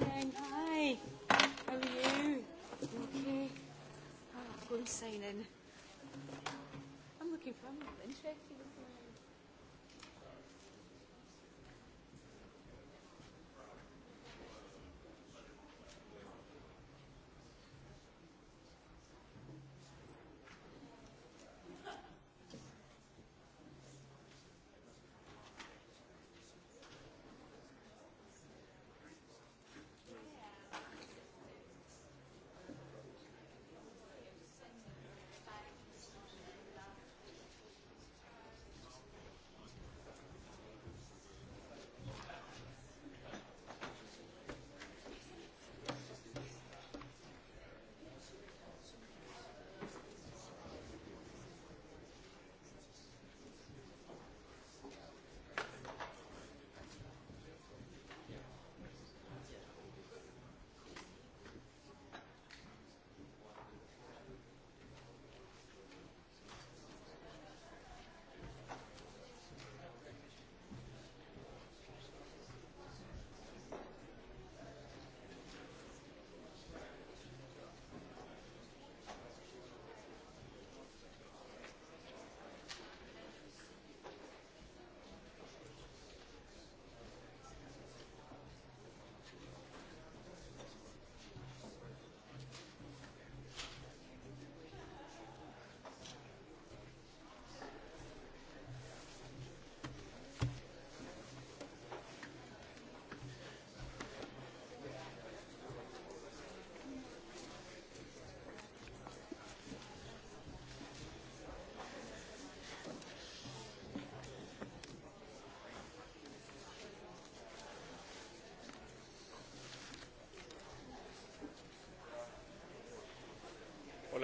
morning. Hi. How are you? Okay. Oh, ah, I'll go and sign in. I'm looking for, a little interesting.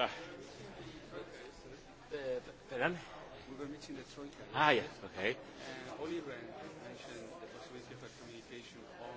Hyvä. Pardon? We were meeting the Troika. Ah, yes, okay. And uh, Oliver mentioned the possibility of a communication on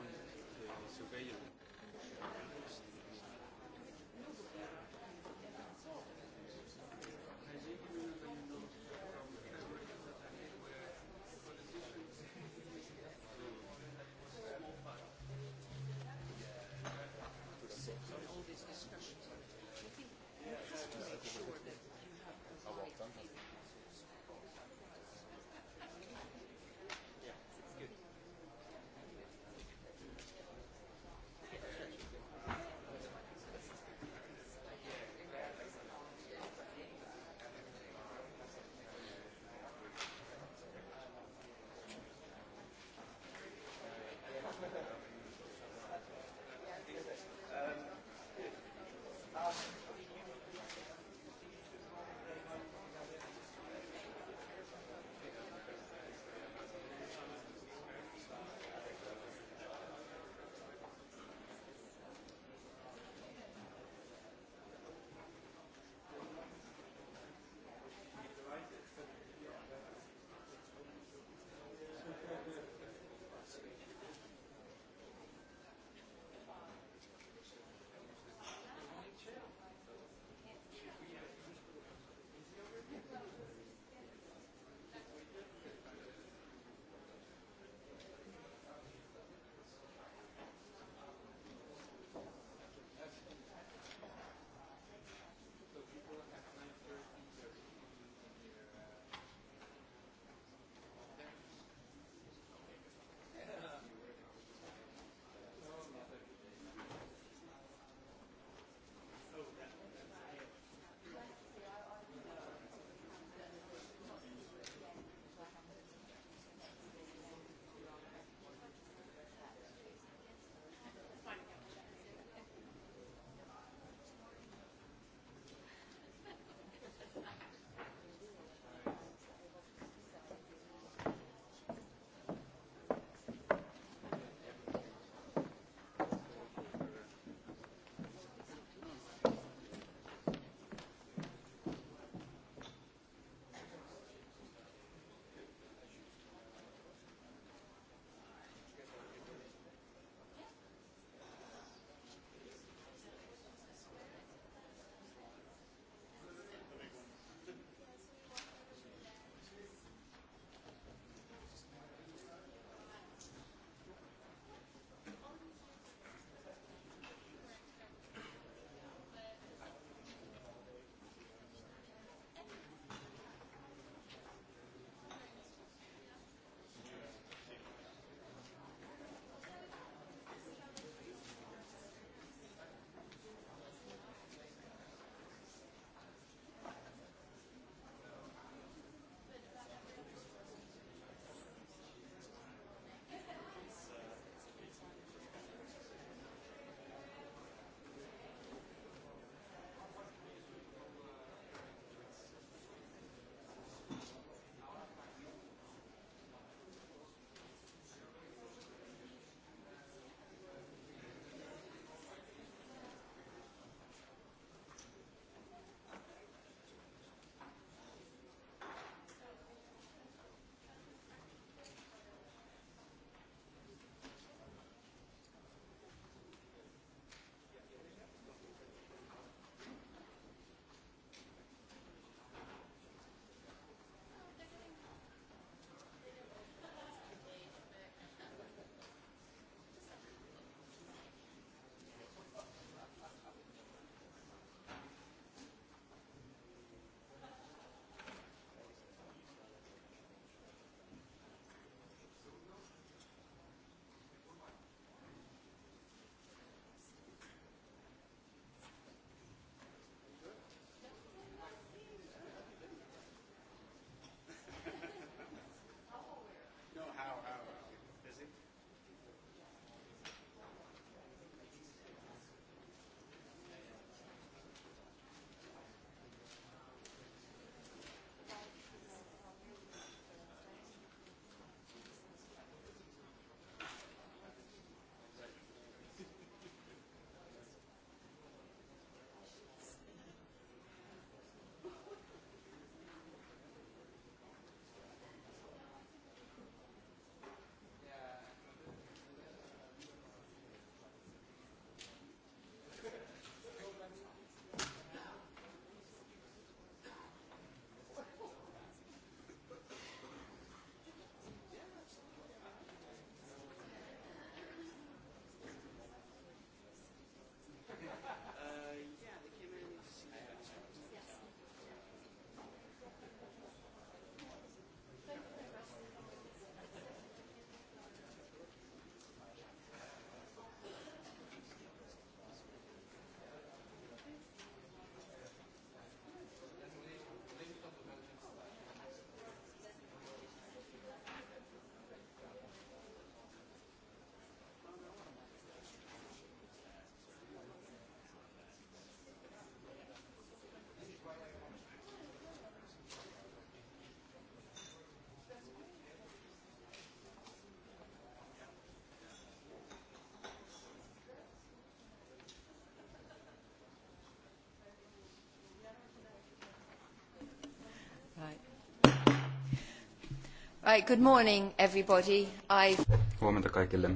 Right, good morning everybody. I... Huomenta kaikille.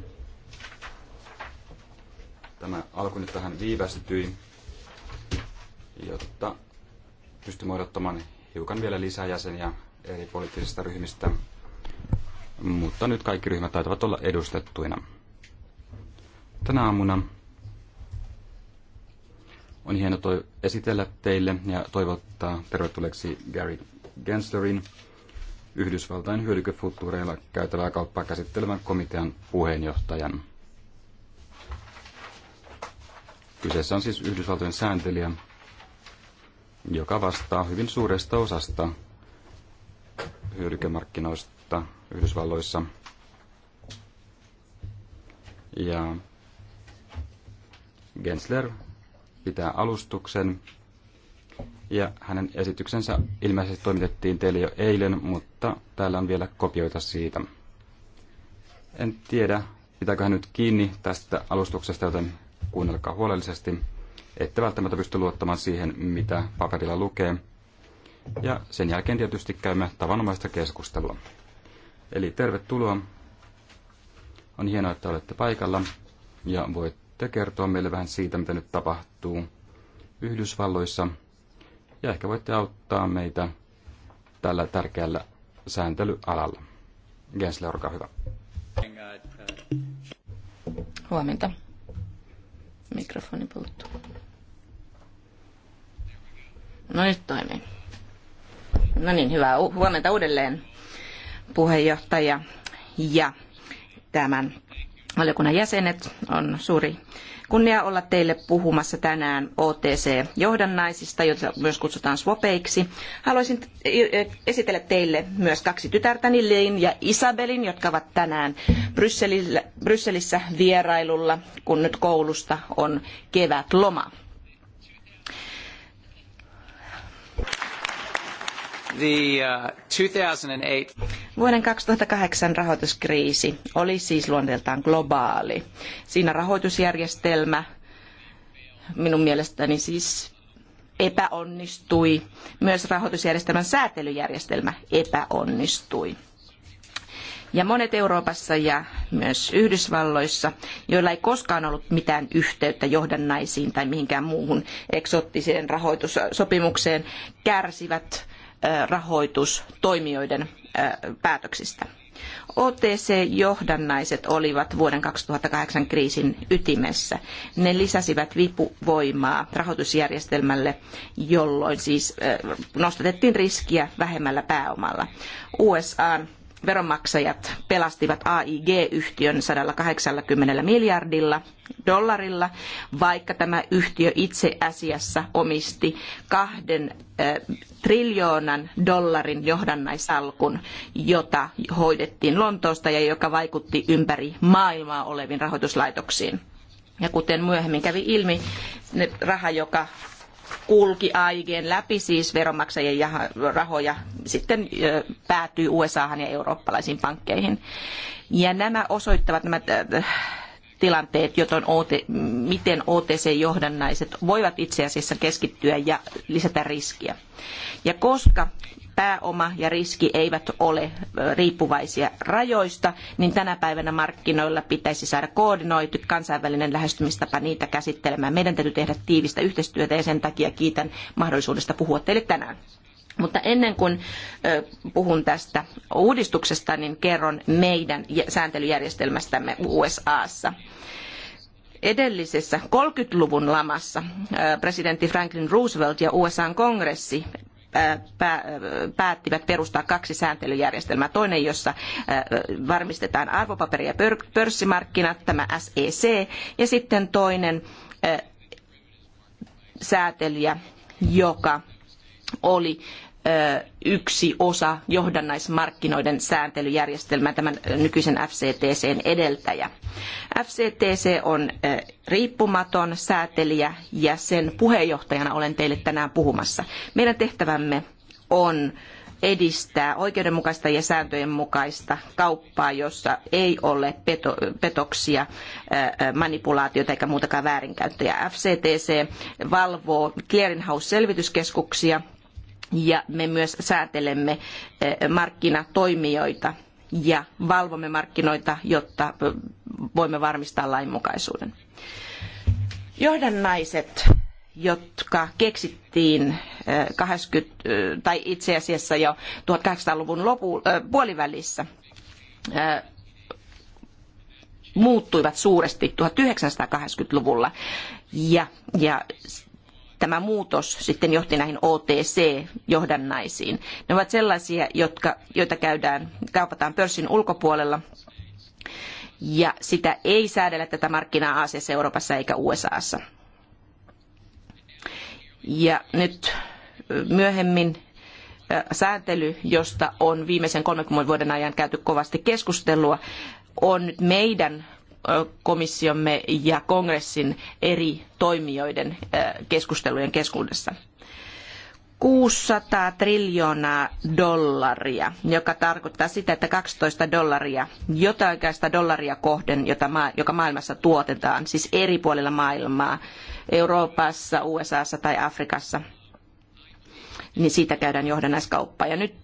Tämä alku nyt vähän viivästyi, jotta pystymme odottamaan hiukan vielä lisää jäseniä eri poliittisista ryhmistä, mutta nyt kaikki ryhmät taitavat olla edustettuina. Tänä aamuna on hieno esitellä teille ja toivottaa tervetulleeksi Gary Genslerin, Yhdysvaltain hyödykefutuureilla käytävää kauppaa käsittelevän komitean puheenjohtajan. Kyseessä on siis Yhdysvaltojen sääntelijä, joka vastaa hyvin suuresta osasta hyödykemarkkinoista Yhdysvalloissa. Ja Gensler pitää alustuksen ja hänen esityksensä ilmeisesti toimitettiin teille jo eilen, mutta täällä on vielä kopioita siitä. En tiedä, pitääkö hän nyt kiinni tästä alustuksesta, joten kuunnelkaa huolellisesti. Ette välttämättä pysty luottamaan siihen, mitä paperilla lukee. Ja sen jälkeen tietysti käymme tavanomaista keskustelua. Eli tervetuloa. On hienoa, että olette paikalla ja voitte kertoa meille vähän siitä, mitä nyt tapahtuu Yhdysvalloissa – ja ehkä voitte auttaa meitä tällä tärkeällä sääntelyalalla. Gensler, olkaa hyvä. Huomenta. Mikrofoni puuttuu. No nyt toimii. No niin, hyvää huomenta uudelleen puheenjohtaja ja tämän valiokunnan jäsenet. On suuri Kunnia olla teille puhumassa tänään OTC-johdannaisista, joita myös kutsutaan swopeiksi. Haluaisin e- esitellä teille myös kaksi tytärtäni, Lein ja Isabelin, jotka ovat tänään Brysselissä vierailulla, kun nyt koulusta on kevätloma. The, uh, 2008... Vuoden 2008 rahoituskriisi oli siis luonteeltaan globaali. Siinä rahoitusjärjestelmä minun mielestäni siis epäonnistui. Myös rahoitusjärjestelmän säätelyjärjestelmä epäonnistui. Ja monet Euroopassa ja myös Yhdysvalloissa, joilla ei koskaan ollut mitään yhteyttä johdannaisiin tai mihinkään muuhun eksoottiseen rahoitussopimukseen, kärsivät rahoitustoimijoiden Äh, päätöksistä. OTC-johdannaiset olivat vuoden 2008 kriisin ytimessä. Ne lisäsivät vipuvoimaa rahoitusjärjestelmälle, jolloin siis äh, nostatettiin riskiä vähemmällä pääomalla. USA veronmaksajat pelastivat AIG-yhtiön 180 miljardilla dollarilla, vaikka tämä yhtiö itse asiassa omisti kahden triljoonan dollarin johdannaisalkun, jota hoidettiin Lontoosta ja joka vaikutti ympäri maailmaa oleviin rahoituslaitoksiin. Ja kuten myöhemmin kävi ilmi, raha, joka kulki aikien läpi, siis veronmaksajien rahoja sitten päätyy USAhan ja eurooppalaisiin pankkeihin. Ja nämä osoittavat nämä tilanteet, joten miten OTC-johdannaiset voivat itse asiassa keskittyä ja lisätä riskiä. Ja koska pääoma ja riski eivät ole riippuvaisia rajoista, niin tänä päivänä markkinoilla pitäisi saada koordinoitu kansainvälinen lähestymistapa niitä käsittelemään. Meidän täytyy tehdä tiivistä yhteistyötä ja sen takia kiitän mahdollisuudesta puhua teille tänään. Mutta ennen kuin puhun tästä uudistuksesta, niin kerron meidän sääntelyjärjestelmästämme USAssa edellisessä 30-luvun lamassa presidentti Franklin Roosevelt ja USAn kongressi päättivät perustaa kaksi sääntelyjärjestelmää. Toinen, jossa äh, varmistetaan arvopaperi- ja pörssimarkkinat, tämä SEC, ja sitten toinen äh, säätelijä, joka oli yksi osa johdannaismarkkinoiden sääntelyjärjestelmää, tämän nykyisen FCTCn edeltäjä. FCTC on riippumaton säätelijä ja sen puheenjohtajana olen teille tänään puhumassa. Meidän tehtävämme on edistää oikeudenmukaista ja sääntöjen mukaista kauppaa, jossa ei ole petoksia, manipulaatiota eikä muutakaan väärinkäyttöjä. FCTC valvoo clearinghouse-selvityskeskuksia, ja me myös säätelemme eh, markkinatoimijoita ja valvomme markkinoita, jotta eh, voimme varmistaa lainmukaisuuden. Johdannaiset, jotka keksittiin 20, eh, tai itse asiassa jo 1800-luvun lopu, puolivälissä, muuttuivat suuresti 1980-luvulla ja, ja tämä muutos sitten johti näihin OTC-johdannaisiin. Ne ovat sellaisia, jotka, joita käydään, kaupataan pörssin ulkopuolella ja sitä ei säädellä tätä markkinaa Aasiassa, Euroopassa eikä USAssa. Ja nyt myöhemmin sääntely, josta on viimeisen 30 vuoden ajan käyty kovasti keskustelua, on nyt meidän komissiomme ja kongressin eri toimijoiden keskustelujen keskuudessa. 600 triljoonaa dollaria, joka tarkoittaa sitä, että 12 dollaria, jotain dollaria kohden, joka maailmassa tuotetaan, siis eri puolilla maailmaa, Euroopassa, USAssa tai Afrikassa, niin siitä käydään johdannaiskauppaa. Ja nyt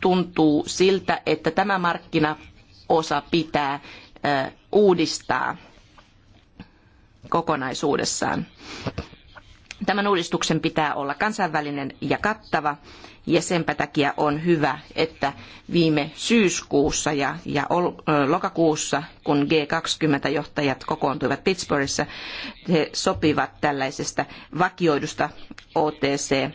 tuntuu siltä, että tämä markkinaosa pitää uudistaa kokonaisuudessaan. Tämän uudistuksen pitää olla kansainvälinen ja kattava, ja senpä takia on hyvä, että viime syyskuussa ja, ja lokakuussa, kun G20-johtajat kokoontuivat Pittsburghissa, he sopivat tällaisesta vakioidusta OTC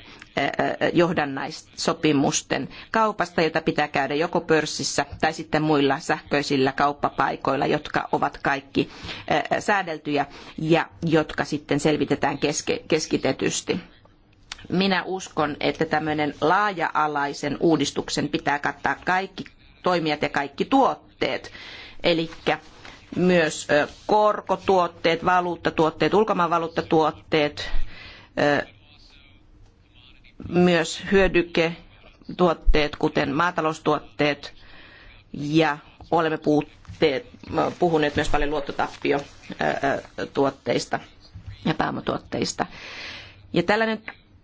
johdannaissopimusten kaupasta, jota pitää käydä joko pörssissä tai sitten muilla sähköisillä kauppapaikoilla, jotka ovat kaikki säädeltyjä ja jotka sitten selvitetään keskitetysti minä uskon, että tämmöinen laaja-alaisen uudistuksen pitää kattaa kaikki toimijat ja kaikki tuotteet. Eli myös korkotuotteet, valuuttatuotteet, ulkomaanvaluuttatuotteet, myös hyödyketuotteet, kuten maataloustuotteet, ja olemme puutteet, puhuneet myös paljon luottotappiotuotteista ja pääomatuotteista. Ja tällainen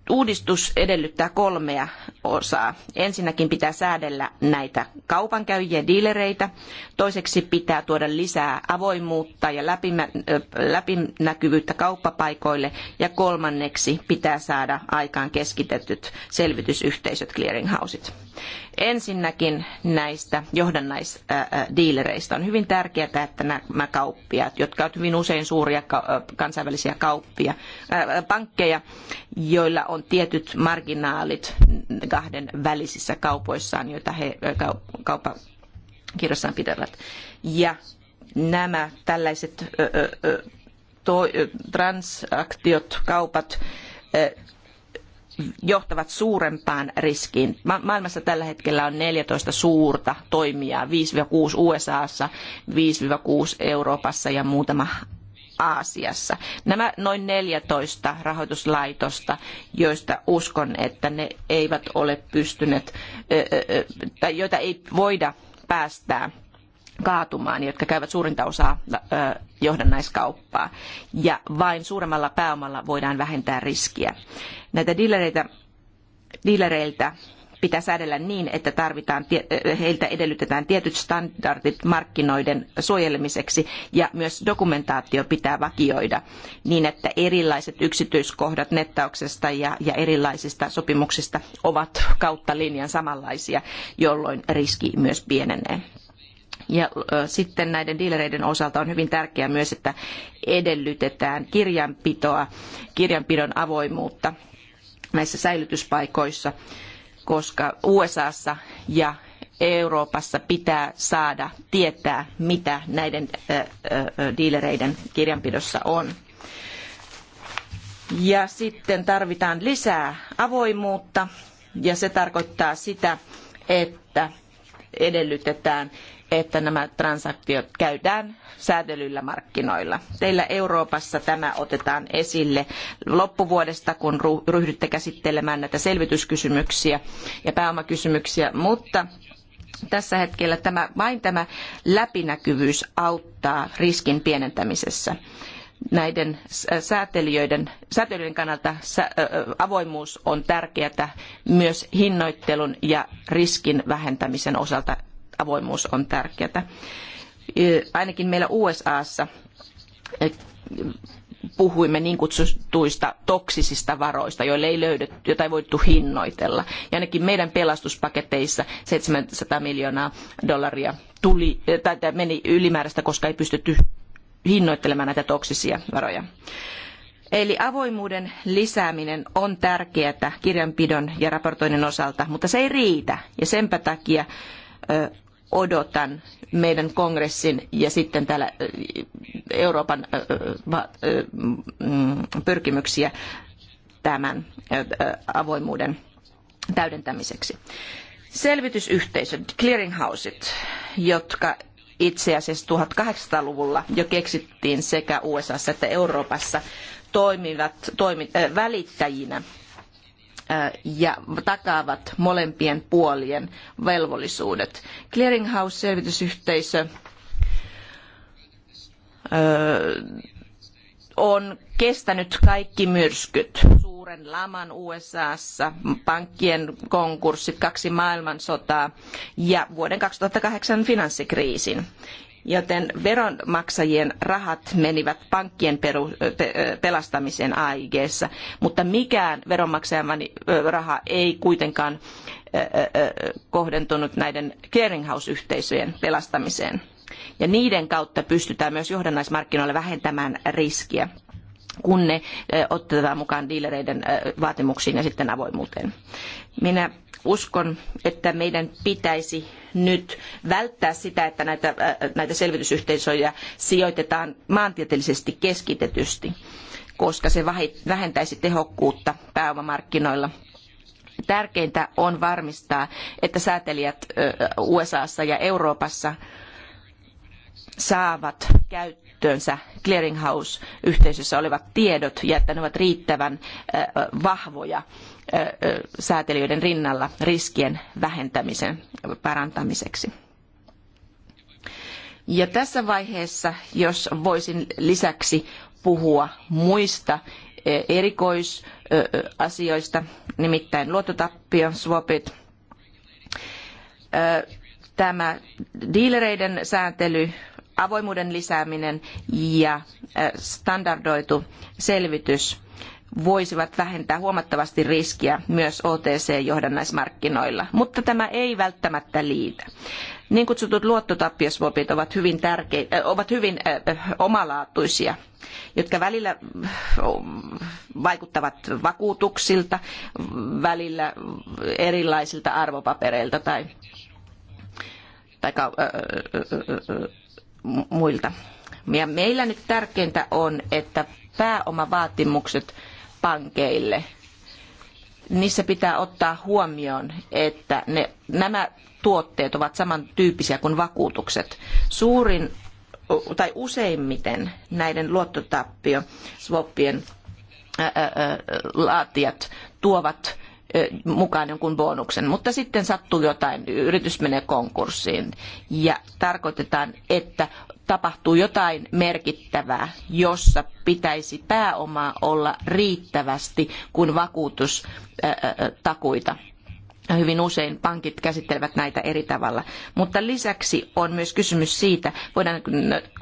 uudistus edellyttää kolmea osaa. Ensinnäkin pitää säädellä näitä kaupankäyjiä, diilereitä. Toiseksi pitää tuoda lisää avoimuutta ja läpinäkyvyyttä kauppapaikoille. Ja kolmanneksi pitää saada aikaan keskitetyt selvitysyhteisöt, clearinghouset. Ensinnäkin näistä johdannaisdiilereistä on hyvin tärkeää, että nämä kauppiaat, jotka ovat hyvin usein suuria kansainvälisiä kauppia, pankkeja, joilla on tietyt marginaalit kahden välisissä kaupoissaan, joita he kauppakirjassaan pitävät. Ja nämä tällaiset transaktiot, kaupat, johtavat suurempaan riskiin. maailmassa tällä hetkellä on 14 suurta toimijaa, 5-6 USAssa, 5-6 Euroopassa ja muutama Aasiassa. Nämä noin 14 rahoituslaitosta, joista uskon, että ne eivät ole pystyneet, tai joita ei voida päästää kaatumaan, jotka käyvät suurinta osaa johdannaiskauppaa. Ja vain suuremmalla pääomalla voidaan vähentää riskiä. Näitä diilereitä, pitää säädellä niin, että tarvitaan, heiltä edellytetään tietyt standardit markkinoiden suojelemiseksi ja myös dokumentaatio pitää vakioida niin, että erilaiset yksityiskohdat nettauksesta ja, ja erilaisista sopimuksista ovat kautta linjan samanlaisia, jolloin riski myös pienenee. Ja sitten näiden diilereiden osalta on hyvin tärkeää myös, että edellytetään kirjanpitoa, kirjanpidon avoimuutta näissä säilytyspaikoissa, koska USAssa ja Euroopassa pitää saada tietää, mitä näiden diilereiden kirjanpidossa on. Ja sitten tarvitaan lisää avoimuutta ja se tarkoittaa sitä, että edellytetään että nämä transaktiot käydään säädellyillä markkinoilla. Teillä Euroopassa tämä otetaan esille loppuvuodesta, kun ryhdytte käsittelemään näitä selvityskysymyksiä ja pääomakysymyksiä, mutta tässä hetkellä tämä, vain tämä läpinäkyvyys auttaa riskin pienentämisessä näiden säätelijöiden, säätelijöiden kannalta avoimuus on tärkeää myös hinnoittelun ja riskin vähentämisen osalta avoimuus on tärkeää. E, ainakin meillä USAssa e, puhuimme niin kutsutuista toksisista varoista, joille ei löydetty, joita ei voitu hinnoitella. Ja ainakin meidän pelastuspaketeissa 700 miljoonaa dollaria tuli, e, tai meni ylimääräistä, koska ei pystytty hinnoittelemaan näitä toksisia varoja. Eli avoimuuden lisääminen on tärkeää kirjanpidon ja raportoinnin osalta, mutta se ei riitä. Ja senpä takia odotan meidän kongressin ja sitten täällä Euroopan mm, pyrkimyksiä tämän avoimuuden täydentämiseksi. Selvitysyhteisöt, clearinghouset, jotka itse asiassa 1800-luvulla jo keksittiin sekä USAssa että Euroopassa, toimivat toimi, äh, välittäjinä ja takaavat molempien puolien velvollisuudet. Clearinghouse-selvitysyhteisö on kestänyt kaikki myrskyt, suuren laman USAssa, pankkien konkurssit, kaksi maailmansotaa ja vuoden 2008 finanssikriisin joten veronmaksajien rahat menivät pankkien pelastamiseen AIGssä, mutta mikään veronmaksajan raha ei kuitenkaan kohdentunut näiden clearinghouse-yhteisöjen pelastamiseen. Ja niiden kautta pystytään myös johdannaismarkkinoilla vähentämään riskiä kun ne otetaan mukaan diilereiden vaatimuksiin ja sitten avoimuuteen. Minä uskon, että meidän pitäisi nyt välttää sitä, että näitä, äh, näitä selvitysyhteisöjä sijoitetaan maantieteellisesti keskitetysti, koska se vähentäisi tehokkuutta pääomamarkkinoilla tärkeintä on varmistaa, että säätelijät äh, USAssa ja Euroopassa saavat käyttöönsä clearinghouse-yhteisössä olevat tiedot ja että ne ovat riittävän äh, vahvoja säätelijöiden rinnalla riskien vähentämisen parantamiseksi. Ja tässä vaiheessa, jos voisin lisäksi puhua muista erikoisasioista, nimittäin luottotappio, swapit, tämä diilereiden sääntely, avoimuuden lisääminen ja standardoitu selvitys voisivat vähentää huomattavasti riskiä myös OTC-johdannaismarkkinoilla, mutta tämä ei välttämättä liitä. Niin kutsutut luottotappiosvopit ovat hyvin, tärkeitä, ovat hyvin omalaatuisia, jotka välillä vaikuttavat vakuutuksilta, välillä erilaisilta arvopapereilta tai, tai muilta. Ja meillä nyt tärkeintä on, että pääomavaatimukset – pankeille. Niissä pitää ottaa huomioon, että ne, nämä tuotteet ovat samantyyppisiä kuin vakuutukset. Suurin tai useimmiten näiden luottotappio swappien laatijat tuovat mukaan jonkun bonuksen, mutta sitten sattuu jotain, yritys menee konkurssiin ja tarkoitetaan, että tapahtuu jotain merkittävää, jossa pitäisi pääomaa olla riittävästi, kun vakuutustakuita Hyvin usein pankit käsittelevät näitä eri tavalla. Mutta lisäksi on myös kysymys siitä,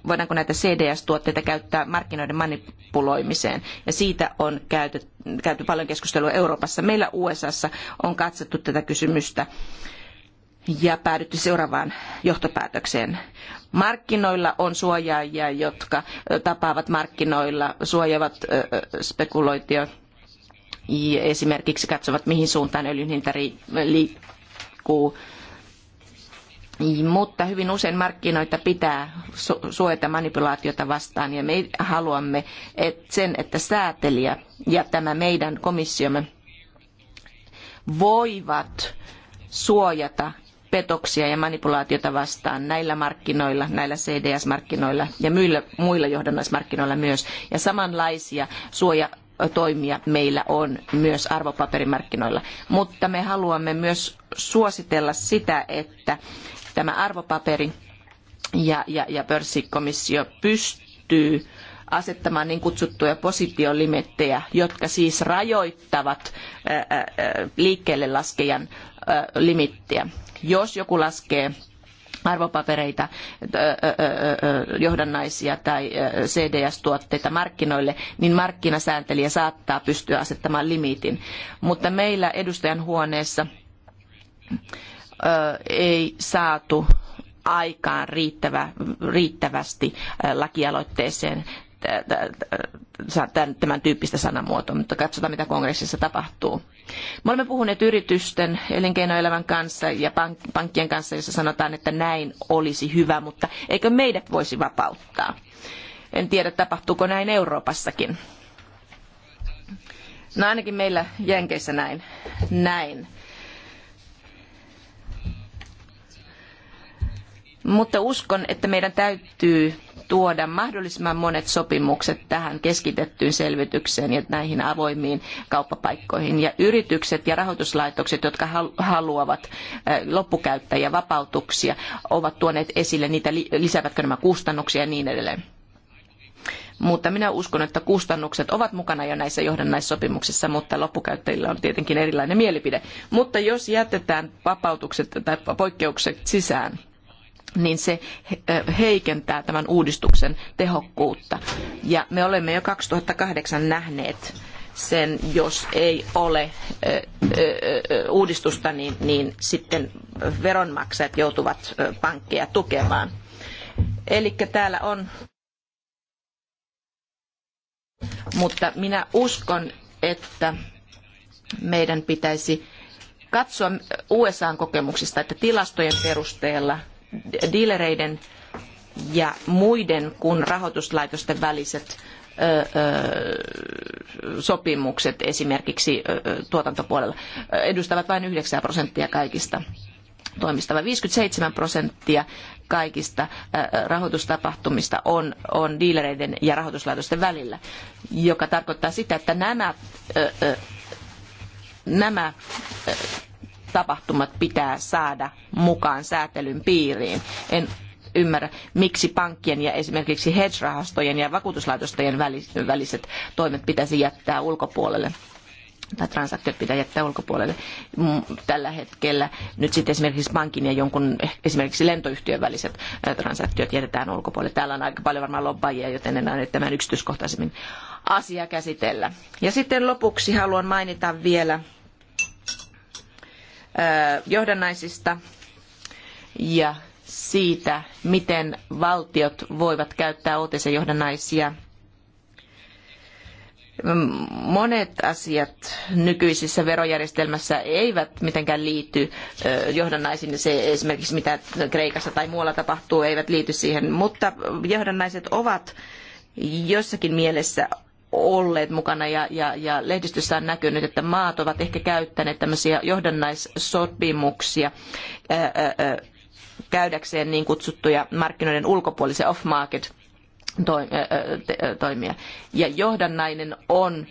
voidaanko, näitä CDS-tuotteita käyttää markkinoiden manipuloimiseen. Ja siitä on käyty, käyty paljon keskustelua Euroopassa. Meillä USAssa on katsottu tätä kysymystä ja päädytty seuraavaan johtopäätökseen. Markkinoilla on suojaajia, jotka tapaavat markkinoilla, suojaavat spekuloitio esimerkiksi katsovat, mihin suuntaan öljyn hinta liikkuu. Mutta hyvin usein markkinoita pitää suojata manipulaatiota vastaan ja me haluamme et sen, että säätelijä ja tämä meidän komissiomme voivat suojata petoksia ja manipulaatiota vastaan näillä markkinoilla, näillä CDS-markkinoilla ja myillä, muilla johdannaismarkkinoilla myös. Ja samanlaisia suoja toimia meillä on myös arvopaperimarkkinoilla. Mutta me haluamme myös suositella sitä, että tämä arvopaperi ja, ja, ja pörssikomissio pystyy asettamaan niin kutsuttuja positiolimettejä, jotka siis rajoittavat liikkeelle laskejan limittiä. Jos joku laskee arvopapereita, johdannaisia tai CDS-tuotteita markkinoille, niin markkinasääntelijä saattaa pystyä asettamaan limiitin. Mutta meillä edustajan huoneessa ei saatu aikaan riittävä, riittävästi lakialoitteeseen tämän tyyppistä sanamuotoa, mutta katsotaan mitä kongressissa tapahtuu. Me olemme puhuneet yritysten, elinkeinoelämän kanssa ja pankkien kanssa, jossa sanotaan, että näin olisi hyvä, mutta eikö meidät voisi vapauttaa? En tiedä, tapahtuuko näin Euroopassakin. No ainakin meillä Jenkeissä näin. Näin. Mutta uskon, että meidän täytyy tuoda mahdollisimman monet sopimukset tähän keskitettyyn selvitykseen ja näihin avoimiin kauppapaikkoihin. Ja yritykset ja rahoituslaitokset, jotka haluavat loppukäyttäjä vapautuksia, ovat tuoneet esille niitä, lisäävätkö nämä kustannuksia ja niin edelleen mutta minä uskon, että kustannukset ovat mukana jo näissä johdannaissopimuksissa, mutta loppukäyttäjillä on tietenkin erilainen mielipide. Mutta jos jätetään vapautukset tai poikkeukset sisään, niin se heikentää tämän uudistuksen tehokkuutta. Ja me olemme jo 2008 nähneet sen, jos ei ole uudistusta, niin, niin sitten veronmaksajat joutuvat pankkeja tukemaan. Eli täällä on, mutta minä uskon, että meidän pitäisi katsoa USAn kokemuksista, että tilastojen perusteella – diilereiden ja muiden kuin rahoituslaitosten väliset sopimukset esimerkiksi tuotantopuolella edustavat vain 9 prosenttia kaikista toimista, vai 57 prosenttia kaikista rahoitustapahtumista on, on diilereiden ja rahoituslaitosten välillä, joka tarkoittaa sitä, että nämä, nämä tapahtumat pitää saada mukaan säätelyn piiriin. En ymmärrä, miksi pankkien ja esimerkiksi hedge-rahastojen ja vakuutuslaitostojen väliset toimet pitäisi jättää ulkopuolelle tai transaktiot pitää jättää ulkopuolelle mm, tällä hetkellä. Nyt sitten esimerkiksi pankin ja jonkun eh, esimerkiksi lentoyhtiön väliset eh, transaktiot jätetään ulkopuolelle. Täällä on aika paljon varmaan lobbajia, joten en aio tämän yksityiskohtaisemmin asiaa käsitellä. Ja sitten lopuksi haluan mainita vielä johdannaisista ja siitä, miten valtiot voivat käyttää OTC-johdannaisia. Monet asiat nykyisissä verojärjestelmässä eivät mitenkään liity johdannaisiin, se esimerkiksi mitä Kreikassa tai muualla tapahtuu, eivät liity siihen, mutta johdannaiset ovat jossakin mielessä olleet mukana ja, ja, ja lehdistössä on näkynyt, että maat ovat ehkä käyttäneet tämmöisiä johdannaissopimuksia ää, ää, käydäkseen niin kutsuttuja markkinoiden ulkopuolisia off-market toimia. Ja johdannainen on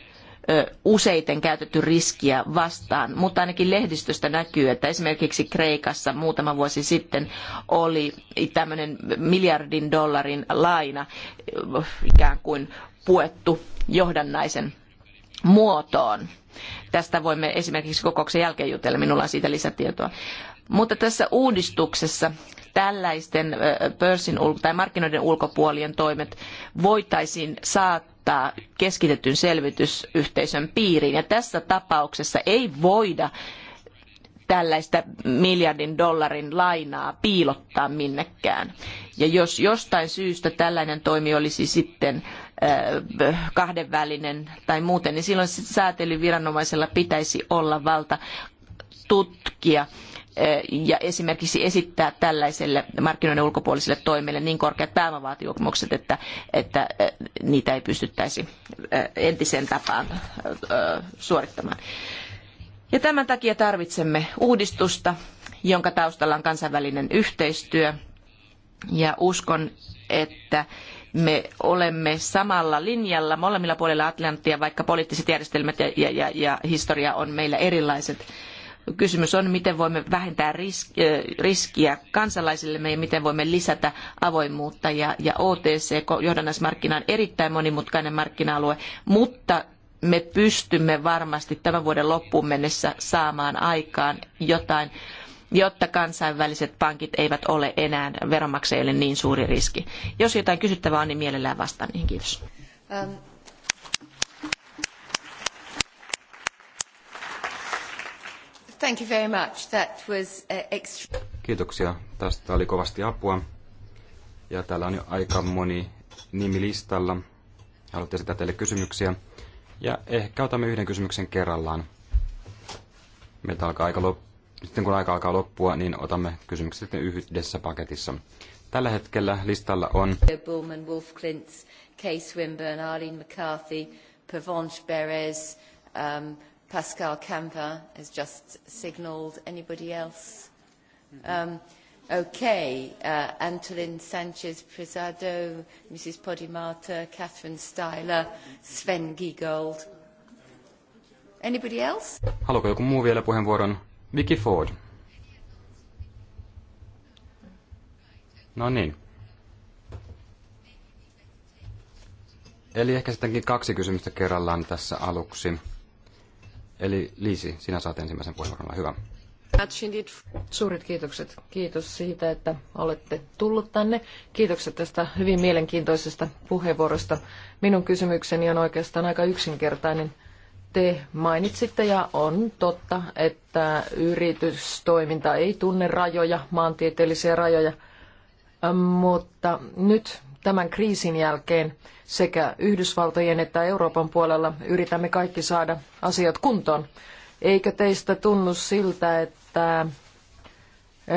useiten käytetty riskiä vastaan, mutta ainakin lehdistöstä näkyy, että esimerkiksi Kreikassa muutama vuosi sitten oli tämmöinen miljardin dollarin laina ikään kuin puettu johdannaisen muotoon. Tästä voimme esimerkiksi kokouksen jälkeen jutella, minulla on siitä lisätietoa. Mutta tässä uudistuksessa tällaisten pörssin tai markkinoiden ulkopuolien toimet voitaisiin saattaa keskitetyn selvitysyhteisön piiriin. Ja tässä tapauksessa ei voida tällaista miljardin dollarin lainaa piilottaa minnekään. Ja jos jostain syystä tällainen toimi olisi sitten äh, kahdenvälinen tai muuten, niin silloin säätelyviranomaisella pitäisi olla valta tutkia äh, ja esimerkiksi esittää tällaiselle markkinoiden ulkopuoliselle toimijalle niin korkeat pääomavaatimukset, että, että äh, niitä ei pystyttäisi entiseen tapaan suorittamaan. Ja tämän takia tarvitsemme uudistusta, jonka taustalla on kansainvälinen yhteistyö. Ja uskon, että me olemme samalla linjalla molemmilla puolilla Atlanttia, vaikka poliittiset järjestelmät ja, ja, ja historia on meillä erilaiset. Kysymys on, miten voimme vähentää riskiä kansalaisillemme ja miten voimme lisätä avoimuutta. Ja, ja OTC, johdannaismarkkina on erittäin monimutkainen markkina-alue, mutta me pystymme varmasti tämän vuoden loppuun mennessä saamaan aikaan jotain, jotta kansainväliset pankit eivät ole enää veronmaksajille niin suuri riski. Jos jotain kysyttävää on, niin mielellään vastaan niihin. Kiitos. Um. Thank you very much. That was uh, Kiitoksia. Tästä oli kovasti apua. Ja täällä on jo aika moni nimi listalla. Haluatte esittää teille kysymyksiä. Ja ehkä otamme yhden kysymyksen kerrallaan. Meiltä alkaa aika loppu. Sitten kun aika alkaa loppua, niin otamme kysymykset sitten yhdessä paketissa. Tällä hetkellä listalla on Bullman, Wolf Klintz, Kay Swinburne, Arlene McCarthy, Pervenche Beres, um, Pascal Camper has just signaled. Anybody else? Um, Okay, uh, Antolin Sanchez prisado Mrs. Podimata, Catherine Styler, Sven Giegold. Anybody else? Haluaako joku muu vielä puheenvuoron? Vicky Ford. No niin. Eli ehkä sittenkin kaksi kysymystä kerrallaan tässä aluksi. Eli Liisi, sinä saat ensimmäisen puheenvuoron, hyvä. Suuret kiitokset. Kiitos siitä, että olette tullut tänne. Kiitokset tästä hyvin mielenkiintoisesta puheenvuorosta. Minun kysymykseni on oikeastaan aika yksinkertainen. Te mainitsitte ja on totta, että yritystoiminta ei tunne rajoja, maantieteellisiä rajoja, mutta nyt tämän kriisin jälkeen sekä Yhdysvaltojen että Euroopan puolella yritämme kaikki saada asiat kuntoon. Eikö teistä tunnu siltä, että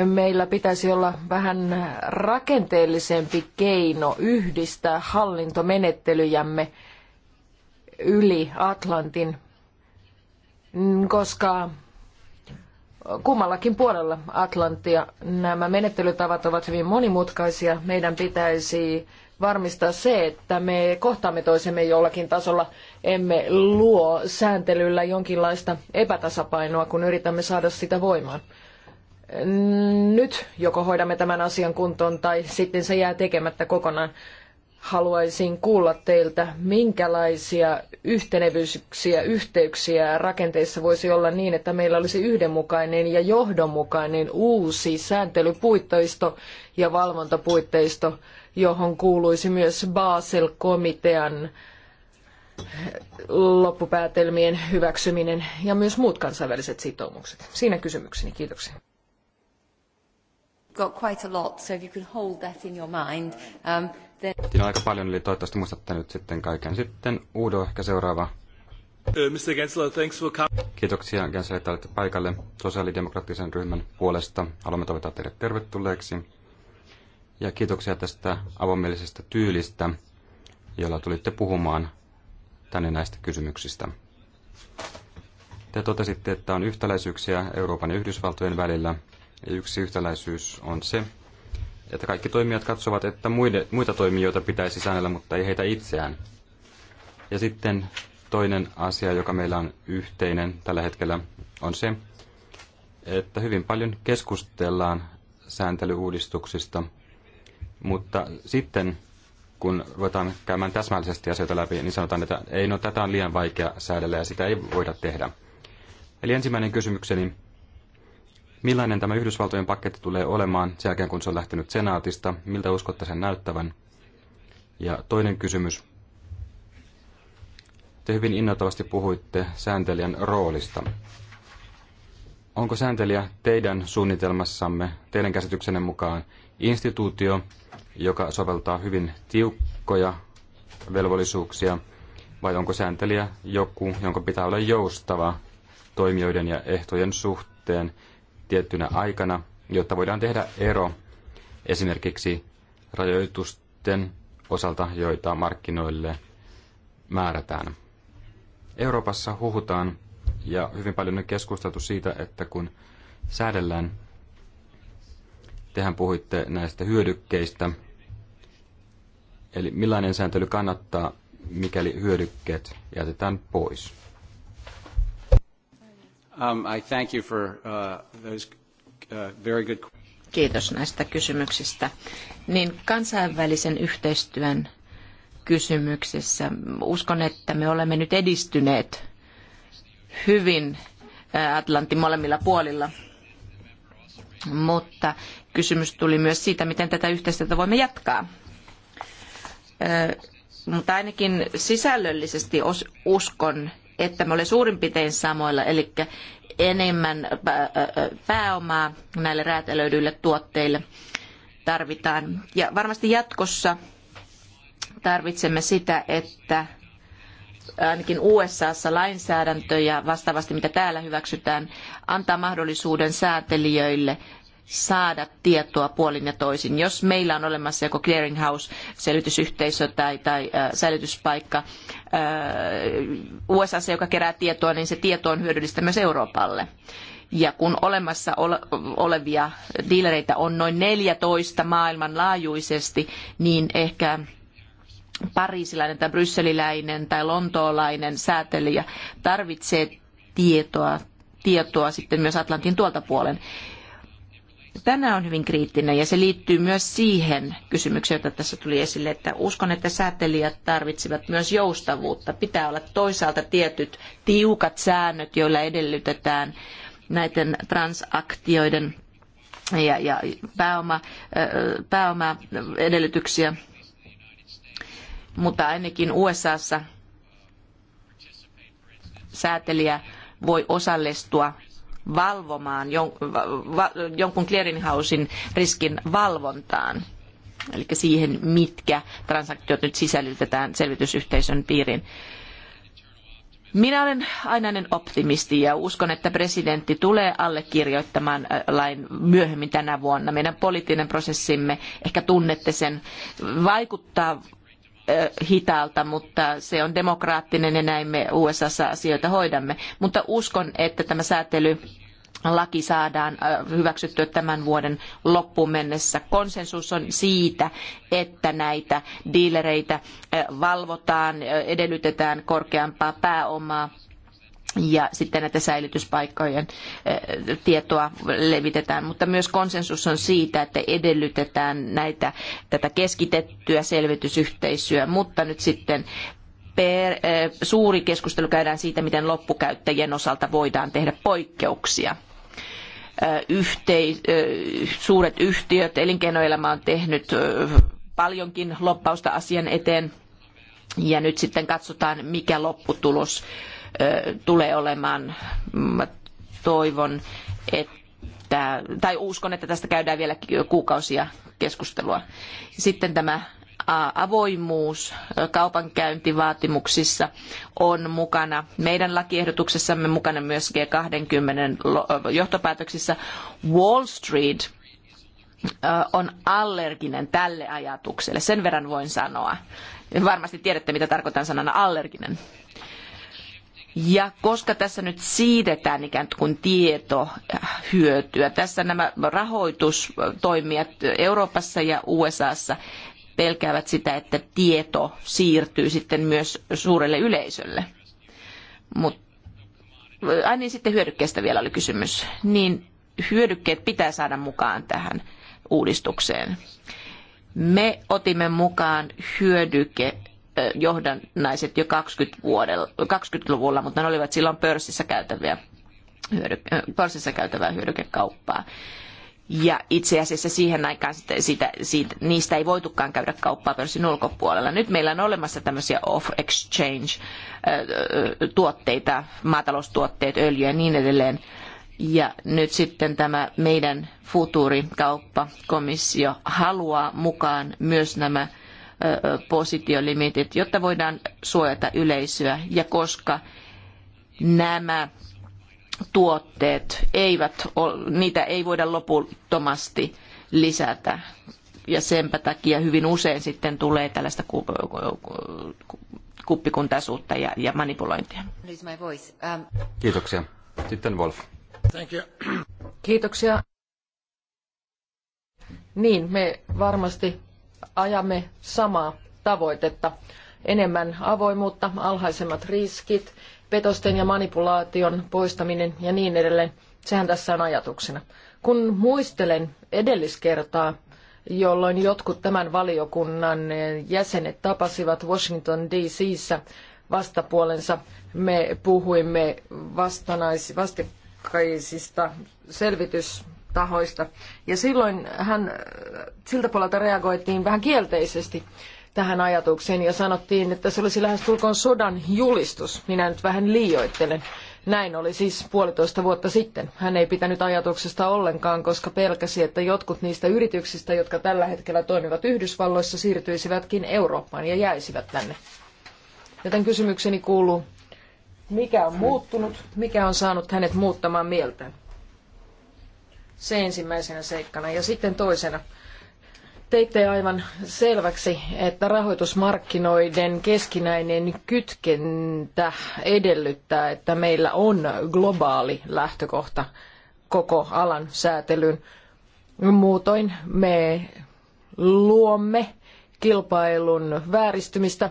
meillä pitäisi olla vähän rakenteellisempi keino yhdistää hallintomenettelyjämme yli Atlantin, koska kummallakin puolella Atlanttia nämä menettelytavat ovat hyvin monimutkaisia. Meidän pitäisi varmistaa se, että me kohtaamme toisemme jollakin tasolla, emme luo sääntelyllä jonkinlaista epätasapainoa, kun yritämme saada sitä voimaan. Nyt joko hoidamme tämän asian kuntoon tai sitten se jää tekemättä kokonaan. Haluaisin kuulla teiltä, minkälaisia yhtenevyyksiä, yhteyksiä rakenteissa voisi olla niin, että meillä olisi yhdenmukainen ja johdonmukainen uusi sääntelypuitteisto ja valvontapuitteisto johon kuuluisi myös Basel-komitean loppupäätelmien hyväksyminen ja myös muut kansainväliset sitoumukset. Siinä kysymykseni. Kiitoksia. Got quite a lot, so if you can hold that in your mind. Um, then... aika paljon, eli toivottavasti muistatte nyt sitten kaiken. Sitten Udo, ehkä seuraava. Uh, Mr. Gensler, thanks for coming. Kiitoksia Gensler, että olette paikalle sosiaalidemokraattisen ryhmän puolesta. Haluamme toivottaa teidät tervetulleeksi ja kiitoksia tästä avomielisestä tyylistä, jolla tulitte puhumaan tänne näistä kysymyksistä. Te totesitte, että on yhtäläisyyksiä Euroopan ja Yhdysvaltojen välillä, ja yksi yhtäläisyys on se, että kaikki toimijat katsovat, että muide, muita toimijoita pitäisi säännellä, mutta ei heitä itseään. Ja sitten toinen asia, joka meillä on yhteinen tällä hetkellä, on se, että hyvin paljon keskustellaan sääntelyuudistuksista mutta sitten kun ruvetaan käymään täsmällisesti asioita läpi, niin sanotaan, että ei, no tätä on liian vaikea säädellä ja sitä ei voida tehdä. Eli ensimmäinen kysymykseni, millainen tämä Yhdysvaltojen paketti tulee olemaan sen jälkeen, kun se on lähtenyt senaatista? Miltä uskotte sen näyttävän? Ja toinen kysymys. Te hyvin innoittavasti puhuitte sääntelijän roolista. Onko sääntelijä teidän suunnitelmassamme, teidän käsityksenne mukaan, instituutio, joka soveltaa hyvin tiukkoja velvollisuuksia, vai onko sääntelijä joku, jonka pitää olla joustava toimijoiden ja ehtojen suhteen tiettynä aikana, jotta voidaan tehdä ero esimerkiksi rajoitusten osalta, joita markkinoille määrätään. Euroopassa huhutaan ja hyvin paljon on keskusteltu siitä, että kun säädellään Tehän puhuitte näistä hyödykkeistä. Eli millainen sääntely kannattaa, mikäli hyödykkeet jätetään pois? Um, I thank you for uh, those uh, very good... Kiitos näistä kysymyksistä. Niin kansainvälisen yhteistyön kysymyksessä uskon, että me olemme nyt edistyneet hyvin äh, Atlantin molemmilla puolilla. Mutta kysymys tuli myös siitä, miten tätä yhteistyötä voimme jatkaa. Mutta ainakin sisällöllisesti uskon, että me olemme suurin piirtein samoilla, eli enemmän pääomaa näille räätälöidyille tuotteille tarvitaan. Ja varmasti jatkossa tarvitsemme sitä, että ainakin USAssa lainsäädäntö ja vastaavasti mitä täällä hyväksytään antaa mahdollisuuden säätelijöille saada tietoa puolin ja toisin. Jos meillä on olemassa joko clearinghouse, säilytysyhteisö tai, tai äh, säilytyspaikka äh, USA, joka kerää tietoa, niin se tieto on hyödyllistä myös Euroopalle. Ja kun olemassa olevia diilereitä on noin 14 maailmanlaajuisesti, niin ehkä pariisilainen tai brysseliläinen tai lontoolainen säätelijä tarvitsee tietoa, tietoa sitten myös Atlantin tuolta puolen. Tämä on hyvin kriittinen ja se liittyy myös siihen kysymykseen, jota tässä tuli esille, että uskon, että säätelijät tarvitsevat myös joustavuutta. Pitää olla toisaalta tietyt tiukat säännöt, joilla edellytetään näiden transaktioiden ja, ja pääoma, pääomaedellytyksiä, mutta ainakin USAssa säätelijä voi osallistua valvomaan jonkun clearinghousein riskin valvontaan eli siihen, mitkä transaktiot nyt sisällytetään selvitysyhteisön piiriin. Minä olen ainainen optimisti ja uskon, että presidentti tulee allekirjoittamaan äh, lain myöhemmin tänä vuonna. Meidän poliittinen prosessimme, ehkä tunnette sen, vaikuttaa hitaalta, mutta se on demokraattinen ja näin me USAssa asioita hoidamme. Mutta uskon, että tämä säätely laki saadaan hyväksyttyä tämän vuoden loppuun mennessä. Konsensus on siitä, että näitä diilereitä valvotaan, edellytetään korkeampaa pääomaa ja sitten näitä säilytyspaikkojen eh, tietoa levitetään, mutta myös konsensus on siitä, että edellytetään näitä, tätä keskitettyä selvitysyhteisöä, mutta nyt sitten per, eh, suuri keskustelu käydään siitä, miten loppukäyttäjien osalta voidaan tehdä poikkeuksia. Eh, yhtei, suuret yhtiöt, elinkeinoelämä on tehnyt paljonkin loppausta asian eteen, ja nyt sitten katsotaan, mikä lopputulos tulee olemaan. Mm, mä toivon, että, tai uskon, että tästä käydään vielä kuukausia keskustelua. Sitten tämä avoimuus kaupankäyntivaatimuksissa on mukana meidän lakiehdotuksessamme mukana myös G20 johtopäätöksissä. Wall Street on allerginen tälle ajatukselle. Sen verran voin sanoa. Varmasti tiedätte, mitä tarkoitan sanana allerginen. Ja koska tässä nyt siirretään ikään kuin tietohyötyä, äh, tässä nämä rahoitustoimijat Euroopassa ja USAssa pelkäävät sitä, että tieto siirtyy sitten myös suurelle yleisölle. Mut, äh, ai niin, sitten hyödykkeestä vielä oli kysymys. Niin hyödykkeet pitää saada mukaan tähän uudistukseen. Me otimme mukaan hyödykkeet johdannaiset jo 20-luvulla, mutta ne olivat silloin pörssissä käytäviä pörssissä käytävää hyödykekauppaa. Ja itse asiassa siihen aikaan sitä, siitä, niistä ei voitukaan käydä kauppaa pörssin ulkopuolella. Nyt meillä on olemassa tämmöisiä off-exchange-tuotteita, maataloustuotteet, öljy ja niin edelleen. Ja nyt sitten tämä meidän komissio haluaa mukaan myös nämä positiolimitit, jotta voidaan suojata yleisöä ja koska nämä tuotteet eivät, niitä ei voida loputtomasti lisätä. Ja senpä takia hyvin usein sitten tulee tällaista kuppikuntaisuutta ja, ja manipulointia. Um, Kiitoksia. Sitten Wolf. Kiitoksia. Niin, me varmasti ajamme samaa tavoitetta. Enemmän avoimuutta, alhaisemmat riskit, petosten ja manipulaation poistaminen ja niin edelleen. Sehän tässä on ajatuksena. Kun muistelen edelliskertaa, jolloin jotkut tämän valiokunnan jäsenet tapasivat Washington DC:ssä vastapuolensa, me puhuimme vastakkaisista selvitys tahoista. Ja silloin hän, siltä puolelta reagoitiin vähän kielteisesti tähän ajatukseen ja sanottiin, että se olisi lähes tulkoon sodan julistus. Minä nyt vähän liioittelen. Näin oli siis puolitoista vuotta sitten. Hän ei pitänyt ajatuksesta ollenkaan, koska pelkäsi, että jotkut niistä yrityksistä, jotka tällä hetkellä toimivat Yhdysvalloissa, siirtyisivätkin Eurooppaan ja jäisivät tänne. Joten kysymykseni kuuluu, mikä on muuttunut, mikä on saanut hänet muuttamaan mieltään? Se ensimmäisenä seikkana. Ja sitten toisena. Teitte aivan selväksi, että rahoitusmarkkinoiden keskinäinen kytkentä edellyttää, että meillä on globaali lähtökohta koko alan säätelyyn. Muutoin me luomme kilpailun vääristymistä,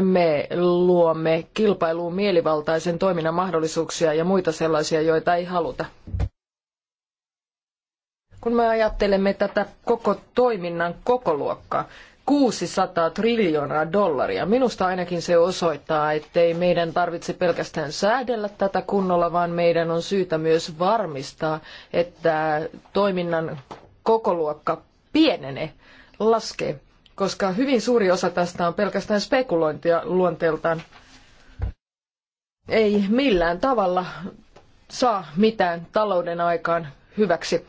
me luomme kilpailuun mielivaltaisen toiminnan mahdollisuuksia ja muita sellaisia, joita ei haluta. Kun me ajattelemme tätä koko toiminnan kokoluokkaa, 600 triljoonaa dollaria. Minusta ainakin se osoittaa, ettei meidän tarvitse pelkästään säädellä tätä kunnolla, vaan meidän on syytä myös varmistaa, että toiminnan kokoluokka pienenee, laskee, koska hyvin suuri osa tästä on pelkästään spekulointia luonteeltaan. Ei millään tavalla saa mitään talouden aikaan hyväksi.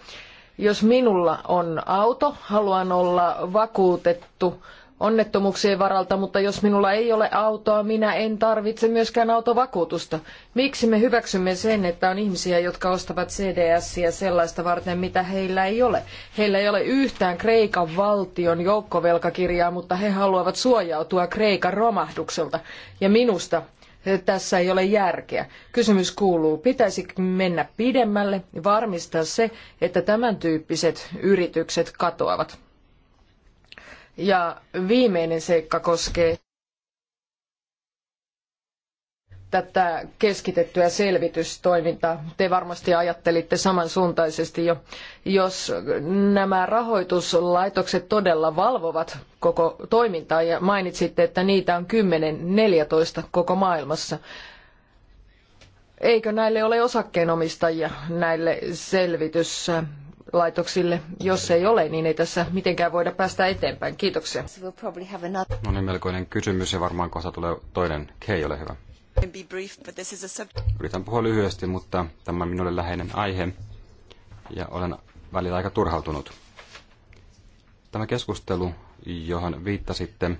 Jos minulla on auto, haluan olla vakuutettu onnettomuuksien varalta, mutta jos minulla ei ole autoa, minä en tarvitse myöskään autovakuutusta. Miksi me hyväksymme sen, että on ihmisiä, jotka ostavat CDS: CDSiä sellaista varten, mitä heillä ei ole? Heillä ei ole yhtään Kreikan valtion joukkovelkakirjaa, mutta he haluavat suojautua Kreikan romahdukselta. Ja minusta tässä ei ole järkeä. Kysymys kuuluu, pitäisikö mennä pidemmälle ja varmistaa se, että tämän tyyppiset yritykset katoavat. Ja viimeinen seikka koskee tätä keskitettyä selvitystoimintaa. Te varmasti ajattelitte samansuuntaisesti jo. Jos nämä rahoituslaitokset todella valvovat koko toimintaa ja mainitsitte, että niitä on 10-14 koko maailmassa, eikö näille ole osakkeenomistajia näille selvityslaitoksille? Jos ei ole, niin ei tässä mitenkään voida päästä eteenpäin. Kiitoksia. No niin, melkoinen kysymys ja varmaan kohta tulee toinen. Kei, ole hyvä. Yritän puhua lyhyesti, mutta tämä on minulle läheinen aihe ja olen välillä aika turhautunut. Tämä keskustelu, johon viittasitte,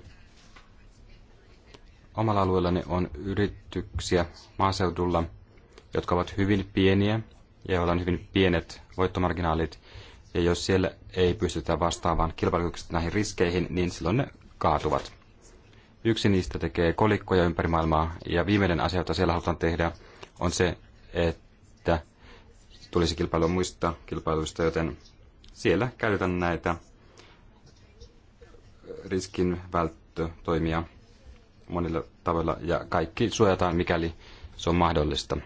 omalla alueellani on yrityksiä maaseudulla, jotka ovat hyvin pieniä ja joilla on hyvin pienet voittomarginaalit. Ja jos siellä ei pystytä vastaamaan kilpailukykyisesti näihin riskeihin, niin silloin ne kaatuvat. Yksi niistä tekee kolikkoja ympäri maailmaa ja viimeinen asia, jota siellä halutaan tehdä, on se, että tulisi kilpailua muista kilpailuista, joten siellä käytetään näitä riskin välttötoimia monilla tavoilla ja kaikki suojataan, mikäli se on mahdollista.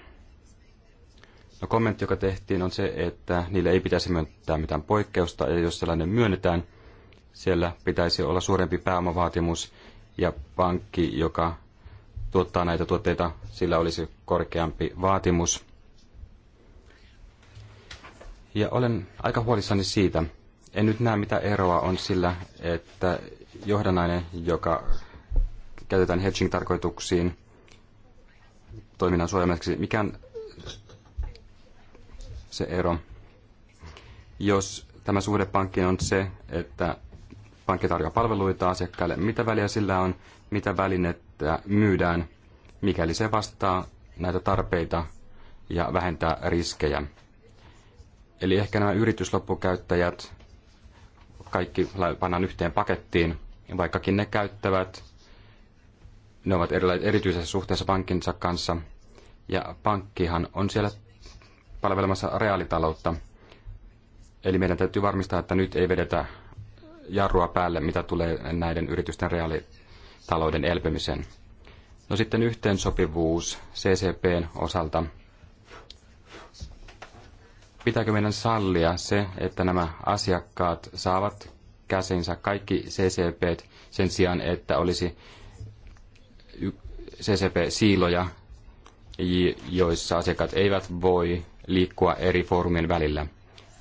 No, kommentti, joka tehtiin, on se, että niille ei pitäisi myöntää mitään poikkeusta, ja jos sellainen myönnetään, siellä pitäisi olla suurempi pääomavaatimus ja pankki, joka tuottaa näitä tuotteita, sillä olisi korkeampi vaatimus. Ja olen aika huolissani siitä. En nyt näe mitä eroa on sillä, että johdannainen, joka käytetään hedging-tarkoituksiin toiminnan suojelmaksi, mikä on se ero? Jos tämä suhde pankkiin on se, että pankki tarjoaa palveluita asiakkaille, mitä väliä sillä on, mitä välinettä myydään, mikäli se vastaa näitä tarpeita ja vähentää riskejä. Eli ehkä nämä yritysloppukäyttäjät, kaikki pannaan yhteen pakettiin, vaikkakin ne käyttävät, ne ovat erityisessä suhteessa pankkinsa kanssa, ja pankkihan on siellä palvelemassa reaalitaloutta. Eli meidän täytyy varmistaa, että nyt ei vedetä jarrua päälle, mitä tulee näiden yritysten reaalitalouden elpymiseen. No sitten yhteensopivuus CCPn osalta. Pitääkö meidän sallia se, että nämä asiakkaat saavat käsinsä kaikki CCPt sen sijaan, että olisi CCP-siiloja, joissa asiakkaat eivät voi liikkua eri foorumien välillä.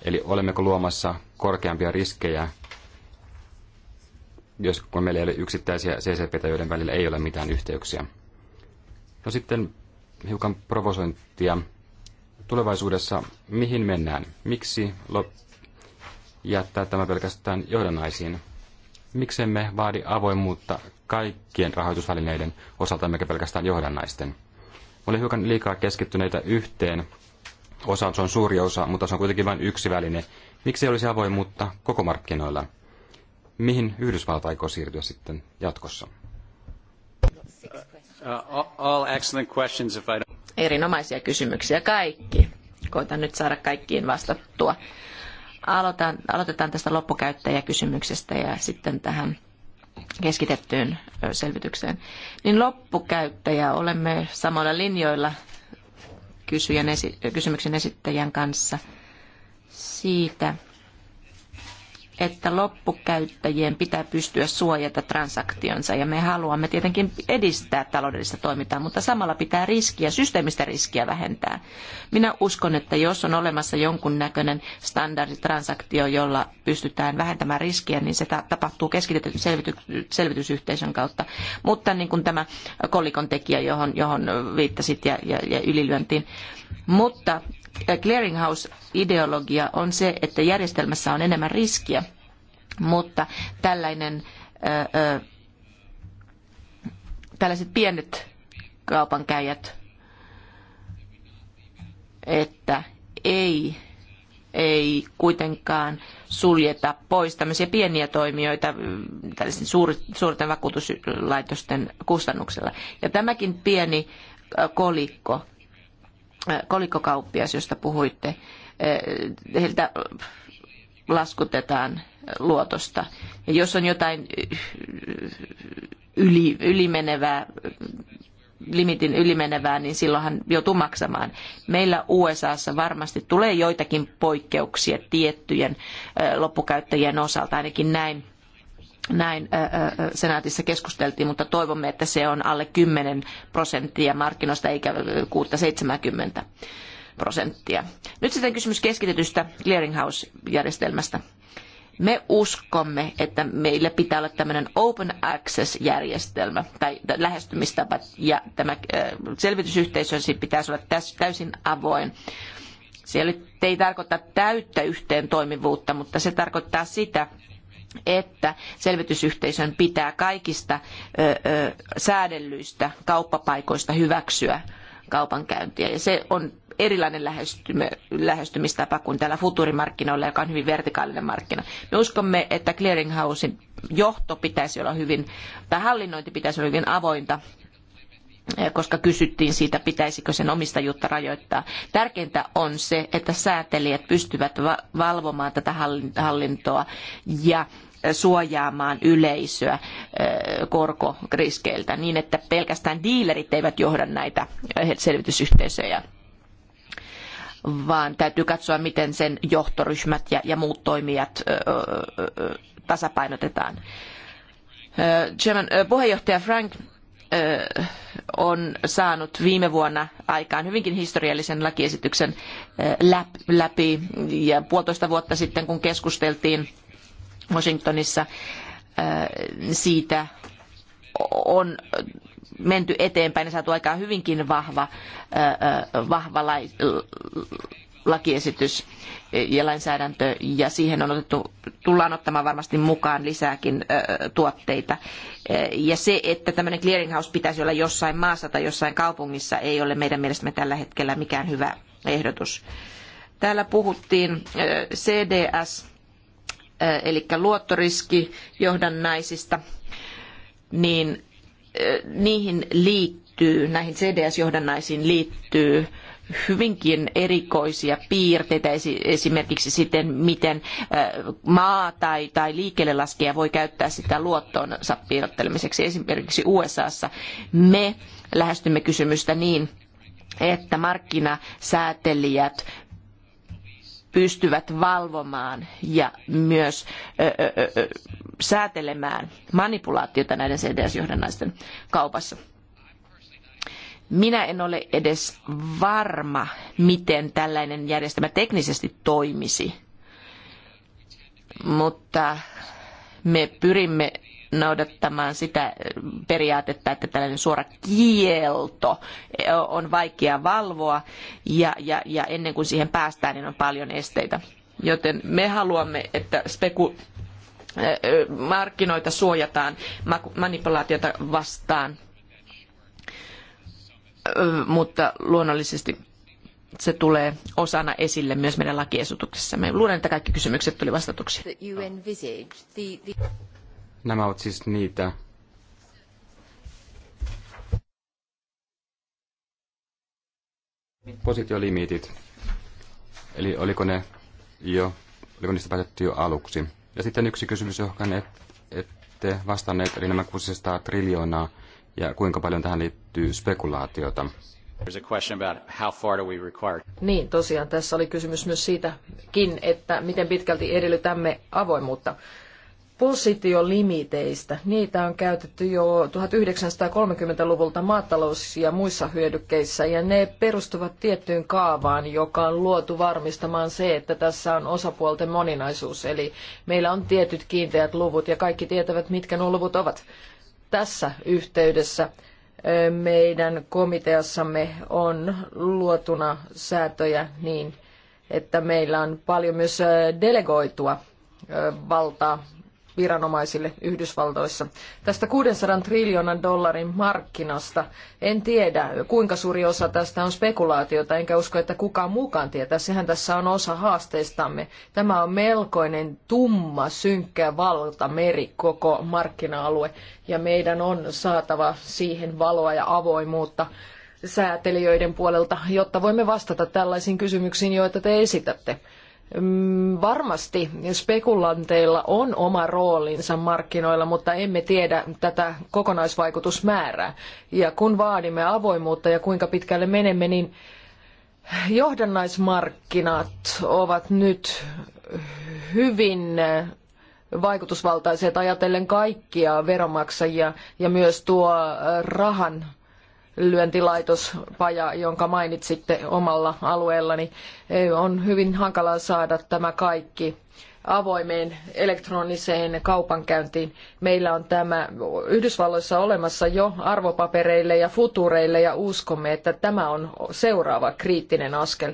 Eli olemmeko luomassa korkeampia riskejä jos kun meillä ei ole yksittäisiä ccp joiden välillä ei ole mitään yhteyksiä. No sitten hiukan provosointia. Tulevaisuudessa mihin mennään? Miksi jättää tämä pelkästään johdannaisiin? Miksemme vaadi avoimuutta kaikkien rahoitusvälineiden osalta, mikä pelkästään johdannaisten? Oli hiukan liikaa keskittyneitä yhteen Osa se on suuri osa, mutta se on kuitenkin vain yksi väline. Miksi olisi avoimuutta koko markkinoilla? mihin Yhdysvallat aikoo siirtyä sitten jatkossa? Uh, Erinomaisia kysymyksiä kaikki. Koitan nyt saada kaikkiin vastattua. Aloitan, aloitetaan tästä loppukäyttäjäkysymyksestä ja sitten tähän keskitettyyn selvitykseen. Niin loppukäyttäjä, olemme samalla linjoilla kysyjän esi- kysymyksen esittäjän kanssa siitä, että loppukäyttäjien pitää pystyä suojata transaktionsa ja me haluamme tietenkin edistää taloudellista toimintaa, mutta samalla pitää riskiä, systeemistä riskiä vähentää. Minä uskon, että jos on olemassa jonkun näköinen standarditransaktio, jolla pystytään vähentämään riskiä, niin se tapahtuu keskitetyn selvity- selvitysyhteisön kautta. Mutta niin kuin tämä kolikon tekijä, johon, johon viittasit ja, ja, ja ylilyöntiin. Mutta clearinghouse-ideologia on se, että järjestelmässä on enemmän riskiä, mutta tällainen, ö, tällaiset pienet kaupankäijät, että ei ei kuitenkaan suljeta pois tämmöisiä pieniä toimijoita tällaisten suurten vakuutuslaitosten kustannuksella. Ja tämäkin pieni kolikko Äh, kolikkokauppias, josta puhuitte, äh, heiltä laskutetaan luotosta. Ja jos on jotain äh, yli, ylimenevää, limitin ylimenevää, niin silloinhan joutuu maksamaan. Meillä USAssa varmasti tulee joitakin poikkeuksia tiettyjen loppukäyttäjien osalta, ainakin näin näin senaatissa keskusteltiin, mutta toivomme, että se on alle kymmenen prosenttia markkinoista eikä 6-70 prosenttia. Nyt sitten kysymys keskitetystä clearinghouse-järjestelmästä. Me uskomme, että meillä pitää olla tämmöinen open access-järjestelmä tai lähestymistapa ja tämä selvitysyhteisö pitäisi olla täysin avoin. Se ei tarkoita täyttä yhteen toimivuutta, mutta se tarkoittaa sitä, että selvitysyhteisön pitää kaikista säädellyistä kauppapaikoista hyväksyä kaupankäyntiä. Ja se on erilainen lähestymistapa kuin täällä futurimarkkinoilla, joka on hyvin vertikaalinen markkina. Me uskomme, että clearinghousein johto pitäisi olla hyvin, tai hallinnointi pitäisi olla hyvin avointa Eh, koska kysyttiin siitä, pitäisikö sen omistajuutta rajoittaa. Tärkeintä on se, että säätelijät pystyvät valvomaan tätä hallintoa ja eh, suojaamaan yleisöä eh, korkoriskeiltä niin, että pelkästään diilerit eivät johda näitä selvitysyhteisöjä vaan täytyy katsoa, miten sen johtoryhmät ja, muut toimijat tasapainotetaan. German, puheenjohtaja Frank on saanut viime vuonna aikaan hyvinkin historiallisen lakiesityksen läpi. Ja puolitoista vuotta sitten, kun keskusteltiin Washingtonissa siitä, on menty eteenpäin ja saatu aikaan hyvinkin vahva, vahva lakiesitys ja lainsäädäntö ja siihen on otettu, tullaan ottamaan varmasti mukaan lisääkin tuotteita. Ja se, että tämmöinen clearinghouse pitäisi olla jossain maassa tai jossain kaupungissa, ei ole meidän mielestämme tällä hetkellä mikään hyvä ehdotus. Täällä puhuttiin CDS, eli luottoriski johdannaisista, niin niihin liittyy, näihin CDS-johdannaisiin liittyy hyvinkin erikoisia piirteitä, esimerkiksi siten, miten äh, maa tai, tai liikkeellelaskija voi käyttää sitä luottoonsa piilottelemiseksi. Esimerkiksi USAssa me lähestymme kysymystä niin, että markkinasäätelijät pystyvät valvomaan ja myös säätelemään manipulaatiota näiden CDS-johdannaisten kaupassa. Minä en ole edes varma, miten tällainen järjestelmä teknisesti toimisi, mutta me pyrimme noudattamaan sitä periaatetta, että tällainen suora kielto on vaikea valvoa ja, ja, ja ennen kuin siihen päästään, niin on paljon esteitä. Joten me haluamme, että speku, eh, eh, markkinoita suojataan manipulaatiota vastaan mutta luonnollisesti se tulee osana esille myös meidän lakiesityksessämme. Luulen, että kaikki kysymykset tuli vastatuksi. Nämä ovat siis niitä positiolimiitit. Eli oliko ne jo, oliko niistä päätetty jo aluksi? Ja sitten yksi kysymys, johon et, ette vastanneet, eli nämä 600 triljoonaa, ja kuinka paljon tähän liittyy spekulaatiota. Niin, tosiaan tässä oli kysymys myös siitäkin, että miten pitkälti edellytämme avoimuutta. Positiolimiteistä, niitä on käytetty jo 1930-luvulta maatalous- ja muissa hyödykkeissä, ja ne perustuvat tiettyyn kaavaan, joka on luotu varmistamaan se, että tässä on osapuolten moninaisuus. Eli meillä on tietyt kiinteät luvut, ja kaikki tietävät, mitkä nuo luvut ovat. Tässä yhteydessä meidän komiteassamme on luotuna säätöjä niin, että meillä on paljon myös delegoitua valtaa viranomaisille Yhdysvaltoissa. Tästä 600 triljoonan dollarin markkinasta en tiedä, kuinka suuri osa tästä on spekulaatiota, enkä usko, että kukaan muukaan tietää. Sehän tässä on osa haasteistamme. Tämä on melkoinen tumma, synkkä valtameri koko markkina-alue, ja meidän on saatava siihen valoa ja avoimuutta säätelijöiden puolelta, jotta voimme vastata tällaisiin kysymyksiin, joita te esitätte. Mm, varmasti spekulanteilla on oma roolinsa markkinoilla, mutta emme tiedä tätä kokonaisvaikutusmäärää. Ja kun vaadimme avoimuutta ja kuinka pitkälle menemme, niin johdannaismarkkinat ovat nyt hyvin vaikutusvaltaiset ajatellen kaikkia veronmaksajia ja myös tuo rahan lyöntilaitos, paja, jonka mainitsitte omalla alueellani. On hyvin hankalaa saada tämä kaikki avoimeen elektroniseen kaupankäyntiin. Meillä on tämä Yhdysvalloissa olemassa jo arvopapereille ja futureille ja uskomme, että tämä on seuraava kriittinen askel.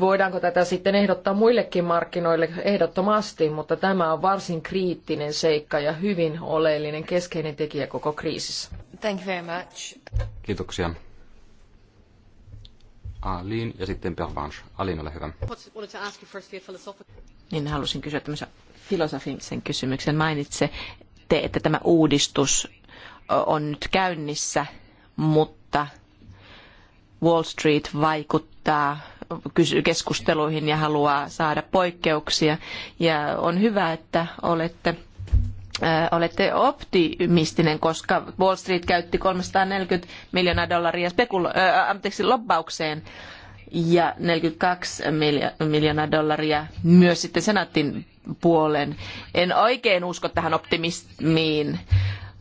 Voidaanko tätä sitten ehdottaa muillekin markkinoille ehdottomasti, mutta tämä on varsin kriittinen seikka ja hyvin oleellinen keskeinen tekijä koko kriisissä. Thank you very much. Kiitoksia. Alin ja sitten Pervanche. Alin, ole hyvä. Niin, halusin kysyä tämmöisen filosofisen kysymyksen. Mainitse te, että tämä uudistus on nyt käynnissä, mutta Wall Street vaikuttaa keskusteluihin ja haluaa saada poikkeuksia. Ja on hyvä, että olette äh, olette optimistinen, koska Wall Street käytti 340 miljoonaa dollaria spekulo- äh, anteeksi, lobbaukseen ja 42 miljoonaa dollaria myös sitten senaatin puolen. En oikein usko tähän optimismiin,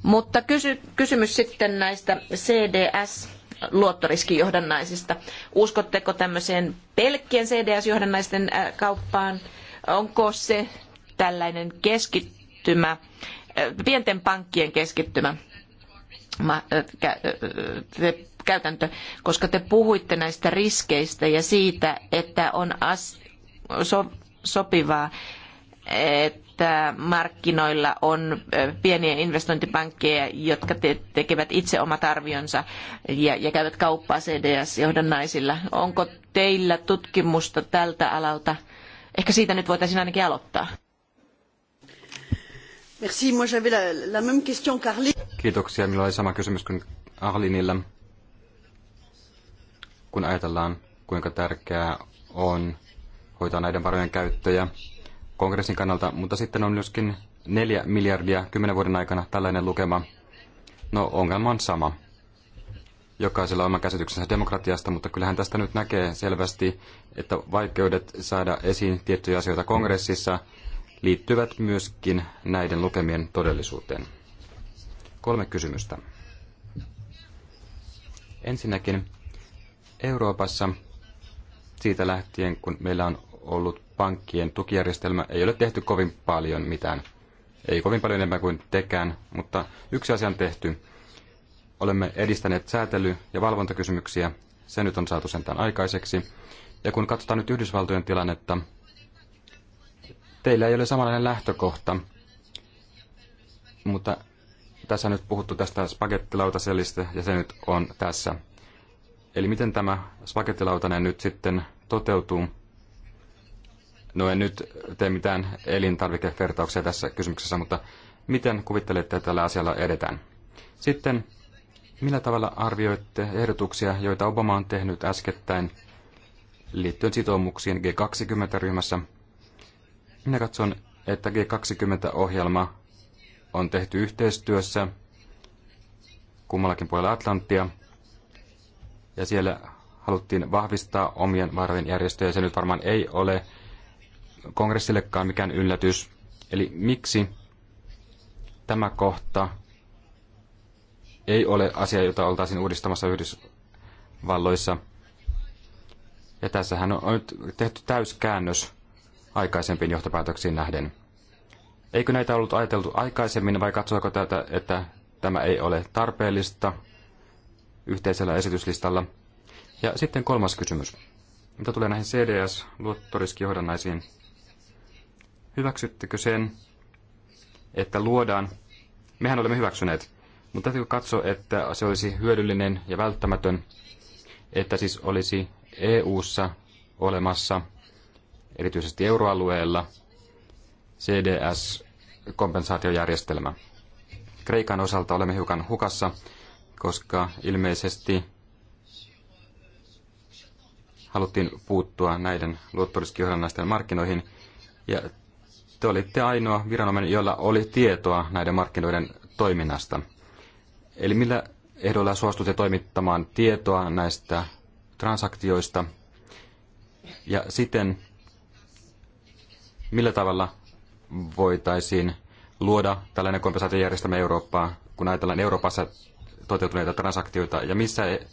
mutta kysy, kysymys sitten näistä CDS luottoriskijohdannaisista. Uskotteko tämmöiseen pelkkien CDS-johdannaisten äh, kauppaan? Onko se tällainen keskittymä, äh, pienten pankkien keskittymä äh, käytäntö, koska te puhuitte näistä riskeistä ja siitä, että on sopivaa että markkinoilla on pieniä investointipankkeja, jotka tekevät itse omat arvionsa ja, käyvät kauppaa CDS-johdannaisilla. Onko teillä tutkimusta tältä alalta? Ehkä siitä nyt voitaisiin ainakin aloittaa. Merci, moi j'avais la, la même question Kiitoksia, minulla oli sama kysymys kuin Arlinilla. Kun ajatellaan, kuinka tärkeää on hoitaa näiden varojen käyttöjä, kongressin kannalta, mutta sitten on myöskin 4 miljardia kymmenen vuoden aikana tällainen lukema. No ongelma on sama. Jokaisella on oma käsityksensä demokratiasta, mutta kyllähän tästä nyt näkee selvästi, että vaikeudet saada esiin tiettyjä asioita kongressissa liittyvät myöskin näiden lukemien todellisuuteen. Kolme kysymystä. Ensinnäkin Euroopassa siitä lähtien, kun meillä on ollut pankkien tukijärjestelmä ei ole tehty kovin paljon mitään. Ei kovin paljon enemmän kuin tekään, mutta yksi asia on tehty. Olemme edistäneet säätely- ja valvontakysymyksiä. Se nyt on saatu sentään aikaiseksi. Ja kun katsotaan nyt Yhdysvaltojen tilannetta, teillä ei ole samanlainen lähtökohta, mutta tässä on nyt puhuttu tästä spagettilautaselistä ja se nyt on tässä. Eli miten tämä spagettilautanen nyt sitten toteutuu? No en nyt tee mitään elintarvikevertauksia tässä kysymyksessä, mutta miten kuvittelette, että tällä asialla edetään? Sitten, millä tavalla arvioitte ehdotuksia, joita Obama on tehnyt äskettäin liittyen sitoumuksiin G20-ryhmässä? Minä katson, että G20-ohjelma on tehty yhteistyössä kummallakin puolella Atlanttia, ja siellä haluttiin vahvistaa omien varojen järjestöjä. Se nyt varmaan ei ole kongressillekaan mikään yllätys. Eli miksi tämä kohta ei ole asia, jota oltaisiin uudistamassa Yhdysvalloissa. Ja tässähän on nyt tehty täyskäännös aikaisempiin johtopäätöksiin nähden. Eikö näitä ollut ajateltu aikaisemmin vai katsoiko tätä, että tämä ei ole tarpeellista yhteisellä esityslistalla? Ja sitten kolmas kysymys. Mitä tulee näihin CDS-luottoriskijohdannaisiin, Hyväksyttekö sen, että luodaan, mehän olemme hyväksyneet, mutta täytyy katsoa, että se olisi hyödyllinen ja välttämätön, että siis olisi EU-ssa olemassa, erityisesti euroalueella, CDS-kompensaatiojärjestelmä. Kreikan osalta olemme hiukan hukassa, koska ilmeisesti haluttiin puuttua näiden luottoriskiohjelmaisten markkinoihin, ja te olitte ainoa viranomainen, jolla oli tietoa näiden markkinoiden toiminnasta. Eli millä ehdoilla suostutte toimittamaan tietoa näistä transaktioista ja siten millä tavalla voitaisiin luoda tällainen kompensaatiojärjestelmä Eurooppaa, kun ajatellaan Euroopassa toteutuneita transaktioita ja missä, e-,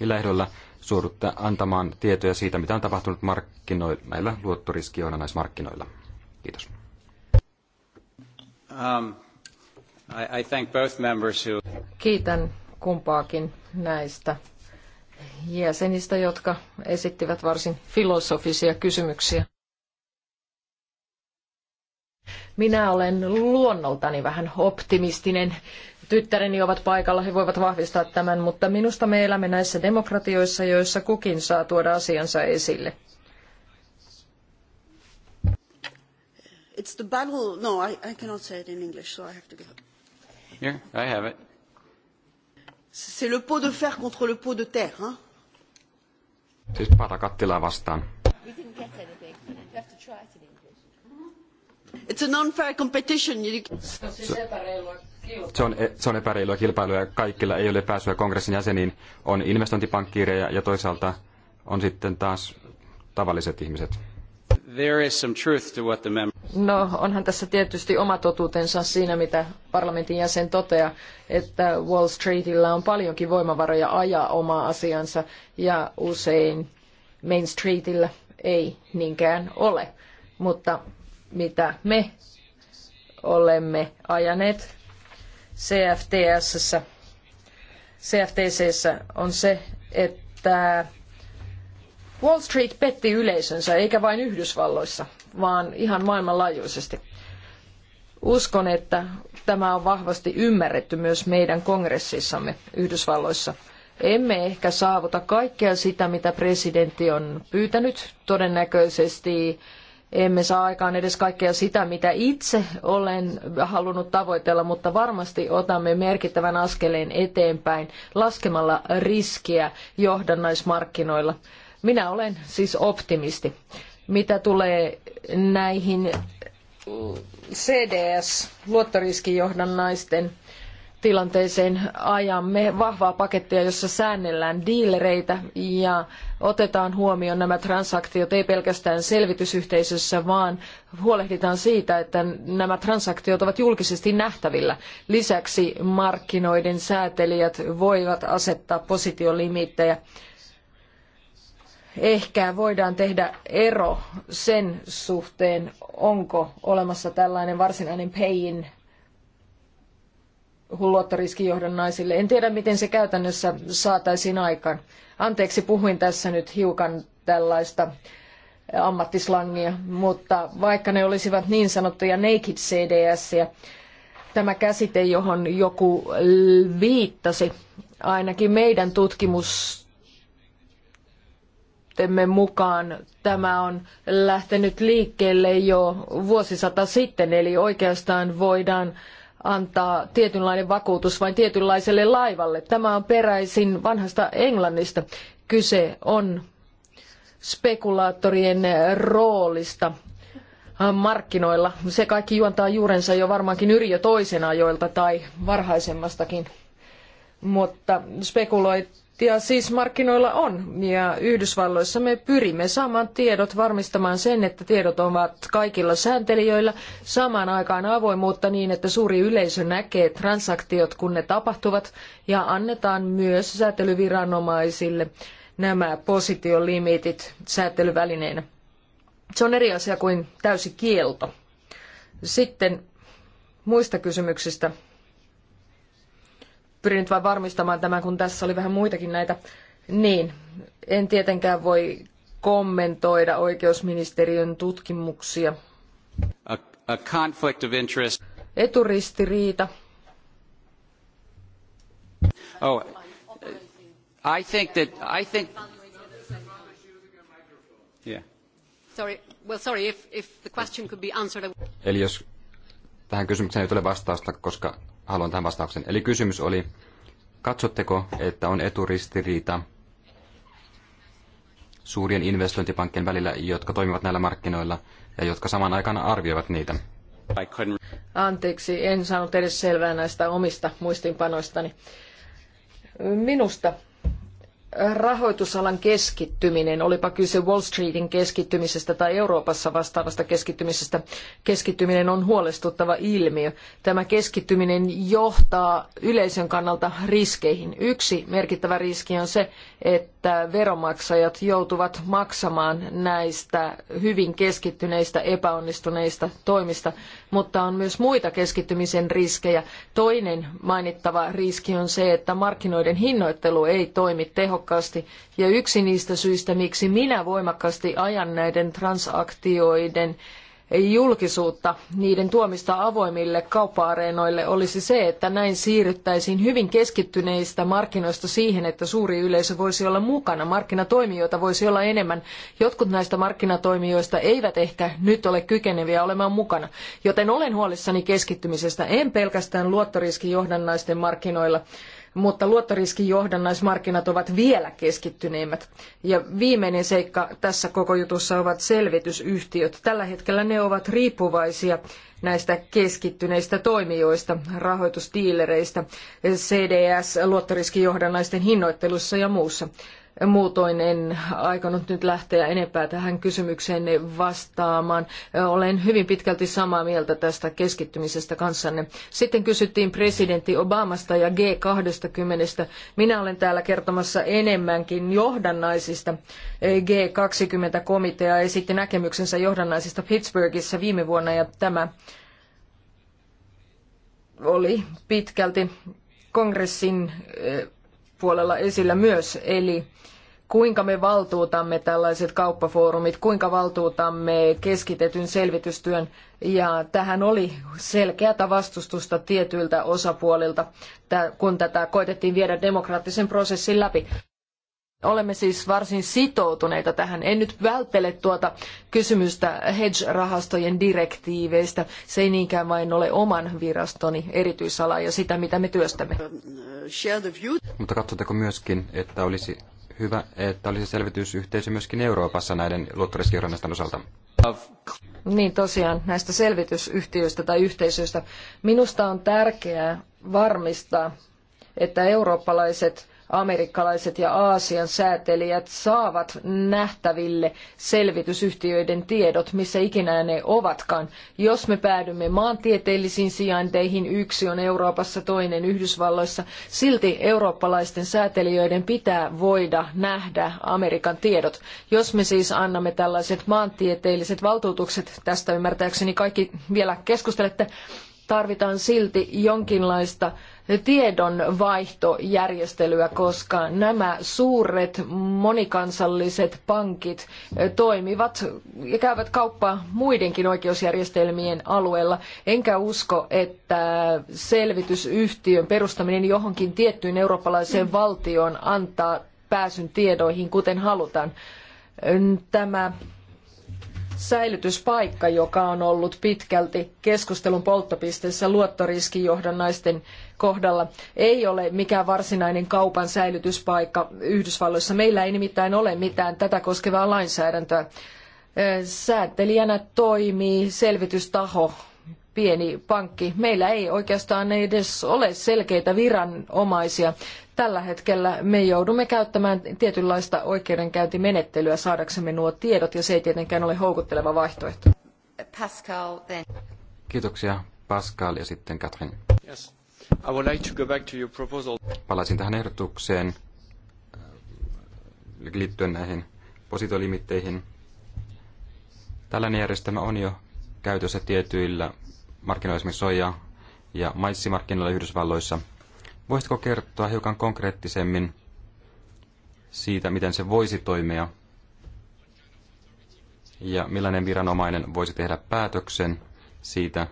millä ehdoilla suorutta antamaan tietoja siitä, mitä on tapahtunut markkinoilla, näillä luottoriskioina markkinoilla. Kiitos. Um, I, I thank both members who... Kiitän kumpaakin näistä jäsenistä, jotka esittivät varsin filosofisia kysymyksiä. Minä olen luonnoltani vähän optimistinen. Tyttäreni ovat paikalla, he voivat vahvistaa tämän, mutta minusta me elämme näissä demokratioissa, joissa kukin saa tuoda asiansa esille. it's the battle. No, I, I cannot say it in English, so I have to give up. Here, I have it. C'est le pot de fer contre le pot de terre, hein? Siis parakattilaa vastaan. We didn't get anything. You have to try it in English. It's an unfair competition. You... Se, se on, siis e, se on epäreilua kilpailua ja kaikilla ei ole pääsyä kongressin jäseniin. On investointipankkiireja ja toisaalta on sitten taas tavalliset ihmiset. There is some truth to what the No, onhan tässä tietysti oma totuutensa siinä, mitä parlamentin jäsen toteaa, että Wall Streetillä on paljonkin voimavaroja ajaa omaa asiansa ja usein Main Streetillä ei niinkään ole. Mutta mitä me olemme ajaneet CFTS, CFTCssä on se, että Wall Street petti yleisönsä, eikä vain Yhdysvalloissa, vaan ihan maailmanlaajuisesti. Uskon, että tämä on vahvasti ymmärretty myös meidän kongressissamme Yhdysvalloissa. Emme ehkä saavuta kaikkea sitä, mitä presidentti on pyytänyt. Todennäköisesti emme saa aikaan edes kaikkea sitä, mitä itse olen halunnut tavoitella, mutta varmasti otamme merkittävän askeleen eteenpäin laskemalla riskiä johdannaismarkkinoilla. Minä olen siis optimisti. Mitä tulee näihin CDS-luottoriskijohdannaisten tilanteeseen ajamme vahvaa pakettia, jossa säännellään diilereitä ja otetaan huomioon nämä transaktiot ei pelkästään selvitysyhteisössä, vaan huolehditaan siitä, että nämä transaktiot ovat julkisesti nähtävillä. Lisäksi markkinoiden säätelijät voivat asettaa positiolimiittejä ehkä voidaan tehdä ero sen suhteen, onko olemassa tällainen varsinainen pein luottoriskijohdannaisille. En tiedä, miten se käytännössä saataisiin aikaan. Anteeksi, puhuin tässä nyt hiukan tällaista ammattislangia, mutta vaikka ne olisivat niin sanottuja naked CDS, tämä käsite, johon joku viittasi, ainakin meidän tutkimus näkemystemme mukaan tämä on lähtenyt liikkeelle jo vuosisata sitten, eli oikeastaan voidaan antaa tietynlainen vakuutus vain tietynlaiselle laivalle. Tämä on peräisin vanhasta Englannista. Kyse on spekulaattorien roolista markkinoilla. Se kaikki juontaa juurensa jo varmaankin Yrjö toisen ajoilta tai varhaisemmastakin. Mutta spekuloit ja siis markkinoilla on. Ja Yhdysvalloissa me pyrimme saamaan tiedot varmistamaan sen, että tiedot ovat kaikilla sääntelijöillä samaan aikaan avoimuutta niin, että suuri yleisö näkee transaktiot, kun ne tapahtuvat, ja annetaan myös säätelyviranomaisille nämä positiolimitit säätelyvälineenä. Se on eri asia kuin täysi kielto. Sitten muista kysymyksistä pyrin nyt vain varmistamaan tämän, kun tässä oli vähän muitakin näitä. Niin, en tietenkään voi kommentoida oikeusministeriön tutkimuksia. A, a conflict of interest. Eturistiriita. Oh, I think that I think. Yeah. Sorry. Well, sorry if, if the question could be answered. Eli jos tähän kysymykseen ei tule vastausta, koska haluan tämän vastauksen. Eli kysymys oli, katsotteko, että on eturistiriita suurien investointipankkien välillä, jotka toimivat näillä markkinoilla ja jotka saman aikaan arvioivat niitä? Anteeksi, en saanut edes selvää näistä omista muistinpanoistani. Minusta rahoitusalan keskittyminen, olipa kyse Wall Streetin keskittymisestä tai Euroopassa vastaavasta keskittymisestä, keskittyminen on huolestuttava ilmiö. Tämä keskittyminen johtaa yleisön kannalta riskeihin. Yksi merkittävä riski on se, että veronmaksajat joutuvat maksamaan näistä hyvin keskittyneistä epäonnistuneista toimista mutta on myös muita keskittymisen riskejä. Toinen mainittava riski on se, että markkinoiden hinnoittelu ei toimi tehokkaasti ja yksi niistä syistä, miksi minä voimakkaasti ajan näiden transaktioiden julkisuutta niiden tuomista avoimille kauppa-areenoille olisi se, että näin siirryttäisiin hyvin keskittyneistä markkinoista siihen, että suuri yleisö voisi olla mukana. Markkinatoimijoita voisi olla enemmän. Jotkut näistä markkinatoimijoista eivät ehkä nyt ole kykeneviä olemaan mukana. Joten olen huolissani keskittymisestä, en pelkästään luottoriskijohdannaisten markkinoilla, mutta luottoriskijohdannaismarkkinat ovat vielä keskittyneimmät. Ja viimeinen seikka tässä koko jutussa ovat selvitysyhtiöt. Tällä hetkellä ne ovat riippuvaisia näistä keskittyneistä toimijoista, rahoitusdiilereistä, CDS, luottoriskijohdannaisten hinnoittelussa ja muussa. Muutoin en aikonut nyt lähteä enempää tähän kysymykseen vastaamaan. Olen hyvin pitkälti samaa mieltä tästä keskittymisestä kanssanne. Sitten kysyttiin presidentti Obamasta ja G20. Minä olen täällä kertomassa enemmänkin johdannaisista. G20-komitea esitti näkemyksensä johdannaisista Pittsburghissa viime vuonna ja tämä oli pitkälti kongressin puolella esillä myös, eli kuinka me valtuutamme tällaiset kauppafoorumit, kuinka valtuutamme keskitetyn selvitystyön. Ja tähän oli selkeätä vastustusta tietyiltä osapuolilta, kun tätä koitettiin viedä demokraattisen prosessin läpi. Olemme siis varsin sitoutuneita tähän. En nyt välttele tuota kysymystä hedge-rahastojen direktiiveistä. Se ei niinkään vain ole oman virastoni erityisala ja sitä, mitä me työstämme. Mutta katsotteko myöskin, että olisi hyvä, että olisi selvitysyhteisö myöskin Euroopassa näiden luottoriskijohdannasten osalta? Niin tosiaan näistä selvitysyhtiöistä tai yhteisöistä. Minusta on tärkeää varmistaa, että eurooppalaiset amerikkalaiset ja Aasian säätelijät saavat nähtäville selvitysyhtiöiden tiedot, missä ikinä ne ovatkaan. Jos me päädymme maantieteellisiin sijainteihin, yksi on Euroopassa, toinen Yhdysvalloissa, silti eurooppalaisten säätelijöiden pitää voida nähdä Amerikan tiedot. Jos me siis annamme tällaiset maantieteelliset valtuutukset, tästä ymmärtääkseni kaikki vielä keskustelette, tarvitaan silti jonkinlaista tiedonvaihtojärjestelyä, koska nämä suuret monikansalliset pankit eh, toimivat ja käyvät kauppaa muidenkin oikeusjärjestelmien alueella. Enkä usko, että selvitysyhtiön perustaminen johonkin tiettyyn eurooppalaiseen valtioon antaa pääsyn tiedoihin, kuten halutaan. Tämä säilytyspaikka, joka on ollut pitkälti keskustelun polttopisteessä luottoriskijohdannaisten kohdalla, ei ole mikään varsinainen kaupan säilytyspaikka Yhdysvalloissa. Meillä ei nimittäin ole mitään tätä koskevaa lainsäädäntöä. Sääntelijänä toimii selvitystaho, pieni pankki. Meillä ei oikeastaan edes ole selkeitä viranomaisia. Tällä hetkellä me joudumme käyttämään tietynlaista oikeudenkäyntimenettelyä saadaksemme nuo tiedot, ja se ei tietenkään ole houkutteleva vaihtoehto. Pascal, then. Kiitoksia Pascal ja sitten Katrin. Yes. I would like to go back to your proposal. Palaisin tähän ehdotukseen äh, liittyen näihin positiolimitteihin. Tällainen järjestelmä on jo käytössä tietyillä markkinoilla, esimerkiksi soja- ja maissimarkkinoilla Yhdysvalloissa – Voisitko kertoa hiukan konkreettisemmin siitä, miten se voisi toimia ja millainen viranomainen voisi tehdä päätöksen siitä,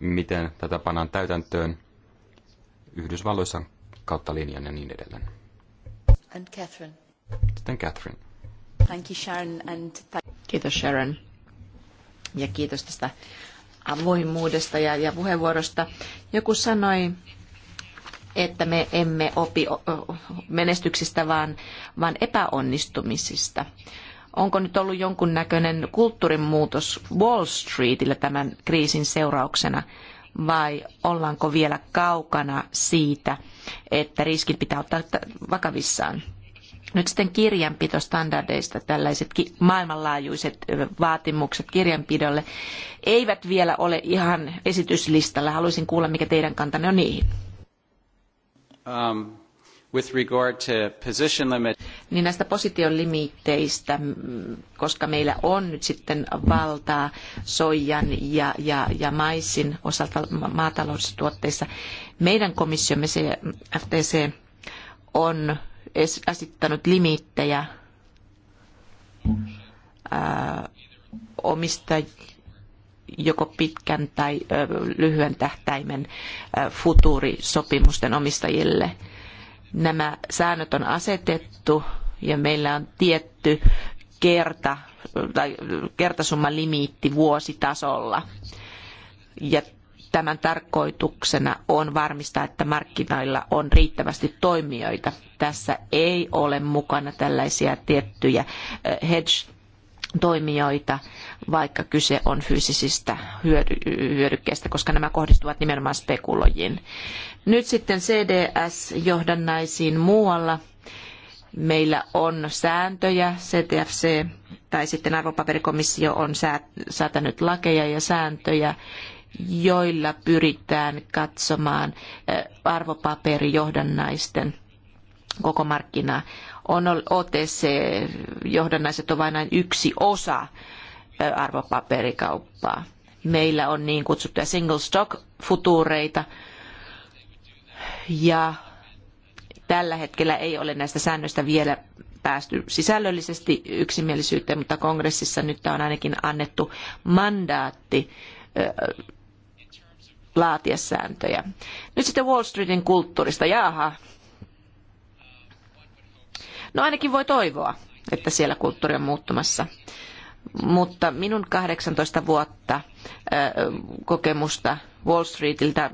miten tätä pannaan täytäntöön Yhdysvalloissa kautta linjan ja niin edelleen. And Catherine. Sitten Catherine. Thank you Sharon and th- Kiitos Sharon ja kiitos tästä avoimuudesta ja, ja puheenvuorosta. Joku sanoi, että me emme opi menestyksistä, vaan, vaan epäonnistumisista. Onko nyt ollut jonkin näköinen kulttuurin muutos Wall Streetillä tämän kriisin seurauksena vai ollaanko vielä kaukana siitä, että riskit pitää ottaa vakavissaan? Nyt sitten kirjanpitostandardeista tällaiset maailmanlaajuiset vaatimukset kirjanpidolle eivät vielä ole ihan esityslistalla. Haluaisin kuulla, mikä teidän kantanne on niihin um, with regard to position limit. Niin näistä position koska meillä on nyt sitten valtaa soijan ja, ja, ja maissin osalta maataloustuotteissa, meidän komissiomme se FTC on esittänyt limiittejä ää, omistajille joko pitkän tai lyhyen tähtäimen futuurisopimusten omistajille. Nämä säännöt on asetettu ja meillä on tietty kerta, tai kertasumma limiitti vuositasolla. Ja tämän tarkoituksena on varmistaa, että markkinoilla on riittävästi toimijoita. Tässä ei ole mukana tällaisia tiettyjä hedge toimijoita, vaikka kyse on fyysisistä hyödykkeistä, koska nämä kohdistuvat nimenomaan spekulojiin. Nyt sitten CDS-johdannaisiin muualla. Meillä on sääntöjä, CTFC tai sitten arvopaperikomissio on säätänyt lakeja ja sääntöjä, joilla pyritään katsomaan eh, arvopaperijohdannaisten koko markkinaa on OTC-johdannaiset ovat vain yksi osa arvopaperikauppaa. Meillä on niin kutsuttuja single stock futuureita ja tällä hetkellä ei ole näistä säännöistä vielä päästy sisällöllisesti yksimielisyyteen, mutta kongressissa nyt on ainakin annettu mandaatti laatia sääntöjä. Nyt sitten Wall Streetin kulttuurista. Jaaha, No ainakin voi toivoa, että siellä kulttuuri on muuttumassa. Mutta minun 18 vuotta kokemusta Wall Streetiltä,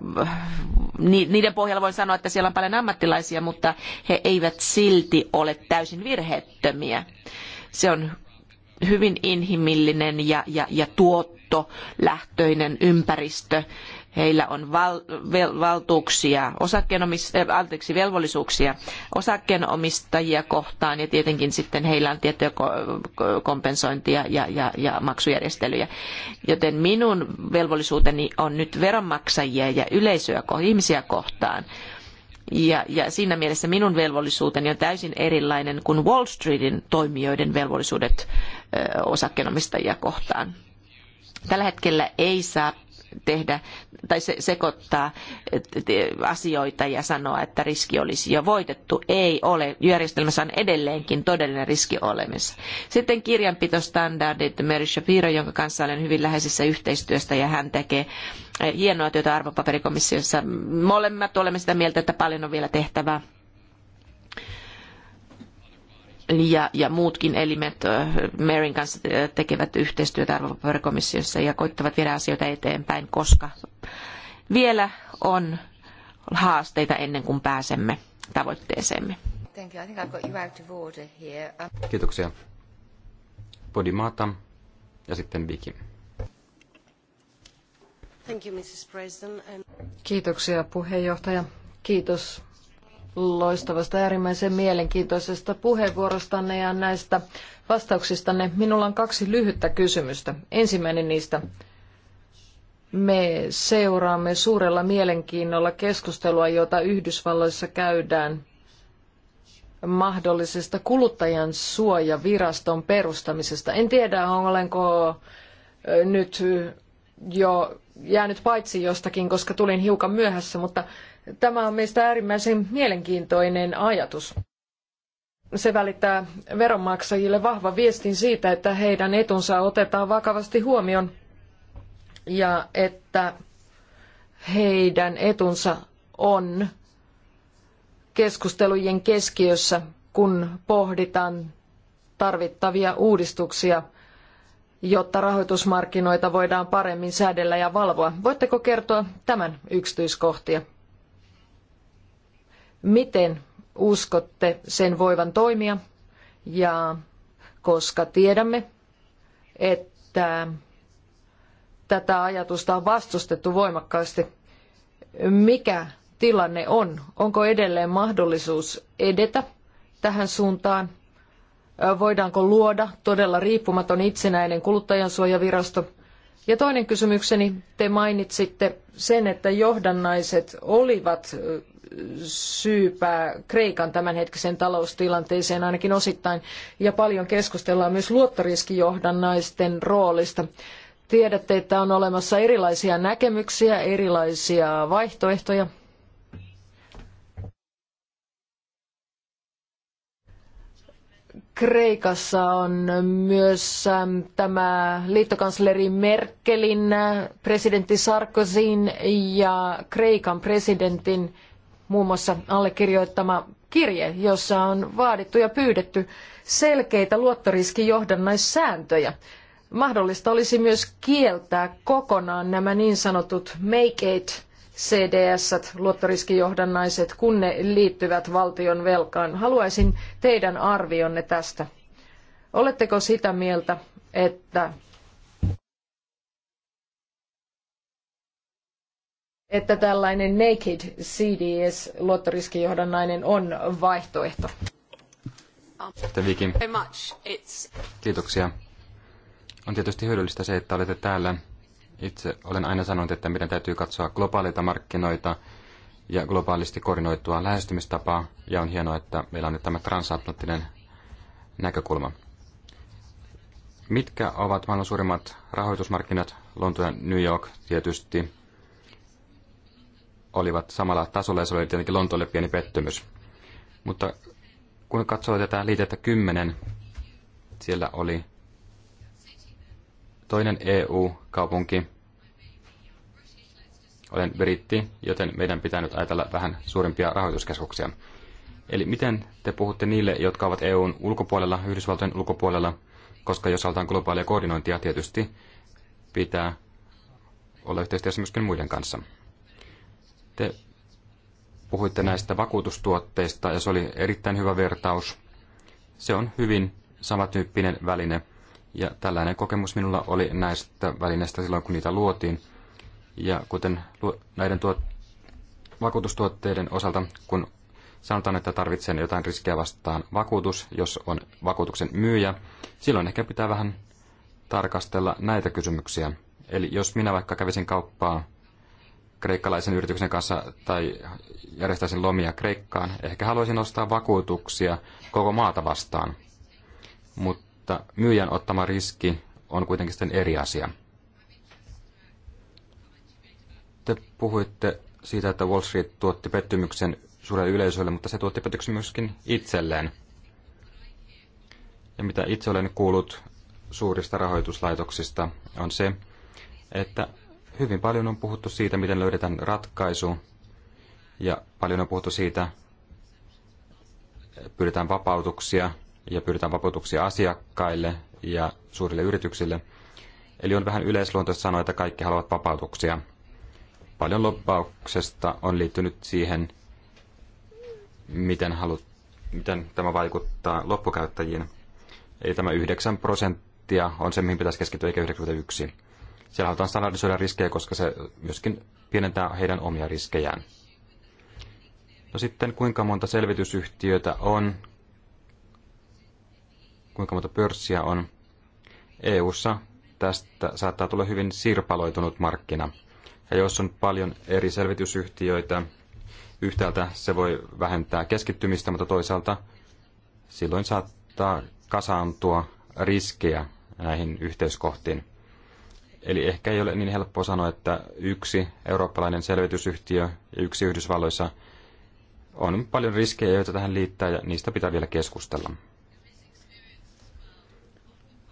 niiden pohjalla voin sanoa, että siellä on paljon ammattilaisia, mutta he eivät silti ole täysin virheettömiä. Se on hyvin inhimillinen ja, ja, ja tuottolähtöinen ympäristö heillä on val, vel, valtuuksia, osakkeenomis, äh, anteeksi, velvollisuuksia osakkeenomistajia kohtaan ja tietenkin sitten heillä on tiettyjä kompensointia ja, ja, ja maksujärjestelyjä. Joten minun velvollisuuteni on nyt veronmaksajia ja yleisöä, ihmisiä kohtaan. Ja, ja siinä mielessä minun velvollisuuteni on täysin erilainen kuin Wall Streetin toimijoiden velvollisuudet osakkeenomistajia kohtaan. Tällä hetkellä ei saa tehdä tai se, sekoittaa asioita ja sanoa, että riski olisi jo voitettu. Ei ole. Järjestelmässä on edelleenkin todellinen riski olemassa. Sitten kirjanpitostandardit. Mary Shapiro, jonka kanssa olen hyvin läheisessä yhteistyössä ja hän tekee eh, hienoa työtä arvopaperikomissiossa. Molemmat olemme sitä mieltä, että paljon on vielä tehtävää ja, ja muutkin elimet Merin kanssa tekevät yhteistyötä arvopaperikomissiossa ja koittavat viedä asioita eteenpäin, koska vielä on haasteita ennen kuin pääsemme tavoitteeseemme. Um, Kiitoksia. Podimata ja sitten Viki. Kiitoksia puheenjohtaja. Kiitos loistavasta äärimmäisen mielenkiintoisesta puheenvuorostanne ja näistä vastauksistanne. Minulla on kaksi lyhyttä kysymystä. Ensimmäinen niistä. Me seuraamme suurella mielenkiinnolla keskustelua, jota Yhdysvalloissa käydään mahdollisesta kuluttajan suojaviraston perustamisesta. En tiedä, olenko nyt jo jäänyt paitsi jostakin, koska tulin hiukan myöhässä, mutta Tämä on meistä äärimmäisen mielenkiintoinen ajatus. Se välittää veronmaksajille vahvan viestin siitä, että heidän etunsa otetaan vakavasti huomioon ja että heidän etunsa on keskustelujen keskiössä, kun pohditaan tarvittavia uudistuksia, jotta rahoitusmarkkinoita voidaan paremmin säädellä ja valvoa. Voitteko kertoa tämän yksityiskohtia? Miten uskotte sen voivan toimia? Ja koska tiedämme, että tätä ajatusta on vastustettu voimakkaasti, mikä tilanne on? Onko edelleen mahdollisuus edetä tähän suuntaan? Voidaanko luoda todella riippumaton itsenäinen kuluttajansuojavirasto? Ja toinen kysymykseni, te mainitsitte sen, että johdannaiset olivat syypää Kreikan tämänhetkisen taloustilanteeseen ainakin osittain. Ja paljon keskustellaan myös luottoriskijohdannaisten roolista. Tiedätte, että on olemassa erilaisia näkemyksiä, erilaisia vaihtoehtoja. Kreikassa on myös ähm, tämä liittokansleri Merkelin, äh, presidentti Sarkozyn ja Kreikan presidentin muun muassa allekirjoittama kirje, jossa on vaadittu ja pyydetty selkeitä luottoriskijohdannaissääntöjä. Mahdollista olisi myös kieltää kokonaan nämä niin sanotut make it CDS, luottoriskijohdannaiset, kun ne liittyvät valtion velkaan. Haluaisin teidän arvionne tästä. Oletteko sitä mieltä, että että tällainen naked CDS luottoriskijohdannainen on vaihtoehto. Kiitoksia. On tietysti hyödyllistä se, että olette täällä. Itse olen aina sanonut, että meidän täytyy katsoa globaaleita markkinoita ja globaalisti koordinoitua lähestymistapaa, ja on hienoa, että meillä on nyt tämä transatlanttinen näkökulma. Mitkä ovat maailman suurimmat rahoitusmarkkinat? Lontoon ja New York tietysti, olivat samalla tasolla ja se oli tietenkin Lontoolle pieni pettymys. Mutta kun katsoo tätä liitettä 10, siellä oli toinen EU-kaupunki. Olen britti, joten meidän pitää nyt ajatella vähän suurimpia rahoituskeskuksia. Eli miten te puhutte niille, jotka ovat EUn ulkopuolella, Yhdysvaltojen ulkopuolella, koska jos halutaan globaalia koordinointia, tietysti pitää olla yhteistyössä myöskin muiden kanssa. Te puhuitte näistä vakuutustuotteista ja se oli erittäin hyvä vertaus. Se on hyvin samantyyppinen väline ja tällainen kokemus minulla oli näistä välineistä silloin, kun niitä luotiin. Ja kuten näiden tuot, vakuutustuotteiden osalta, kun sanotaan, että tarvitsen jotain riskiä vastaan vakuutus, jos on vakuutuksen myyjä, silloin ehkä pitää vähän tarkastella näitä kysymyksiä. Eli jos minä vaikka kävisin kauppaa kreikkalaisen yrityksen kanssa tai järjestäisin lomia Kreikkaan, ehkä haluaisin ostaa vakuutuksia koko maata vastaan. Mutta myyjän ottama riski on kuitenkin sitten eri asia. Te puhuitte siitä, että Wall Street tuotti pettymyksen suurelle yleisölle, mutta se tuotti pettymyksen myöskin itselleen. Ja mitä itse olen kuullut suurista rahoituslaitoksista, on se, että Hyvin paljon on puhuttu siitä, miten löydetään ratkaisu, ja paljon on puhuttu siitä, pyydetään vapautuksia ja pyydetään vapautuksia asiakkaille ja suurille yrityksille. Eli on vähän yleisluontoista sanoa, että kaikki haluavat vapautuksia. Paljon loppauksesta on liittynyt siihen, miten, halut, miten tämä vaikuttaa loppukäyttäjiin. Eli tämä 9 prosenttia on se, mihin pitäisi keskittyä, eikä 91. Siellä halutaan standardisoida riskejä, koska se myöskin pienentää heidän omia riskejään. No sitten kuinka monta selvitysyhtiötä on, kuinka monta pörssiä on. EU:ssa tästä saattaa tulla hyvin sirpaloitunut markkina. Ja jos on paljon eri selvitysyhtiöitä, yhtäältä se voi vähentää keskittymistä, mutta toisaalta silloin saattaa kasaantua riskejä näihin yhteiskohtiin. Eli ehkä ei ole niin helppoa sanoa, että yksi eurooppalainen selvitysyhtiö ja yksi Yhdysvalloissa on paljon riskejä, joita tähän liittää ja niistä pitää vielä keskustella.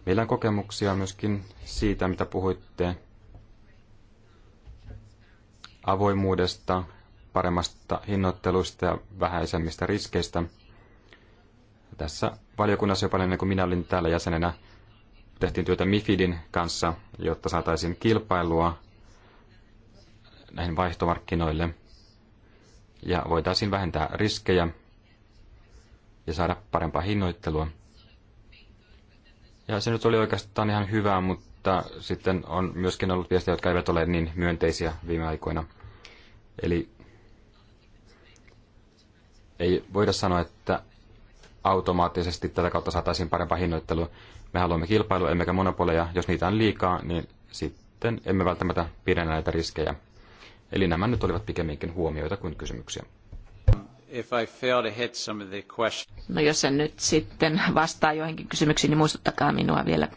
Meillä on kokemuksia myöskin siitä, mitä puhuitte avoimuudesta, paremmasta hinnoittelusta ja vähäisemmistä riskeistä. Tässä valiokunnassa jopa ennen kuin minä olin täällä jäsenenä, tehtiin työtä MIFIDin kanssa, jotta saataisiin kilpailua näihin vaihtomarkkinoille ja voitaisiin vähentää riskejä ja saada parempaa hinnoittelua. Ja se nyt oli oikeastaan ihan hyvää, mutta sitten on myöskin ollut viestejä, jotka eivät ole niin myönteisiä viime aikoina. Eli ei voida sanoa, että automaattisesti tätä kautta saataisiin parempaa hinnoittelua. Me haluamme kilpailua, emmekä monopoleja. Jos niitä on liikaa, niin sitten emme välttämättä pidä näitä riskejä. Eli nämä nyt olivat pikemminkin huomioita kuin kysymyksiä. No jos en nyt sitten vastaa joihinkin kysymyksiin, niin muistuttakaa minua vielä.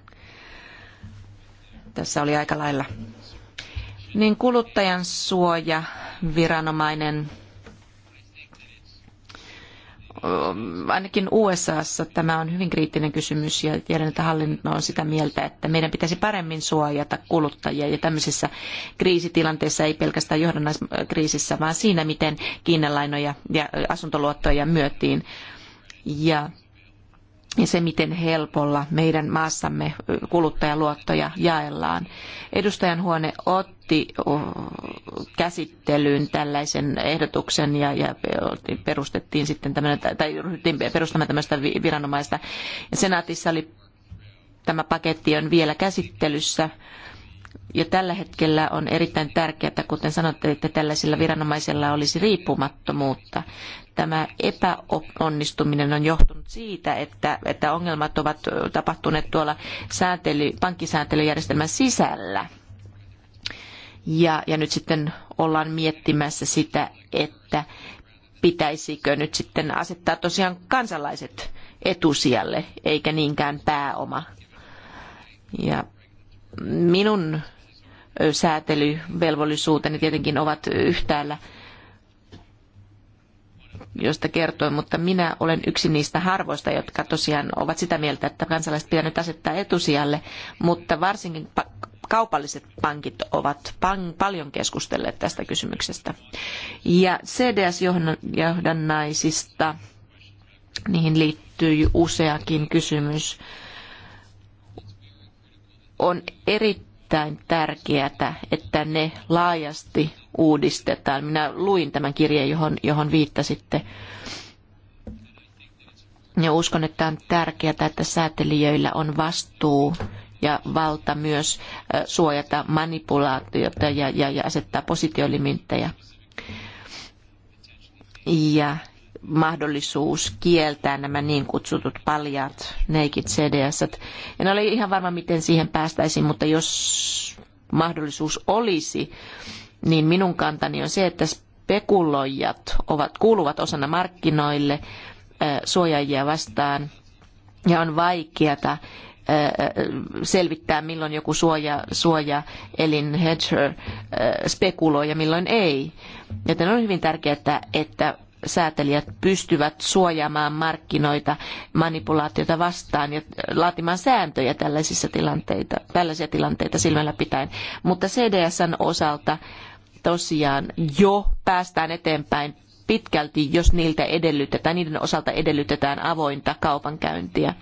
Tässä oli aika lailla. Niin kuluttajan suoja, viranomainen, ainakin USAssa tämä on hyvin kriittinen kysymys ja tiedän, että hallinto on sitä mieltä, että meidän pitäisi paremmin suojata kuluttajia ja tämmöisissä kriisitilanteissa ei pelkästään johdannaiskriisissä, vaan siinä, miten kiinnelainoja ja asuntoluottoja myötiin. Ja ja se, miten helpolla meidän maassamme kuluttajaluottoja jaellaan. Edustajan huone otti käsittelyyn tällaisen ehdotuksen ja, ja perustettiin sitten tämmöinen, tai ryhdyttiin perustamaan tämmöistä viranomaista. Ja senaatissa oli tämä paketti on vielä käsittelyssä jo tällä hetkellä on erittäin tärkeää, kuten sanotte, että tällaisilla viranomaisilla olisi riippumattomuutta. Tämä epäonnistuminen on johtunut siitä, että, että ongelmat ovat tapahtuneet tuolla sääntely, pankkisääntelyjärjestelmän sisällä. Ja, ja nyt sitten ollaan miettimässä sitä, että pitäisikö nyt sitten asettaa tosiaan kansalaiset etusijalle, eikä niinkään pääoma. Ja minun säätelyvelvollisuuteni tietenkin ovat yhtäällä, josta kertoin, mutta minä olen yksi niistä harvoista, jotka tosiaan ovat sitä mieltä, että kansalaiset pitää nyt asettaa etusijalle, mutta varsinkin kaupalliset pankit ovat paljon keskustelleet tästä kysymyksestä. Ja CDS-johdannaisista, niihin liittyy useakin kysymys on erittäin tärkeää, että ne laajasti uudistetaan. Minä luin tämän kirjeen, johon, johon viittasitte. Ja uskon, että on tärkeää, että säätelijöillä on vastuu ja valta myös suojata manipulaatiota ja, ja, ja asettaa positiolimittejä. Ja mahdollisuus kieltää nämä niin kutsutut paljat naked cds -t. En ole ihan varma, miten siihen päästäisiin, mutta jos mahdollisuus olisi, niin minun kantani on se, että spekuloijat ovat, kuuluvat osana markkinoille suojaajia vastaan ja on vaikeata selvittää, milloin joku suoja, suoja elin hedger spekuloi ja milloin ei. Joten on hyvin tärkeää, että, että säätelijät pystyvät suojaamaan markkinoita manipulaatiota vastaan ja laatimaan sääntöjä tällaisissa tilanteita, tällaisia tilanteita silmällä pitäen. Mutta CDSn osalta tosiaan jo päästään eteenpäin pitkälti, jos niiltä edellytetään, niiden osalta edellytetään avointa kaupankäyntiä.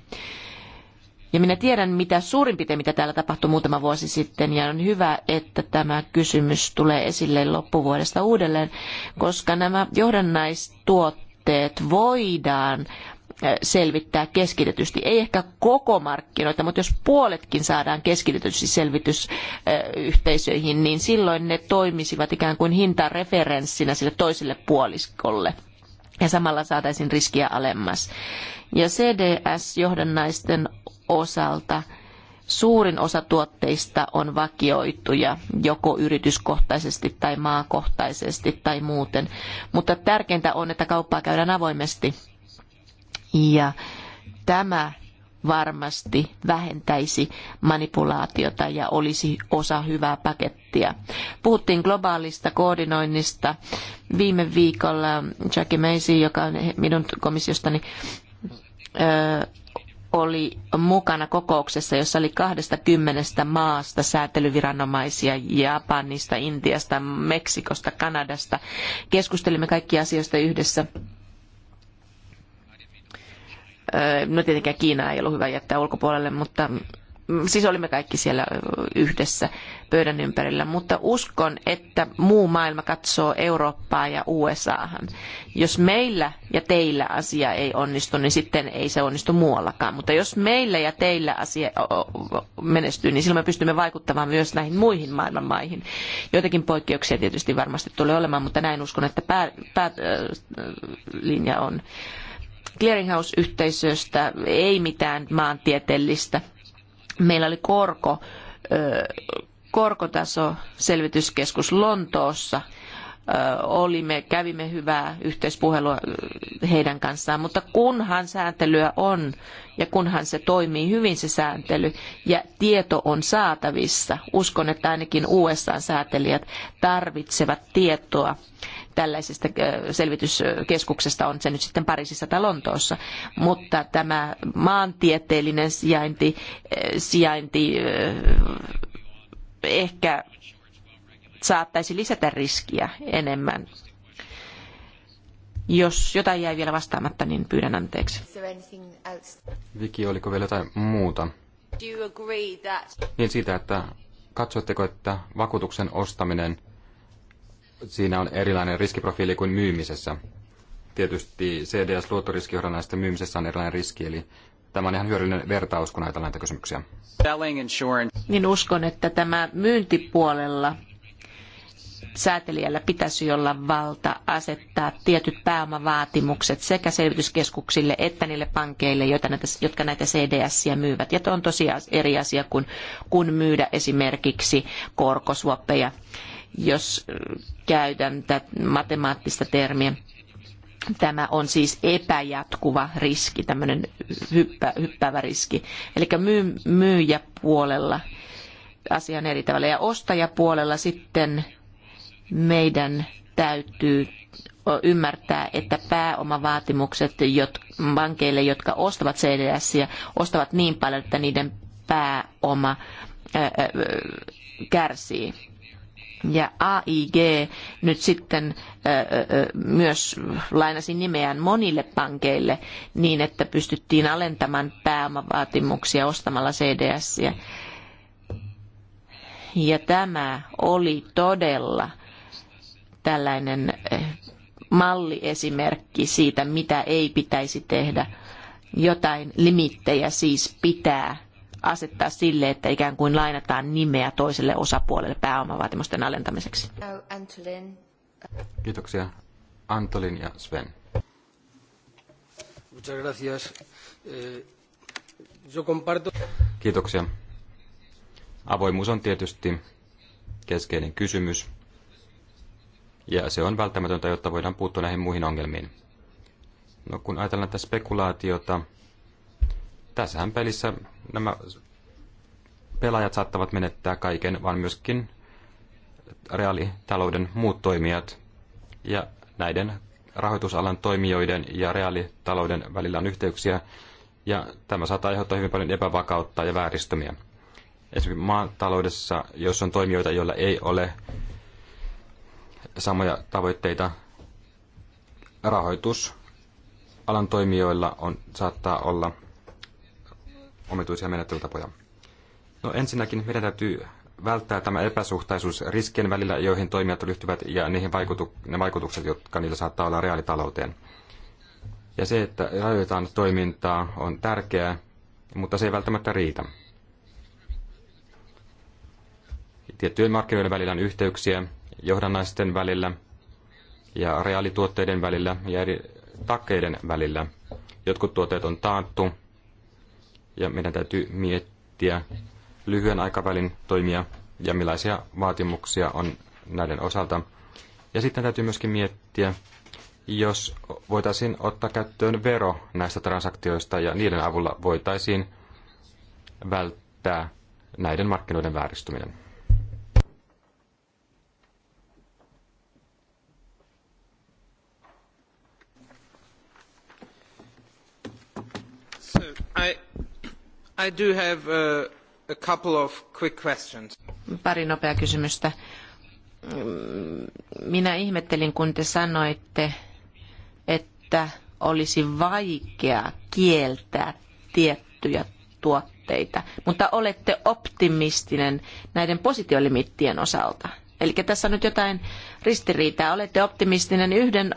Ja minä tiedän, mitä suurin piirtein, mitä täällä tapahtui muutama vuosi sitten, ja on hyvä, että tämä kysymys tulee esille loppuvuodesta uudelleen, koska nämä johdannaistuotteet voidaan selvittää keskitetysti. Ei ehkä koko markkinoita, mutta jos puoletkin saadaan keskitetysti selvitysyhteisöihin, niin silloin ne toimisivat ikään kuin hintareferenssinä sille toiselle puoliskolle. Ja samalla saataisiin riskiä alemmas. Ja CDS-johdannaisten osalta suurin osa tuotteista on vakioituja, joko yrityskohtaisesti tai maakohtaisesti tai muuten. Mutta tärkeintä on, että kauppaa käydään avoimesti. Ja tämä varmasti vähentäisi manipulaatiota ja olisi osa hyvää pakettia. Puhuttiin globaalista koordinoinnista. Viime viikolla Jackie Macy, joka on minun komissiostani, oli mukana kokouksessa, jossa oli 20 maasta säätelyviranomaisia Japanista, Intiasta, Meksikosta, Kanadasta. Keskustelimme kaikki asioista yhdessä. No tietenkään Kiinaa ei ollut hyvä jättää ulkopuolelle, mutta siis olimme kaikki siellä yhdessä pöydän ympärillä, mutta uskon, että muu maailma katsoo Eurooppaa ja USAhan. Jos meillä ja teillä asia ei onnistu, niin sitten ei se onnistu muuallakaan. Mutta jos meillä ja teillä asia menestyy, niin silloin me pystymme vaikuttamaan myös näihin muihin maailman maihin. Joitakin poikkeuksia tietysti varmasti tulee olemaan, mutta näin uskon, että päälinja pää, äh, on clearinghouse-yhteisöstä, ei mitään maantieteellistä meillä oli korko, korkotaso selvityskeskus Lontoossa. Olimme, kävimme hyvää yhteispuhelua heidän kanssaan, mutta kunhan sääntelyä on ja kunhan se toimii hyvin se sääntely ja tieto on saatavissa, uskon, että ainakin USA-säätelijät tarvitsevat tietoa tällaisesta selvityskeskuksesta, on se nyt sitten Pariisissa tai Lontoossa. Mutta tämä maantieteellinen sijainti, sijainti ehkä saattaisi lisätä riskiä enemmän. Jos jotain jäi vielä vastaamatta, niin pyydän anteeksi. Viki, oliko vielä jotain muuta? Niin siitä, että katsotteko, että vakuutuksen ostaminen – siinä on erilainen riskiprofiili kuin myymisessä. Tietysti CDS-luottoriskijohdannaisten myymisessä on erilainen riski, eli tämä on ihan hyödyllinen vertaus, kun ajatellaan näitä kysymyksiä. Niin uskon, että tämä myyntipuolella säätelijällä pitäisi olla valta asettaa tietyt pääomavaatimukset sekä selvityskeskuksille että niille pankeille, joita näitä, jotka näitä CDSiä myyvät. Ja on tosiaan eri asia kuin kun myydä esimerkiksi korkosuoppeja, Jos käytän matemaattista termiä. Tämä on siis epäjatkuva riski, tämmöinen hyppä, hyppäävä riski. Eli myy, myyjäpuolella asia on eri tavalla. Ja ostajapuolella sitten meidän täytyy ymmärtää, että pääomavaatimukset jot, pankeille, jotka ostavat CDS, ostavat niin paljon, että niiden pääoma ää, ää, kärsii ja AIG nyt sitten myös lainasi nimeään monille pankeille niin, että pystyttiin alentamaan pääomavaatimuksia ostamalla CDSiä. Ja tämä oli todella tällainen malliesimerkki siitä, mitä ei pitäisi tehdä. Jotain limittejä siis pitää asettaa sille, että ikään kuin lainataan nimeä toiselle osapuolelle pääomavaatimusten alentamiseksi. Oh, Kiitoksia. Antolin ja Sven. Eh, Kiitoksia. Avoimuus on tietysti keskeinen kysymys, ja se on välttämätöntä, jotta voidaan puuttua näihin muihin ongelmiin. No, kun ajatellaan tätä spekulaatiota tässähän pelissä nämä pelaajat saattavat menettää kaiken, vaan myöskin reaalitalouden muut toimijat. Ja näiden rahoitusalan toimijoiden ja reaalitalouden välillä on yhteyksiä, ja tämä saattaa aiheuttaa hyvin paljon epävakautta ja vääristymiä. Esimerkiksi maataloudessa, jos on toimijoita, joilla ei ole samoja tavoitteita, rahoitusalan toimijoilla on, saattaa olla omituisia menettelytapoja. No ensinnäkin meidän täytyy välttää tämä epäsuhtaisuus riskien välillä, joihin toimijat ryhtyvät ja niihin vaikutu- ne vaikutukset, jotka niillä saattaa olla reaalitalouteen. Ja se, että rajoitetaan toimintaa, on tärkeää, mutta se ei välttämättä riitä. Tiettyjen markkinoiden välillä on yhteyksiä, johdannaisten välillä ja reaalituotteiden välillä ja eri takkeiden välillä. Jotkut tuotteet on taattu ja meidän täytyy miettiä lyhyen aikavälin toimia ja millaisia vaatimuksia on näiden osalta. Ja sitten täytyy myöskin miettiä, jos voitaisiin ottaa käyttöön vero näistä transaktioista ja niiden avulla voitaisiin välttää näiden markkinoiden vääristyminen. I do have a, uh, a couple of quick questions. Pari nopeaa kysymystä. Minä ihmettelin, kun te sanoitte, että olisi vaikea kieltää tiettyjä tuotteita, mutta olette optimistinen näiden positiolimittien osalta. Eli tässä on nyt jotain ristiriitaa. Olette optimistinen yhden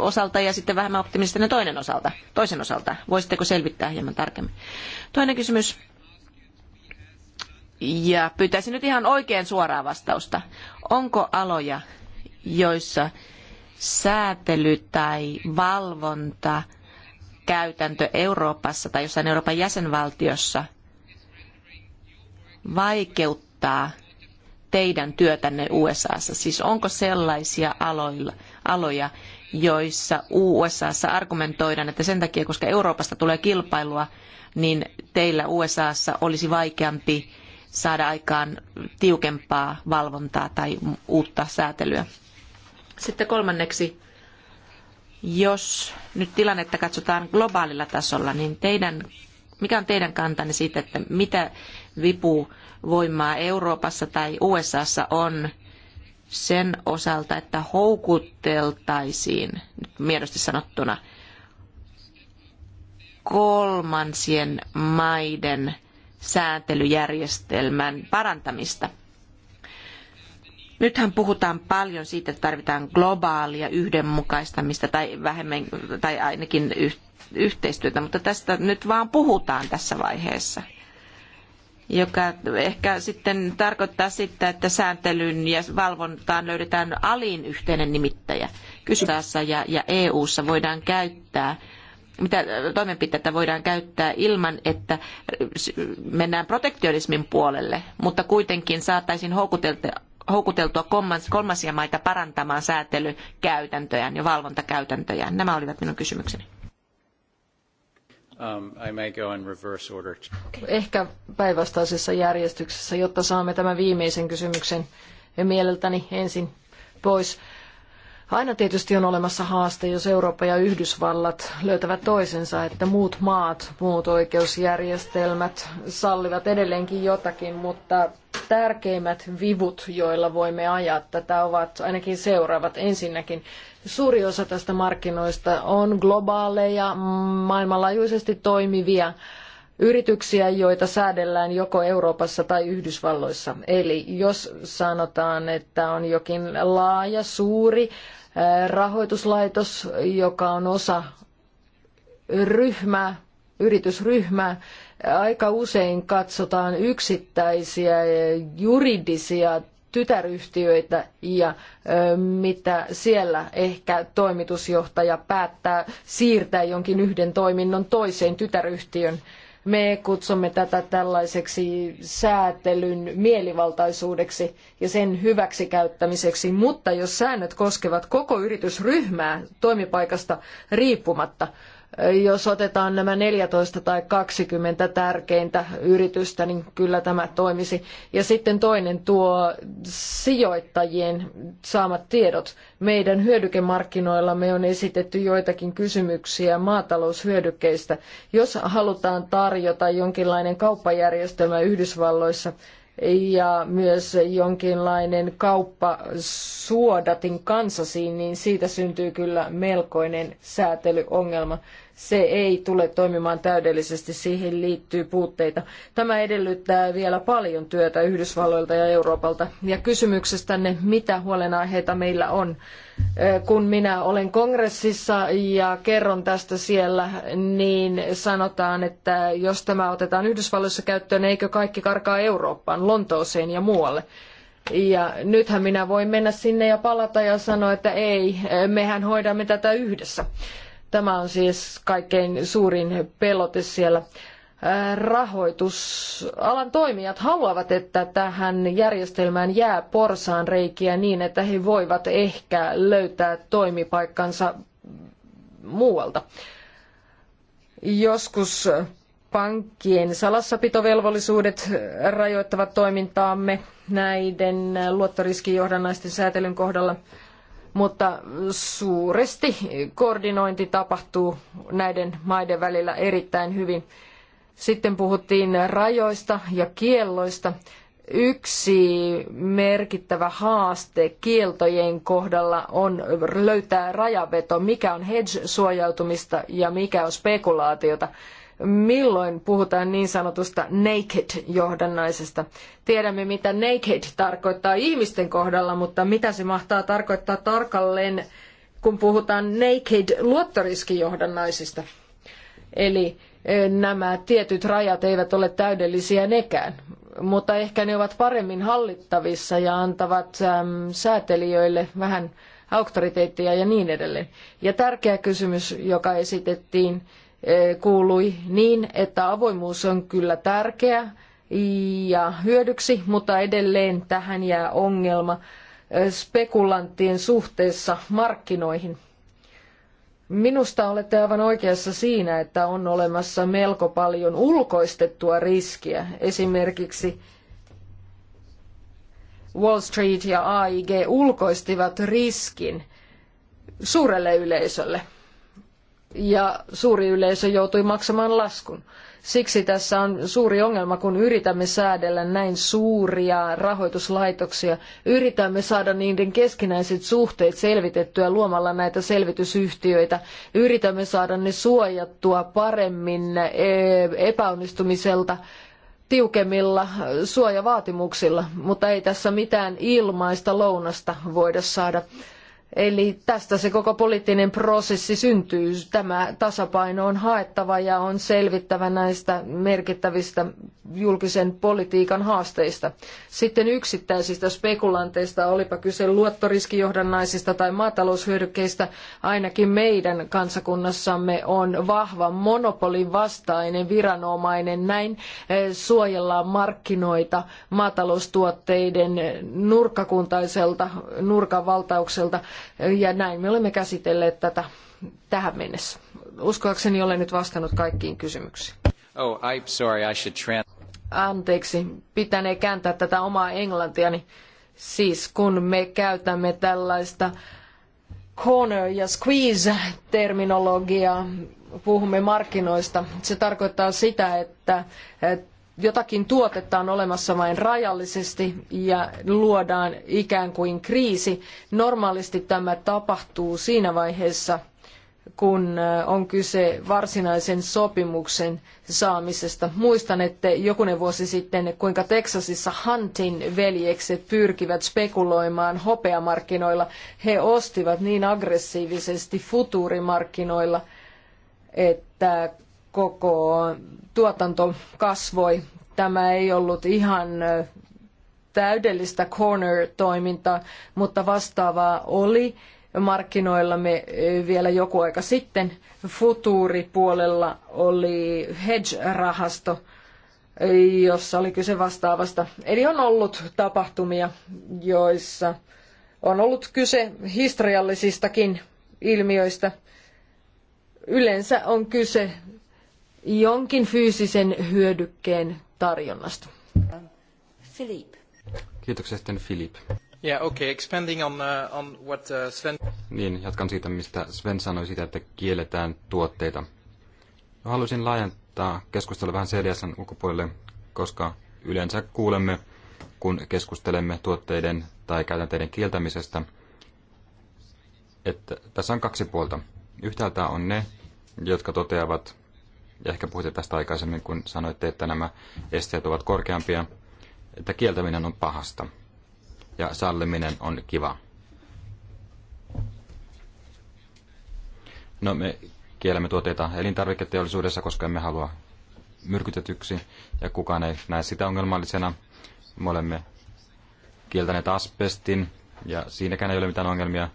osalta ja sitten vähemmän optimistinen toinen osalta, toisen osalta. Voisitteko selvittää hieman tarkemmin? Toinen kysymys. Ja pyytäisin nyt ihan oikein suoraa vastausta. Onko aloja, joissa säätely tai valvonta käytäntö Euroopassa tai jossain Euroopan jäsenvaltiossa vaikeuttaa teidän työtänne USAssa? Siis onko sellaisia aloilla, aloja, joissa USAssa argumentoidaan, että sen takia, koska Euroopasta tulee kilpailua, niin teillä USAssa olisi vaikeampi saada aikaan tiukempaa valvontaa tai uutta säätelyä. Sitten kolmanneksi, jos nyt tilannetta katsotaan globaalilla tasolla, niin teidän, mikä on teidän kantanne siitä, että mitä vipu voimaa Euroopassa tai USAssa on sen osalta, että houkuteltaisiin, miedosti sanottuna, kolmansien maiden sääntelyjärjestelmän parantamista. Nythän puhutaan paljon siitä, että tarvitaan globaalia yhdenmukaistamista tai, vähemmän, tai ainakin yhteistyötä, mutta tästä nyt vaan puhutaan tässä vaiheessa – joka ehkä sitten tarkoittaa sitä, että sääntelyn ja valvontaan löydetään alin yhteinen nimittäjä. Kysymässä ja, ja EU-ssa voidaan käyttää mitä toimenpiteitä voidaan käyttää ilman, että mennään protektionismin puolelle, mutta kuitenkin saataisiin houkuteltua kolmansia maita parantamaan säätelykäytäntöjään ja valvontakäytäntöjään. Nämä olivat minun kysymykseni. Um, Ehkä päinvastaisessa järjestyksessä, jotta saamme tämän viimeisen kysymyksen mieleltäni ensin pois. Aina tietysti on olemassa haaste, jos Eurooppa ja Yhdysvallat löytävät toisensa, että muut maat, muut oikeusjärjestelmät sallivat edelleenkin jotakin, mutta tärkeimmät vivut, joilla voimme ajaa tätä, ovat ainakin seuraavat. Ensinnäkin Suuri osa tästä markkinoista on globaaleja, maailmanlaajuisesti toimivia yrityksiä, joita säädellään joko Euroopassa tai Yhdysvalloissa. Eli jos sanotaan, että on jokin laaja, suuri äh, rahoituslaitos, joka on osa ryhmää, yritysryhmää, aika usein katsotaan yksittäisiä juridisia tytäryhtiöitä ja mitä siellä ehkä toimitusjohtaja päättää siirtää jonkin yhden toiminnon toiseen tytäryhtiön. Me kutsumme tätä tällaiseksi säätelyn mielivaltaisuudeksi ja sen hyväksikäyttämiseksi, mutta jos säännöt koskevat koko yritysryhmää toimipaikasta riippumatta, jos otetaan nämä 14 tai 20 tärkeintä yritystä, niin kyllä tämä toimisi. Ja sitten toinen tuo sijoittajien saamat tiedot. Meidän hyödykemarkkinoillamme on esitetty joitakin kysymyksiä maataloushyödykkeistä. Jos halutaan tarjota jonkinlainen kauppajärjestelmä Yhdysvalloissa, ja myös jonkinlainen kauppasuodatin kansasiin, niin siitä syntyy kyllä melkoinen säätelyongelma se ei tule toimimaan täydellisesti, siihen liittyy puutteita. Tämä edellyttää vielä paljon työtä Yhdysvalloilta ja Euroopalta. Ja kysymyksestänne, mitä huolenaiheita meillä on? Kun minä olen kongressissa ja kerron tästä siellä, niin sanotaan, että jos tämä otetaan Yhdysvalloissa käyttöön, eikö kaikki karkaa Eurooppaan, Lontooseen ja muualle? Ja nythän minä voin mennä sinne ja palata ja sanoa, että ei, mehän hoidamme tätä yhdessä. Tämä on siis kaikkein suurin pelote siellä. Rahoitusalan toimijat haluavat, että tähän järjestelmään jää porsaan reikiä niin, että he voivat ehkä löytää toimipaikkansa muualta. Joskus pankkien salassapitovelvollisuudet rajoittavat toimintaamme näiden luottoriskijohdannaisten säätelyn kohdalla mutta suuresti koordinointi tapahtuu näiden maiden välillä erittäin hyvin. Sitten puhuttiin rajoista ja kielloista. Yksi merkittävä haaste kieltojen kohdalla on löytää rajaveto, mikä on hedge-suojautumista ja mikä on spekulaatiota milloin puhutaan niin sanotusta naked-johdannaisesta. Tiedämme, mitä naked tarkoittaa ihmisten kohdalla, mutta mitä se mahtaa tarkoittaa tarkalleen, kun puhutaan naked-luottoriskijohdannaisista. Eli e, nämä tietyt rajat eivät ole täydellisiä nekään, mutta ehkä ne ovat paremmin hallittavissa ja antavat säätelijöille vähän auktoriteettia ja niin edelleen. Ja tärkeä kysymys, joka esitettiin, Eh, kuului niin, että avoimuus on kyllä tärkeä ja hyödyksi, mutta edelleen tähän jää ongelma eh, spekulanttien suhteessa markkinoihin. Minusta olette aivan oikeassa siinä, että on olemassa melko paljon ulkoistettua riskiä. Esimerkiksi Wall Street ja AIG ulkoistivat riskin suurelle yleisölle ja suuri yleisö joutui maksamaan laskun. Siksi tässä on suuri ongelma, kun yritämme säädellä näin suuria rahoituslaitoksia. Yritämme saada niiden keskinäiset suhteet selvitettyä luomalla näitä selvitysyhtiöitä. Yritämme saada ne suojattua paremmin eh, epäonnistumiselta tiukemmilla suojavaatimuksilla, mutta ei tässä mitään ilmaista lounasta voida saada. Eli tästä se koko poliittinen prosessi syntyy. Tämä tasapaino on haettava ja on selvittävä näistä merkittävistä julkisen politiikan haasteista. Sitten yksittäisistä spekulanteista, olipa kyse luottoriskijohdannaisista tai maataloushyödykkeistä, ainakin meidän kansakunnassamme on vahva monopolin vastainen viranomainen. Näin eh, suojellaan markkinoita maataloustuotteiden nurkkakuntaiselta nurkavaltaukselta ja näin me olemme käsitelleet tätä tähän mennessä. Uskoakseni olen nyt vastannut kaikkiin kysymyksiin. Oh, I'm sorry, I should trans- Anteeksi, pitänee kääntää tätä omaa englantiani. Siis kun me käytämme tällaista corner ja squeeze terminologiaa, puhumme markkinoista. Se tarkoittaa sitä, että jotakin tuotetta on olemassa vain rajallisesti ja luodaan ikään kuin kriisi. Normaalisti tämä tapahtuu siinä vaiheessa, kun on kyse varsinaisen sopimuksen saamisesta. Muistan, että jokunen vuosi sitten, kuinka Teksasissa Huntin veljekset pyrkivät spekuloimaan hopeamarkkinoilla. He ostivat niin aggressiivisesti futuurimarkkinoilla, että koko tuotanto kasvoi. Tämä ei ollut ihan täydellistä corner-toimintaa, mutta vastaavaa oli markkinoillamme vielä joku aika sitten. Futuripuolella oli hedge-rahasto, jossa oli kyse vastaavasta. Eli on ollut tapahtumia, joissa on ollut kyse historiallisistakin ilmiöistä. Yleensä on kyse jonkin fyysisen hyödykkeen tarjonnasta. Philippe. Kiitoksia sitten Philip. Yeah, okay. Expanding on, uh, on what uh, Sven... Niin, jatkan siitä, mistä Sven sanoi siitä, että kielletään tuotteita. No, haluaisin laajentaa keskustelua vähän CDSn ulkopuolelle, koska yleensä kuulemme, kun keskustelemme tuotteiden tai käytänteiden kieltämisestä, että tässä on kaksi puolta. Yhtäältä on ne, jotka toteavat, ehkä puhuitte tästä aikaisemmin, kun sanoitte, että nämä esteet ovat korkeampia, että kieltäminen on pahasta ja salliminen on kiva. No me kielemme tuotteita elintarviketeollisuudessa, koska emme halua myrkytetyksi ja kukaan ei näe sitä ongelmallisena. Me olemme kieltäneet asbestin ja siinäkään ei ole mitään ongelmia,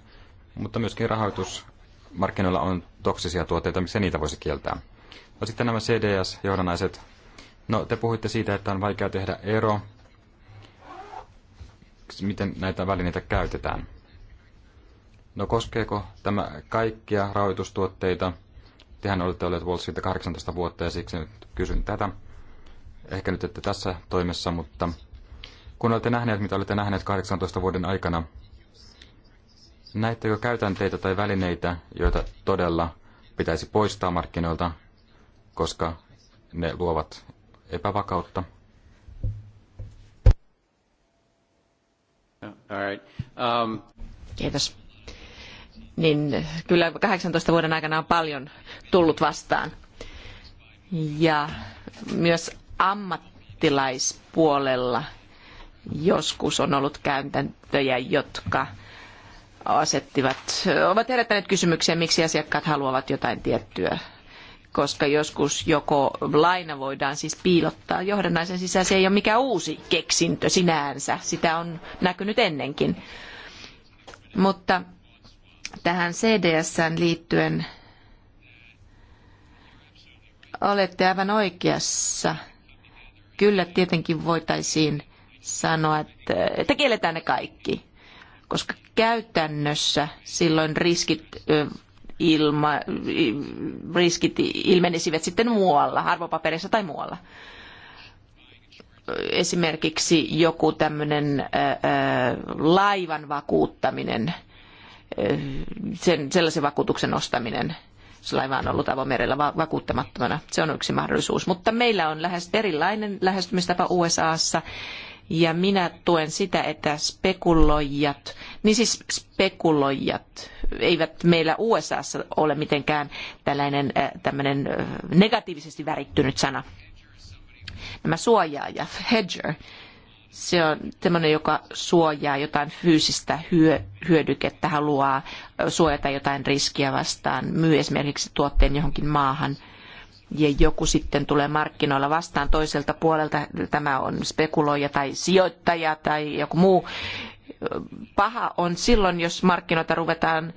mutta myöskin rahoitusmarkkinoilla on toksisia tuotteita, miksi niitä voisi kieltää. No sitten nämä CDS-johdannaiset. No te puhuitte siitä, että on vaikea tehdä ero, miten näitä välineitä käytetään. No koskeeko tämä kaikkia rahoitustuotteita? Tehän olette olleet Wall Street 18 vuotta ja siksi nyt kysyn tätä. Ehkä nyt ette tässä toimessa, mutta kun olette nähneet, mitä olette nähneet 18 vuoden aikana, näittekö käytänteitä tai välineitä, joita todella pitäisi poistaa markkinoilta koska ne luovat epävakautta. Um, Kiitos. Niin kyllä 18 vuoden aikana on paljon tullut vastaan. Ja myös ammattilaispuolella joskus on ollut käytäntöjä, jotka asettivat, ovat herättäneet kysymyksiä, miksi asiakkaat haluavat jotain tiettyä koska joskus joko laina voidaan siis piilottaa johdannaisen sisään. Se ei ole mikään uusi keksintö sinänsä, sitä on näkynyt ennenkin. Mutta tähän CDSään liittyen olette aivan oikeassa. Kyllä tietenkin voitaisiin sanoa, että, että kielletään ne kaikki, koska käytännössä silloin riskit ilma, riskit ilmenisivät sitten muualla, arvopaperissa tai muualla. Esimerkiksi joku tämmöinen laivan vakuuttaminen, sen, sellaisen vakuutuksen ostaminen, jos laiva on ollut avomerellä vakuuttamattomana. Se on yksi mahdollisuus. Mutta meillä on lähes erilainen lähestymistapa USAssa ja minä tuen sitä, että spekuloijat niin siis spekuloijat eivät meillä USAssa ole mitenkään tällainen äh, tämmöinen äh, negatiivisesti värittynyt sana. Nämä suojaaja, hedger, se on sellainen, joka suojaa jotain fyysistä hyödykettä, haluaa äh, suojata jotain riskiä vastaan, myy esimerkiksi tuotteen johonkin maahan ja joku sitten tulee markkinoilla vastaan toiselta puolelta, tämä on spekuloija tai sijoittaja tai joku muu, paha on silloin, jos markkinoita ruvetaan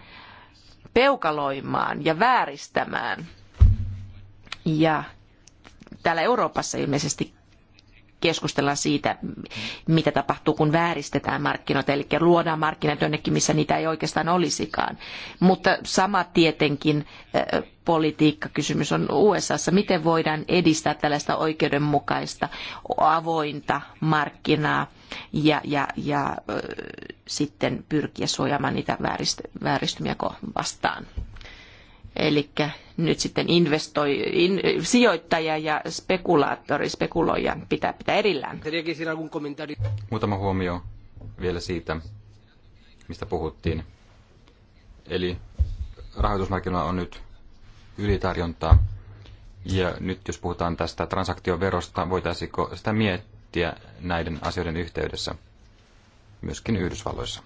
peukaloimaan ja vääristämään. Ja täällä Euroopassa ilmeisesti keskustellaan siitä, mitä tapahtuu, kun vääristetään markkinoita, eli luodaan markkinat jonnekin, missä niitä ei oikeastaan olisikaan. Mutta sama tietenkin politiikkakysymys on USAssa, miten voidaan edistää tällaista oikeudenmukaista, avointa markkinaa ja, ja, ja sitten pyrkiä suojaamaan niitä vääristymiä vastaan. Eli nyt sitten investoi, in, sijoittaja ja spekulaattori, spekuloija pitää pitää erillään. Muutama huomio vielä siitä, mistä puhuttiin. Eli rahoitusmarkkinoilla on nyt ylitarjontaa. Ja nyt jos puhutaan tästä transaktioverosta, voitaisiko sitä miettiä näiden asioiden yhteydessä myöskin Yhdysvalloissa?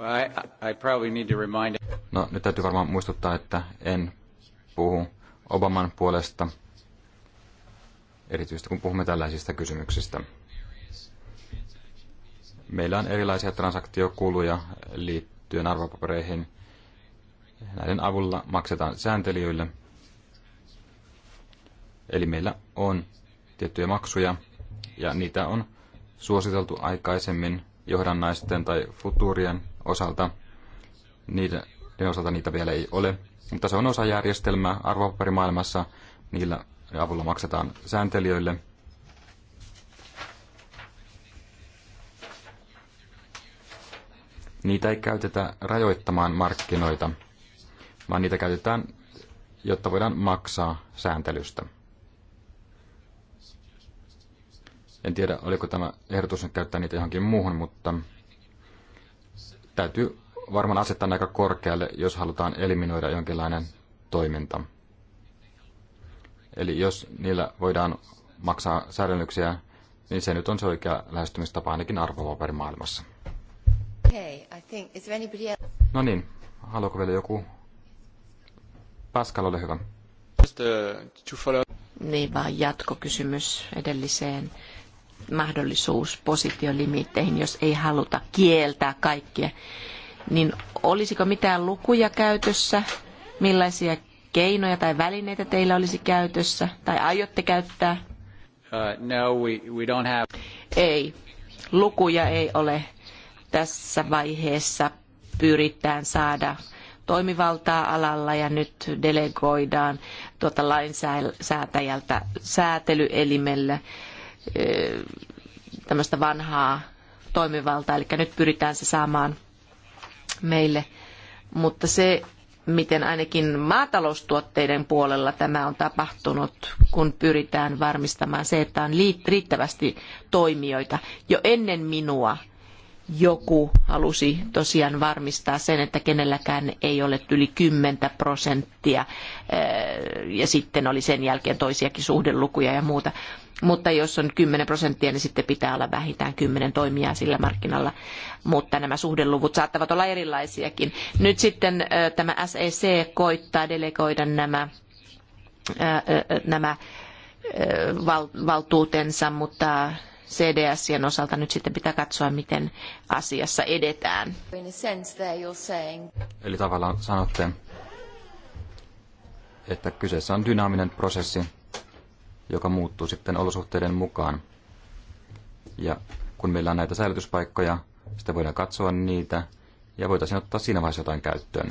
I, I probably need to remind... No, nyt täytyy varmaan muistuttaa, että en puhu Obaman puolesta, erityisesti kun puhumme tällaisista kysymyksistä. Meillä on erilaisia transaktiokuluja liittyen arvopapereihin. Näiden avulla maksetaan sääntelijöille. Eli meillä on tiettyjä maksuja, ja niitä on suositeltu aikaisemmin johdannaisten tai futurien osalta ne osalta niitä vielä ei ole, mutta se on osa järjestelmää arvopaperimaailmassa. Niillä avulla maksetaan sääntelijöille. Niitä ei käytetä rajoittamaan markkinoita, vaan niitä käytetään, jotta voidaan maksaa sääntelystä. En tiedä, oliko tämä ehdotus nyt käyttää niitä johonkin muuhun, mutta täytyy varmaan asettaa aika korkealle, jos halutaan eliminoida jonkinlainen toiminta. Eli jos niillä voidaan maksaa säädönnyksiä, niin se nyt on se oikea lähestymistapa ainakin arvopaperimaailmassa. Okay, think, No niin, haluatko vielä joku? Pascal, ole hyvä. Uh, niin vaan jatkokysymys edelliseen mahdollisuus positiolimiitteihin, jos ei haluta kieltää kaikkia. Niin olisiko mitään lukuja käytössä? Millaisia keinoja tai välineitä teillä olisi käytössä tai aiotte käyttää? Uh, no, we, we don't have... Ei, lukuja ei ole tässä vaiheessa. Pyritään saada toimivaltaa alalla ja nyt delegoidaan tuota lainsäätäjältä säätelyelimelle tämmöistä vanhaa toimivaltaa, eli nyt pyritään se saamaan meille. Mutta se, miten ainakin maataloustuotteiden puolella tämä on tapahtunut, kun pyritään varmistamaan se, että on riittävästi toimijoita. Jo ennen minua joku halusi tosiaan varmistaa sen, että kenelläkään ei ole yli kymmentä prosenttia ja sitten oli sen jälkeen toisiakin suhdelukuja ja muuta. Mutta jos on 10 prosenttia, niin sitten pitää olla vähintään 10 toimijaa sillä markkinalla. Mutta nämä suhdeluvut saattavat olla erilaisiakin. Nyt sitten tämä SEC koittaa delegoida nämä, nämä valtuutensa, mutta CDSien osalta nyt sitten pitää katsoa, miten asiassa edetään. Eli tavallaan sanotte, että kyseessä on dynaaminen prosessi, joka muuttuu sitten olosuhteiden mukaan. Ja kun meillä on näitä säilytyspaikkoja, sitä voidaan katsoa niitä ja voitaisiin ottaa siinä vaiheessa jotain käyttöön.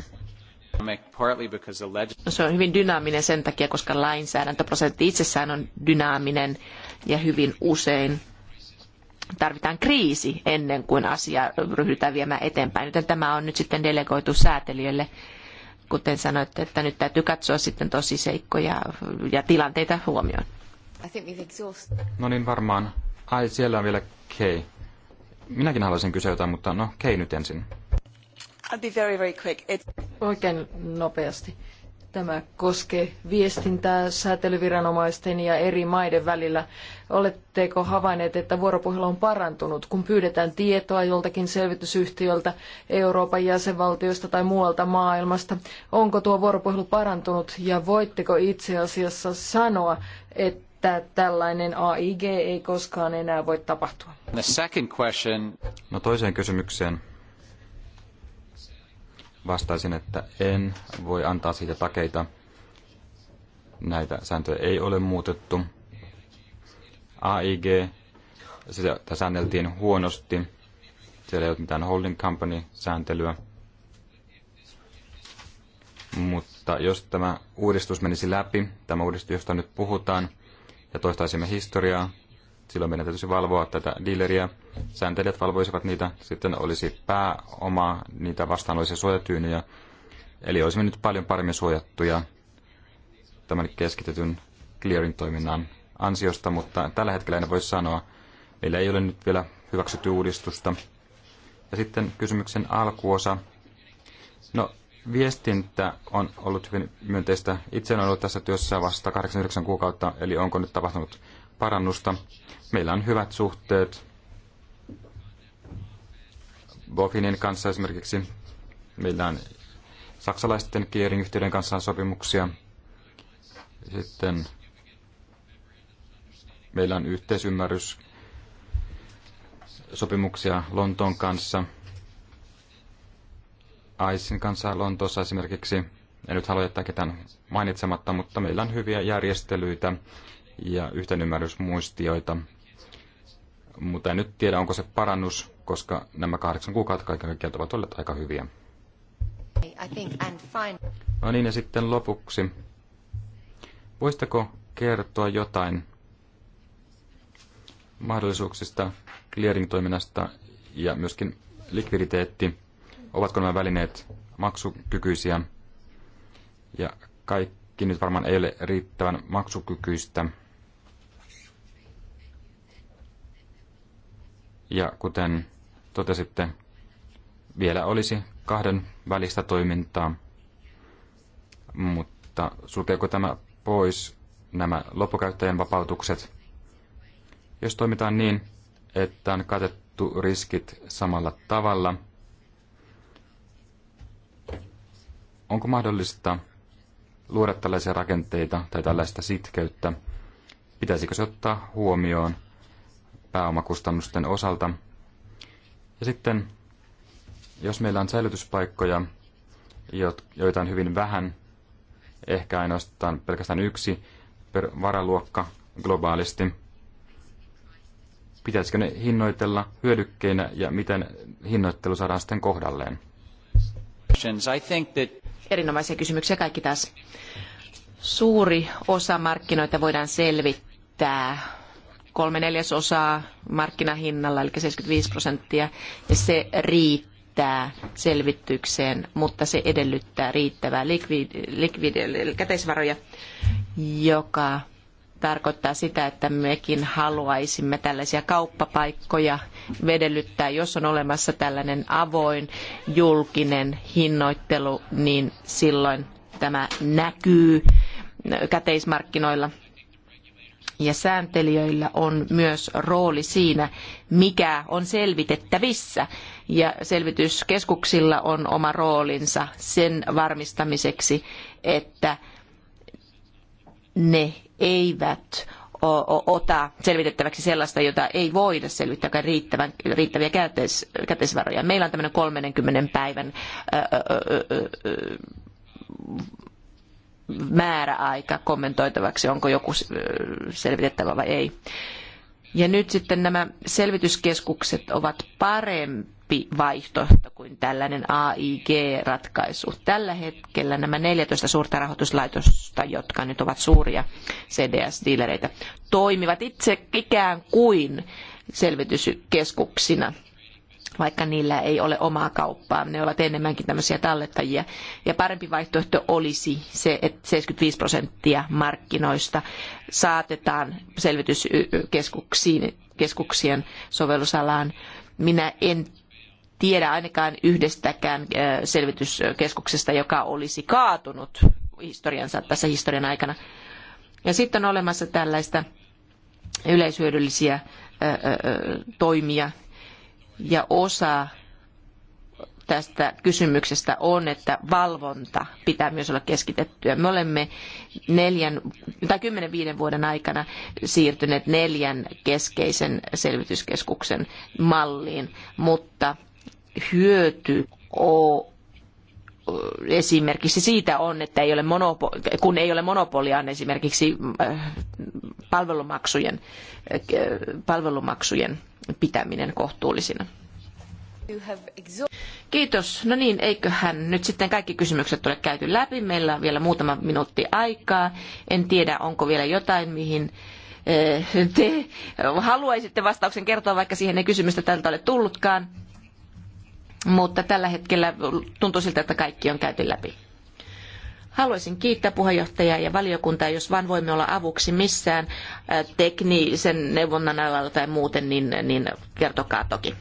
Se on hyvin dynaaminen sen takia, koska lainsäädäntöprosentti itsessään on dynaaminen ja hyvin usein tarvitaan kriisi ennen kuin asia ryhdytään viemään eteenpäin. Joten tämä on nyt sitten delegoitu säätelijöille, kuten sanoitte, että nyt täytyy katsoa sitten tosi seikkoja ja tilanteita huomioon. I think we've exhausted. No niin, varmaan. Ai, siellä on vielä Kei. Minäkin haluaisin kysyä jotain, mutta no, Kei nyt ensin. I'll be very, very quick. It... Oikein nopeasti. Tämä koskee viestintää säätelyviranomaisten ja eri maiden välillä. Oletteko havainneet, että vuoropuhelu on parantunut, kun pyydetään tietoa joltakin selvitysyhtiöltä, Euroopan jäsenvaltioista tai muualta maailmasta? Onko tuo vuoropuhelu parantunut ja voitteko itse asiassa sanoa, että että tällainen AIG ei koskaan enää voi tapahtua? The second question. No toiseen kysymykseen vastaisin, että en voi antaa siitä takeita. Näitä sääntöjä ei ole muutettu. AIG, sitä säänneltiin huonosti. Siellä ei ole mitään holding company-sääntelyä. Mutta jos tämä uudistus menisi läpi, tämä uudistus, josta nyt puhutaan, ja toistaisimme historiaa. Silloin meidän täytyisi valvoa tätä dealeria, Sääntelijät valvoisivat niitä. Sitten olisi pääoma, niitä vastaan olisi suojatyynyjä. Eli olisimme nyt paljon paremmin suojattuja tämän keskitetyn clearing-toiminnan ansiosta, mutta tällä hetkellä en voi sanoa. Meillä ei ole nyt vielä hyväksytty uudistusta. Ja sitten kysymyksen alkuosa. No, viestintä on ollut hyvin myönteistä. Itse olen ollut tässä työssä vasta 89 kuukautta, eli onko nyt tapahtunut parannusta. Meillä on hyvät suhteet Bofinin kanssa esimerkiksi. Meillä on saksalaisten kielinyhtiöiden kanssa sopimuksia. Sitten meillä on yhteisymmärrys sopimuksia Lontoon kanssa – ICEin kanssa Lontoossa esimerkiksi. En nyt halua jättää ketään mainitsematta, mutta meillä on hyviä järjestelyitä ja yhteenymmärrysmuistioita. Mutta en nyt tiedä, onko se parannus, koska nämä kahdeksan kuukautta kaiken kaikkiaan ovat olleet aika hyviä. No niin, ja sitten lopuksi. Voisitteko kertoa jotain mahdollisuuksista, clearing-toiminnasta ja myöskin likviditeetti ovatko nämä välineet maksukykyisiä. Ja kaikki nyt varmaan ei ole riittävän maksukykyistä. Ja kuten totesitte, vielä olisi kahden välistä toimintaa, mutta sulkeeko tämä pois nämä loppukäyttäjän vapautukset? Jos toimitaan niin, että on katettu riskit samalla tavalla – onko mahdollista luoda tällaisia rakenteita tai tällaista sitkeyttä? Pitäisikö se ottaa huomioon pääomakustannusten osalta? Ja sitten, jos meillä on säilytyspaikkoja, joita on hyvin vähän, ehkä ainoastaan pelkästään yksi per varaluokka globaalisti, pitäisikö ne hinnoitella hyödykkeinä ja miten hinnoittelu saadaan sitten kohdalleen? I think that Erinomaisia kysymyksiä kaikki taas. Suuri osa markkinoita voidaan selvittää kolme neljäsosaa markkinahinnalla, eli 75 prosenttia, ja se riittää selvitykseen, mutta se edellyttää riittävää likvid, likvid, käteisvaroja, joka tarkoittaa sitä, että mekin haluaisimme tällaisia kauppapaikkoja vedellyttää, jos on olemassa tällainen avoin julkinen hinnoittelu, niin silloin tämä näkyy käteismarkkinoilla. Ja sääntelijöillä on myös rooli siinä, mikä on selvitettävissä. Ja selvityskeskuksilla on oma roolinsa sen varmistamiseksi, että ne eivät ota selvitettäväksi sellaista, jota ei voida selvittää riittävän, riittäviä käteis, käteisvaroja. Meillä on tämmöinen 30 päivän määräaika kommentoitavaksi, onko joku selvitettävä vai ei. Ja nyt sitten nämä selvityskeskukset ovat parempi parempi vaihtoehto kuin tällainen AIG-ratkaisu. Tällä hetkellä nämä 14 suurta rahoituslaitosta, jotka nyt ovat suuria CDS-diilereitä, toimivat itse ikään kuin selvityskeskuksina vaikka niillä ei ole omaa kauppaa. Ne ovat enemmänkin tämmöisiä tallettajia. Ja parempi vaihtoehto olisi se, että 75 prosenttia markkinoista saatetaan selvityskeskuksien sovellusalaan. Minä en tiedä ainakaan yhdestäkään selvityskeskuksesta, joka olisi kaatunut historiansa tässä historian aikana. Ja sitten on olemassa tällaista yleishyödyllisiä toimia ja osa tästä kysymyksestä on, että valvonta pitää myös olla keskitettyä. Me olemme neljän, tai kymmenen viiden vuoden aikana siirtyneet neljän keskeisen selvityskeskuksen malliin, mutta hyöty on esimerkiksi siitä on, että ei ole monopo- kun ei ole monopoliaan esimerkiksi palvelumaksujen, palvelumaksujen pitäminen kohtuullisina. Kiitos. No niin, eiköhän nyt sitten kaikki kysymykset ole käyty läpi. Meillä on vielä muutama minuutti aikaa. En tiedä, onko vielä jotain, mihin te haluaisitte vastauksen kertoa, vaikka siihen ei kysymystä tältä ole tullutkaan mutta tällä hetkellä tuntuu siltä, että kaikki on käyty läpi. Haluaisin kiittää puheenjohtajaa ja valiokuntaa, jos vain voimme olla avuksi missään teknisen neuvonnan alalla tai muuten, niin, niin kertokaa toki.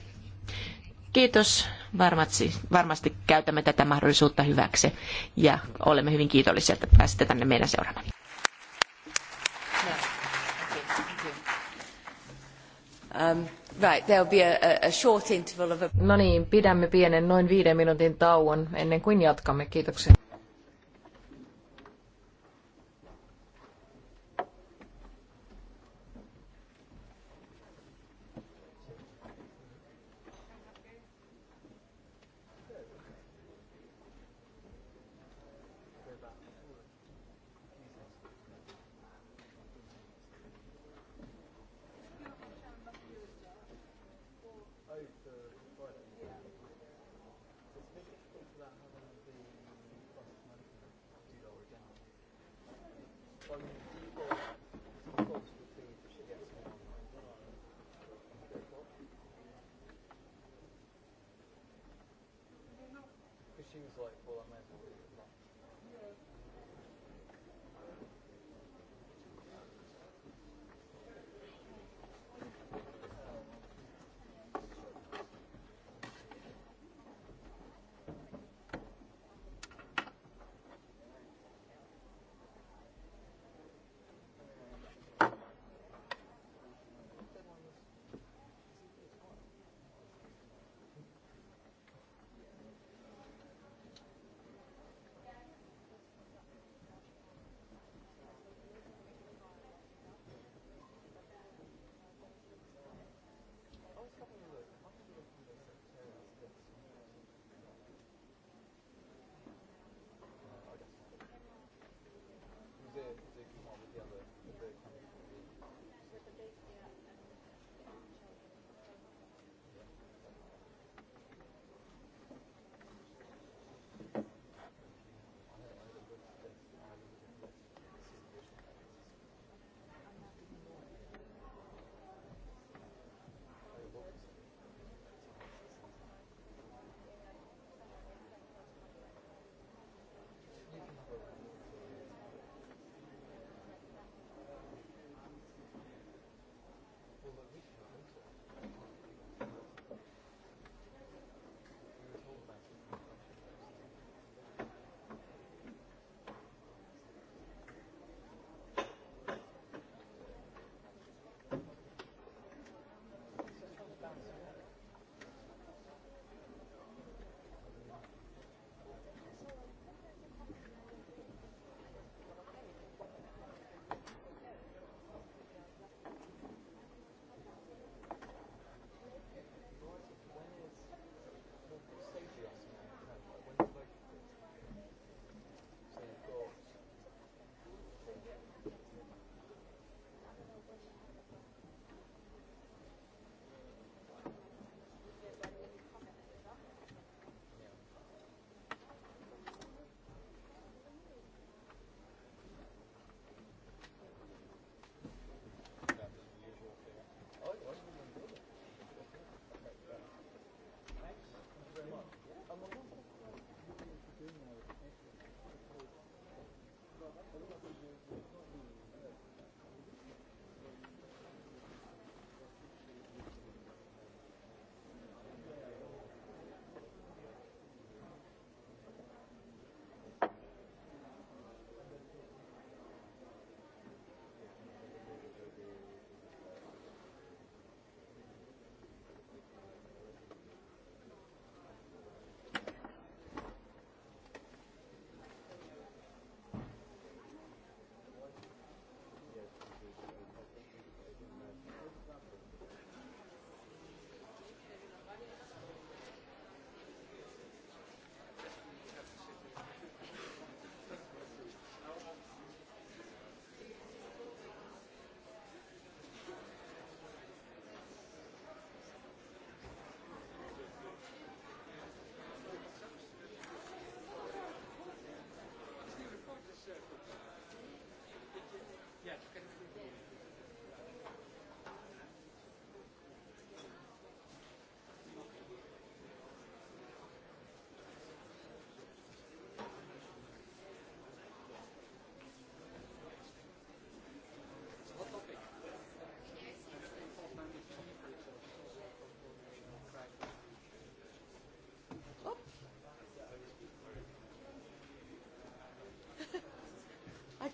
Kiitos. Varmasti, varmasti käytämme tätä mahdollisuutta hyväksi ja olemme hyvin kiitollisia, että pääsitte tänne meidän seuraamaan. No, um, Right, there'll be a, a short interval of a... No niin, pidämme pienen noin viiden minuutin tauon ennen kuin jatkamme. Kiitoksia.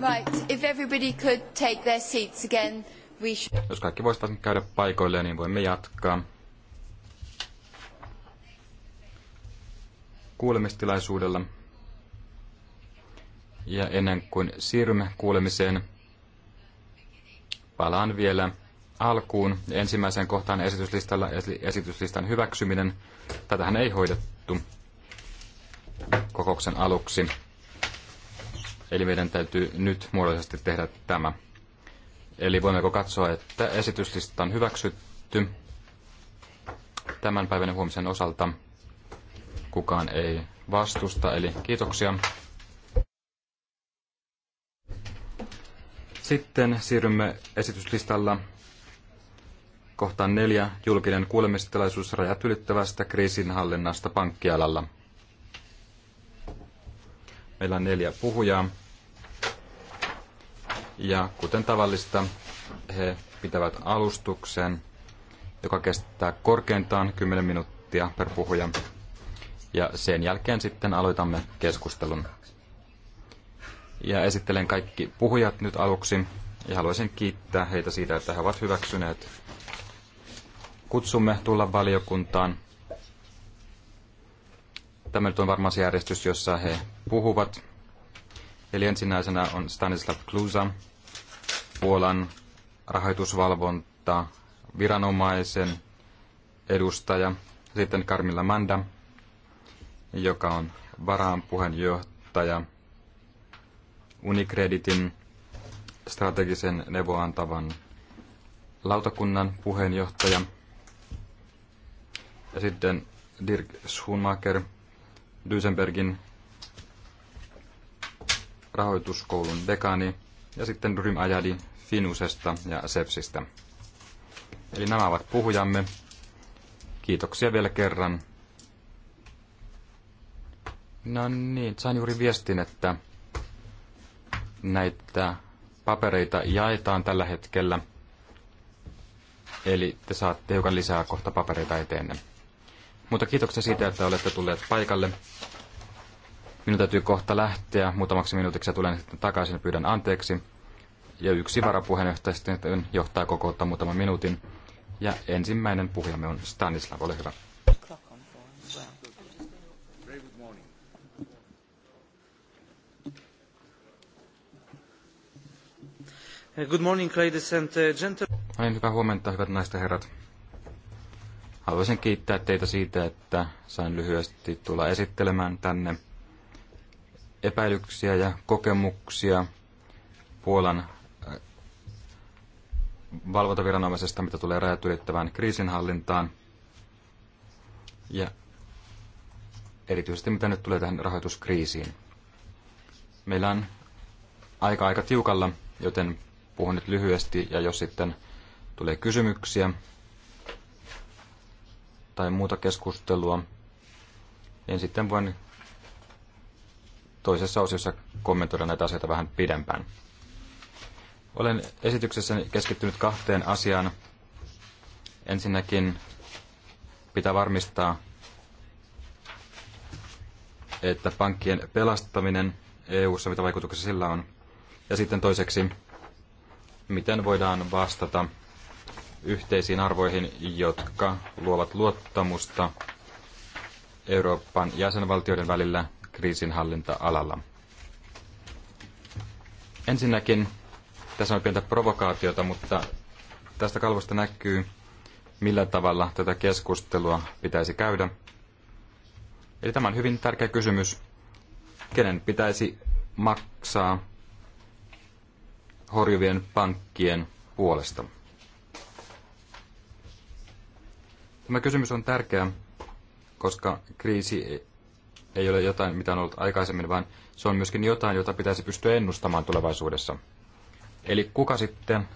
Right, if everybody could take their seats again, we should... Jos kaikki voisivat nyt käydä paikoilleen, niin voimme jatkaa. Kuulemistilaisuudella. Ja ennen kuin siirrymme kuulemiseen, palaan vielä alkuun ensimmäiseen kohtaan esityslistalla, eli esityslistan hyväksyminen. Tätähän ei hoidettu kokouksen aluksi. Eli meidän täytyy nyt muodollisesti tehdä tämä. Eli voimmeko katsoa, että esityslista on hyväksytty tämän päivän huomisen osalta. Kukaan ei vastusta, eli kiitoksia. Sitten siirrymme esityslistalla kohtaan neljä julkinen kuulemistilaisuus rajat ylittävästä kriisinhallinnasta pankkialalla. Meillä on neljä puhujaa. Ja kuten tavallista, he pitävät alustuksen, joka kestää korkeintaan 10 minuuttia per puhuja. Ja sen jälkeen sitten aloitamme keskustelun. Ja esittelen kaikki puhujat nyt aluksi. Ja haluaisin kiittää heitä siitä, että he ovat hyväksyneet kutsumme tulla valiokuntaan. Tämä nyt on varmaan se järjestys, jossa he puhuvat. Eli ensimmäisenä on Stanislav Klusa, Puolan rahoitusvalvonta viranomaisen edustaja. Sitten Karmilla Manda, joka on varaan puheenjohtaja Unicreditin strategisen neuvoantavan lautakunnan puheenjohtaja. Ja sitten Dirk Schumacher, Duisenbergin rahoituskoulun dekani ja sitten Rim Ajadi Finusesta ja Sepsistä. Eli nämä ovat puhujamme. Kiitoksia vielä kerran. No niin, sain juuri viestin, että näitä papereita jaetaan tällä hetkellä. Eli te saatte hiukan lisää kohta papereita eteenne. Mutta kiitoksia siitä, että olette tulleet paikalle. Minun täytyy kohta lähteä muutamaksi minuutiksi ja tulen sitten takaisin ja pyydän anteeksi. Ja yksi varapuheenjohtaja sitten johtaa kokoutta muutaman minuutin. Ja ensimmäinen puhujamme on Stanislav, ole hyvä. Good morning, ladies and uh, gentlemen. Olen no niin, hyvää huomenta, hyvät naiset ja herrat. Haluaisin kiittää teitä siitä, että sain lyhyesti tulla esittelemään tänne epäilyksiä ja kokemuksia Puolan äh, valvontaviranomaisesta, mitä tulee rajat ylittävään kriisinhallintaan. Ja erityisesti mitä nyt tulee tähän rahoituskriisiin. Meillä on aika aika tiukalla, joten puhun nyt lyhyesti ja jos sitten tulee kysymyksiä tai muuta keskustelua, niin sitten voin toisessa osiossa kommentoida näitä asioita vähän pidempään. Olen esityksessäni keskittynyt kahteen asiaan. Ensinnäkin pitää varmistaa, että pankkien pelastaminen EU-ssa, mitä vaikutuksia sillä on. Ja sitten toiseksi, miten voidaan vastata yhteisiin arvoihin, jotka luovat luottamusta Euroopan jäsenvaltioiden välillä kriisinhallinta-alalla. Ensinnäkin, tässä on pientä provokaatiota, mutta tästä kalvosta näkyy, millä tavalla tätä keskustelua pitäisi käydä. Eli tämä on hyvin tärkeä kysymys, kenen pitäisi maksaa horjuvien pankkien puolesta. Tämä kysymys on tärkeä, koska kriisi ei ole jotain, mitä on ollut aikaisemmin, vaan se on myöskin jotain, jota pitäisi pystyä ennustamaan tulevaisuudessa. Eli kuka sitten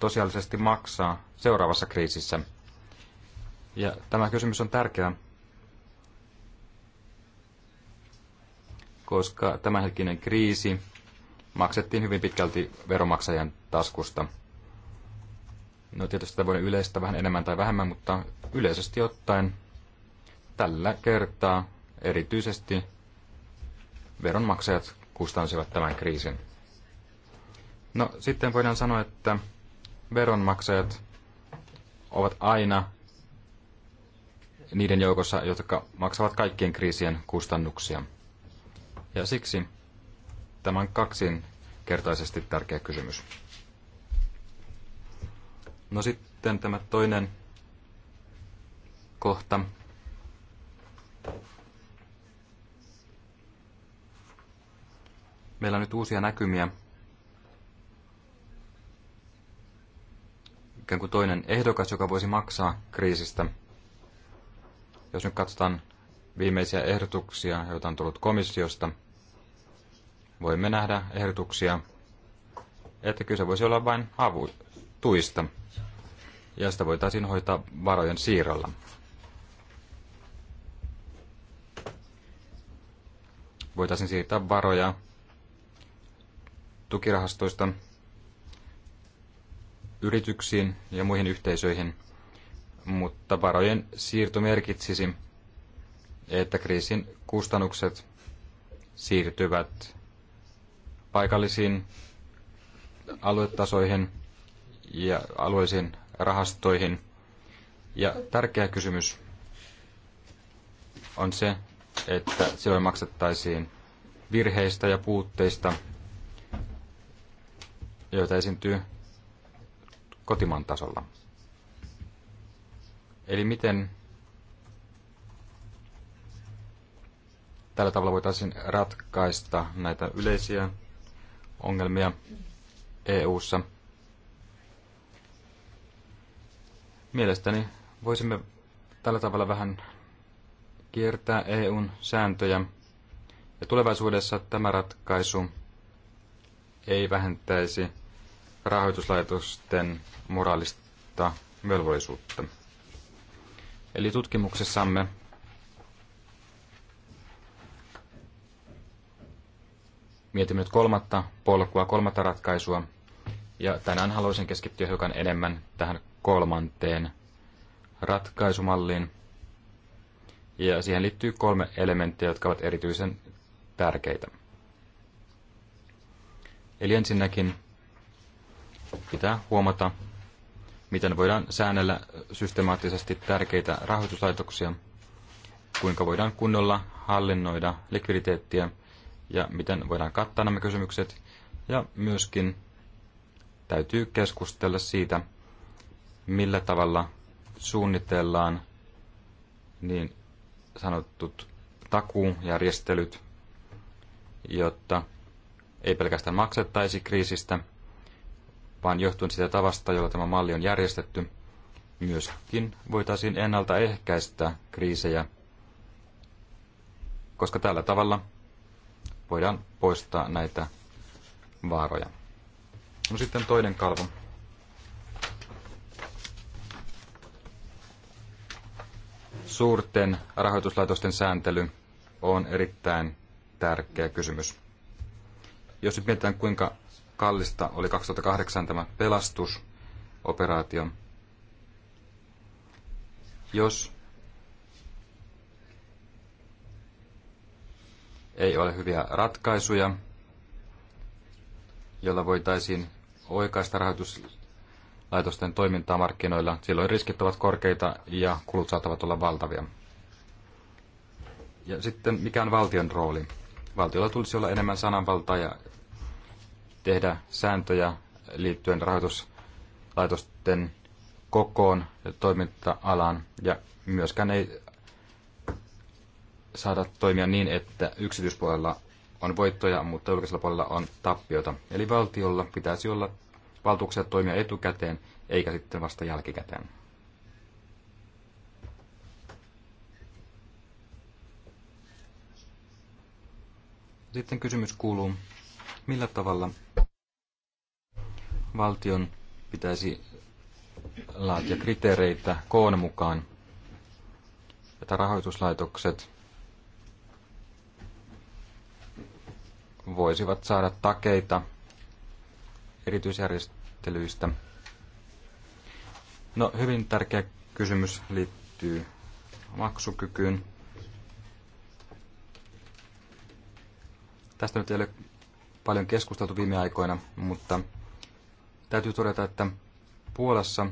tosiaalisesti maksaa seuraavassa kriisissä? Ja tämä kysymys on tärkeä, koska tämänhetkinen kriisi maksettiin hyvin pitkälti veromaksajien taskusta. No tietysti sitä voi yleistä vähän enemmän tai vähemmän, mutta yleisesti ottaen tällä kertaa Erityisesti veronmaksajat kustansivat tämän kriisin. No sitten voidaan sanoa, että veronmaksajat ovat aina niiden joukossa, jotka maksavat kaikkien kriisien kustannuksia. Ja siksi tämä on kaksinkertaisesti tärkeä kysymys. No sitten tämä toinen kohta, Meillä on nyt uusia näkymiä. Ikään kuin toinen ehdokas, joka voisi maksaa kriisistä. Jos nyt katsotaan viimeisiä ehdotuksia, joita on tullut komissiosta, voimme nähdä ehdotuksia, että kyse voisi olla vain avu, tuista, ja sitä voitaisiin hoitaa varojen siirrolla. Voitaisiin siirtää varoja tukirahastoista yrityksiin ja muihin yhteisöihin, mutta varojen siirto merkitsisi, että kriisin kustannukset siirtyvät paikallisiin aluetasoihin ja alueisiin rahastoihin. Ja tärkeä kysymys on se, että silloin maksettaisiin virheistä ja puutteista, joita esiintyy kotimaan tasolla. Eli miten tällä tavalla voitaisiin ratkaista näitä yleisiä ongelmia EU:ssa. Mielestäni voisimme tällä tavalla vähän kiertää EUn sääntöjä ja tulevaisuudessa tämä ratkaisu ei vähentäisi rahoituslaitosten moraalista velvollisuutta. Eli tutkimuksessamme mietimme nyt kolmatta polkua, kolmatta ratkaisua. Ja tänään haluaisin keskittyä hiukan enemmän tähän kolmanteen ratkaisumalliin. Ja siihen liittyy kolme elementtiä, jotka ovat erityisen tärkeitä. Eli ensinnäkin Pitää huomata, miten voidaan säännellä systemaattisesti tärkeitä rahoituslaitoksia, kuinka voidaan kunnolla hallinnoida likviditeettiä ja miten voidaan kattaa nämä kysymykset. Ja myöskin täytyy keskustella siitä, millä tavalla suunnitellaan niin sanottut takuujärjestelyt, jotta ei pelkästään maksettaisi kriisistä, vaan johtuen sitä tavasta, jolla tämä malli on järjestetty. Myöskin voitaisiin ennaltaehkäistä kriisejä, koska tällä tavalla voidaan poistaa näitä vaaroja. No sitten toinen kalvo. Suurten rahoituslaitosten sääntely on erittäin tärkeä kysymys. Jos nyt mietitään, kuinka kallista oli 2008 tämä pelastusoperaatio. Jos ei ole hyviä ratkaisuja, jolla voitaisiin oikaista rahoituslaitosten toimintaa markkinoilla, silloin riskit ovat korkeita ja kulut saattavat olla valtavia. Ja sitten mikä on valtion rooli? Valtiolla tulisi olla enemmän sananvaltaa ja tehdä sääntöjä liittyen rahoituslaitosten kokoon ja toiminta-alaan ja myöskään ei saada toimia niin, että yksityispuolella on voittoja, mutta julkisella puolella on tappiota. Eli valtiolla pitäisi olla valtuuksia toimia etukäteen eikä sitten vasta jälkikäteen. Sitten kysymys kuuluu, Millä tavalla valtion pitäisi laatia kriteereitä koon mukaan, että rahoituslaitokset voisivat saada takeita erityisjärjestelyistä. No, hyvin tärkeä kysymys liittyy maksukykyyn. Tästä nyt ei ole paljon keskusteltu viime aikoina, mutta täytyy todeta, että Puolassa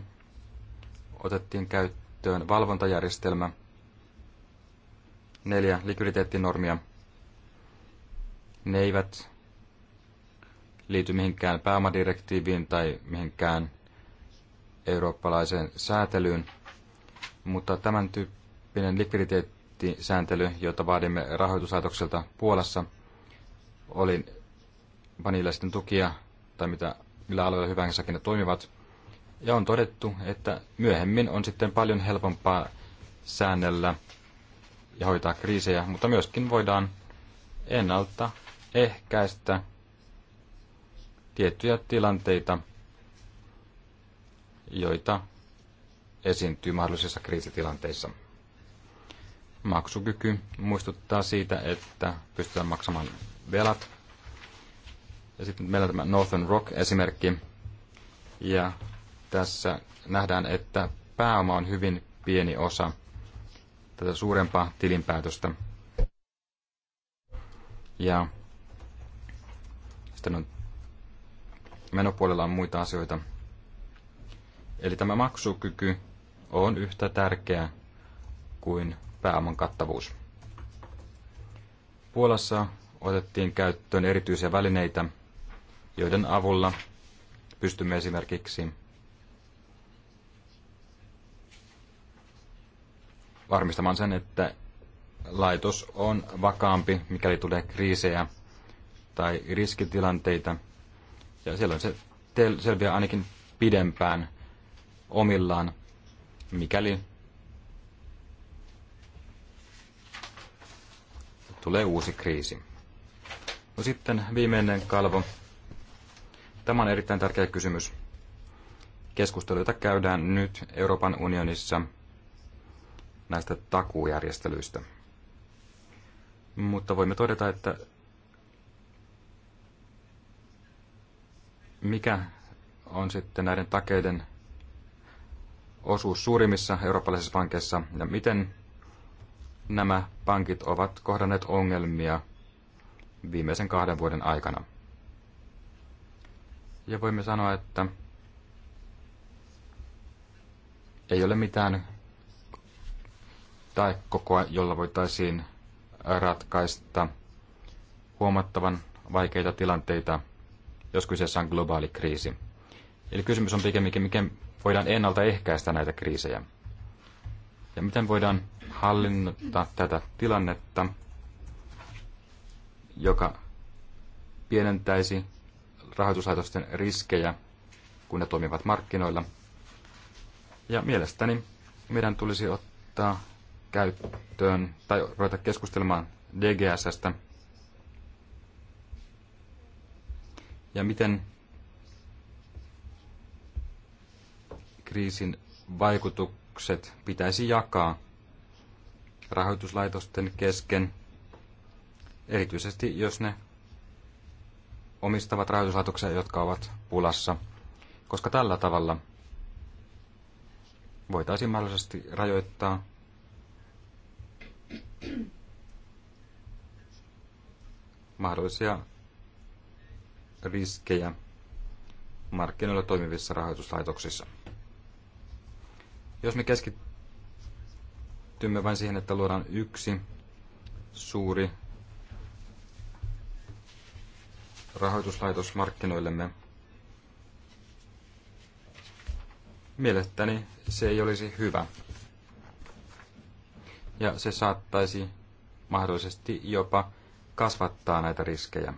otettiin käyttöön valvontajärjestelmä, neljä likviditeettinormia. Ne eivät liity mihinkään pääomadirektiiviin tai mihinkään eurooppalaiseen säätelyyn, mutta tämän tyyppinen likviditeettisääntely, jota vaadimme rahoituslaitokselta Puolassa, oli vaniljaisten tukia tai mitä, millä alueella hyvänsäkin ne toimivat. Ja on todettu, että myöhemmin on sitten paljon helpompaa säännellä ja hoitaa kriisejä, mutta myöskin voidaan ennalta ehkäistä tiettyjä tilanteita, joita esiintyy mahdollisissa kriisitilanteissa. Maksukyky muistuttaa siitä, että pystytään maksamaan velat ja sitten meillä on tämä Northern Rock-esimerkki. Ja tässä nähdään, että pääoma on hyvin pieni osa tätä suurempaa tilinpäätöstä. Ja sitten on menopuolella on muita asioita. Eli tämä maksukyky on yhtä tärkeä kuin pääoman kattavuus. Puolassa otettiin käyttöön erityisiä välineitä, joiden avulla pystymme esimerkiksi varmistamaan sen, että laitos on vakaampi, mikäli tulee kriisejä tai riskitilanteita. Ja silloin se selviää ainakin pidempään omillaan, mikäli tulee uusi kriisi. No sitten viimeinen kalvo, Tämä on erittäin tärkeä kysymys. Keskustelu, jota käydään nyt Euroopan unionissa näistä takuujärjestelyistä. Mutta voimme todeta, että mikä on sitten näiden takeiden osuus suurimmissa eurooppalaisissa pankeissa ja miten nämä pankit ovat kohdanneet ongelmia viimeisen kahden vuoden aikana. Ja voimme sanoa, että ei ole mitään tai kokoa, jolla voitaisiin ratkaista huomattavan vaikeita tilanteita, jos kyseessä on globaali kriisi. Eli kysymys on pikemminkin, miten voidaan ennaltaehkäistä näitä kriisejä. Ja miten voidaan hallinnata tätä tilannetta, joka pienentäisi rahoituslaitosten riskejä, kun ne toimivat markkinoilla. Ja mielestäni meidän tulisi ottaa käyttöön tai ruveta keskustelemaan DGSstä ja miten kriisin vaikutukset pitäisi jakaa rahoituslaitosten kesken, erityisesti jos ne omistavat rahoituslaitoksia, jotka ovat pulassa, koska tällä tavalla voitaisiin mahdollisesti rajoittaa mahdollisia riskejä markkinoilla toimivissa rahoituslaitoksissa. Jos me keskittymme vain siihen, että luodaan yksi suuri rahoituslaitosmarkkinoillemme. Mielestäni se ei olisi hyvä. Ja se saattaisi mahdollisesti jopa kasvattaa näitä riskejä.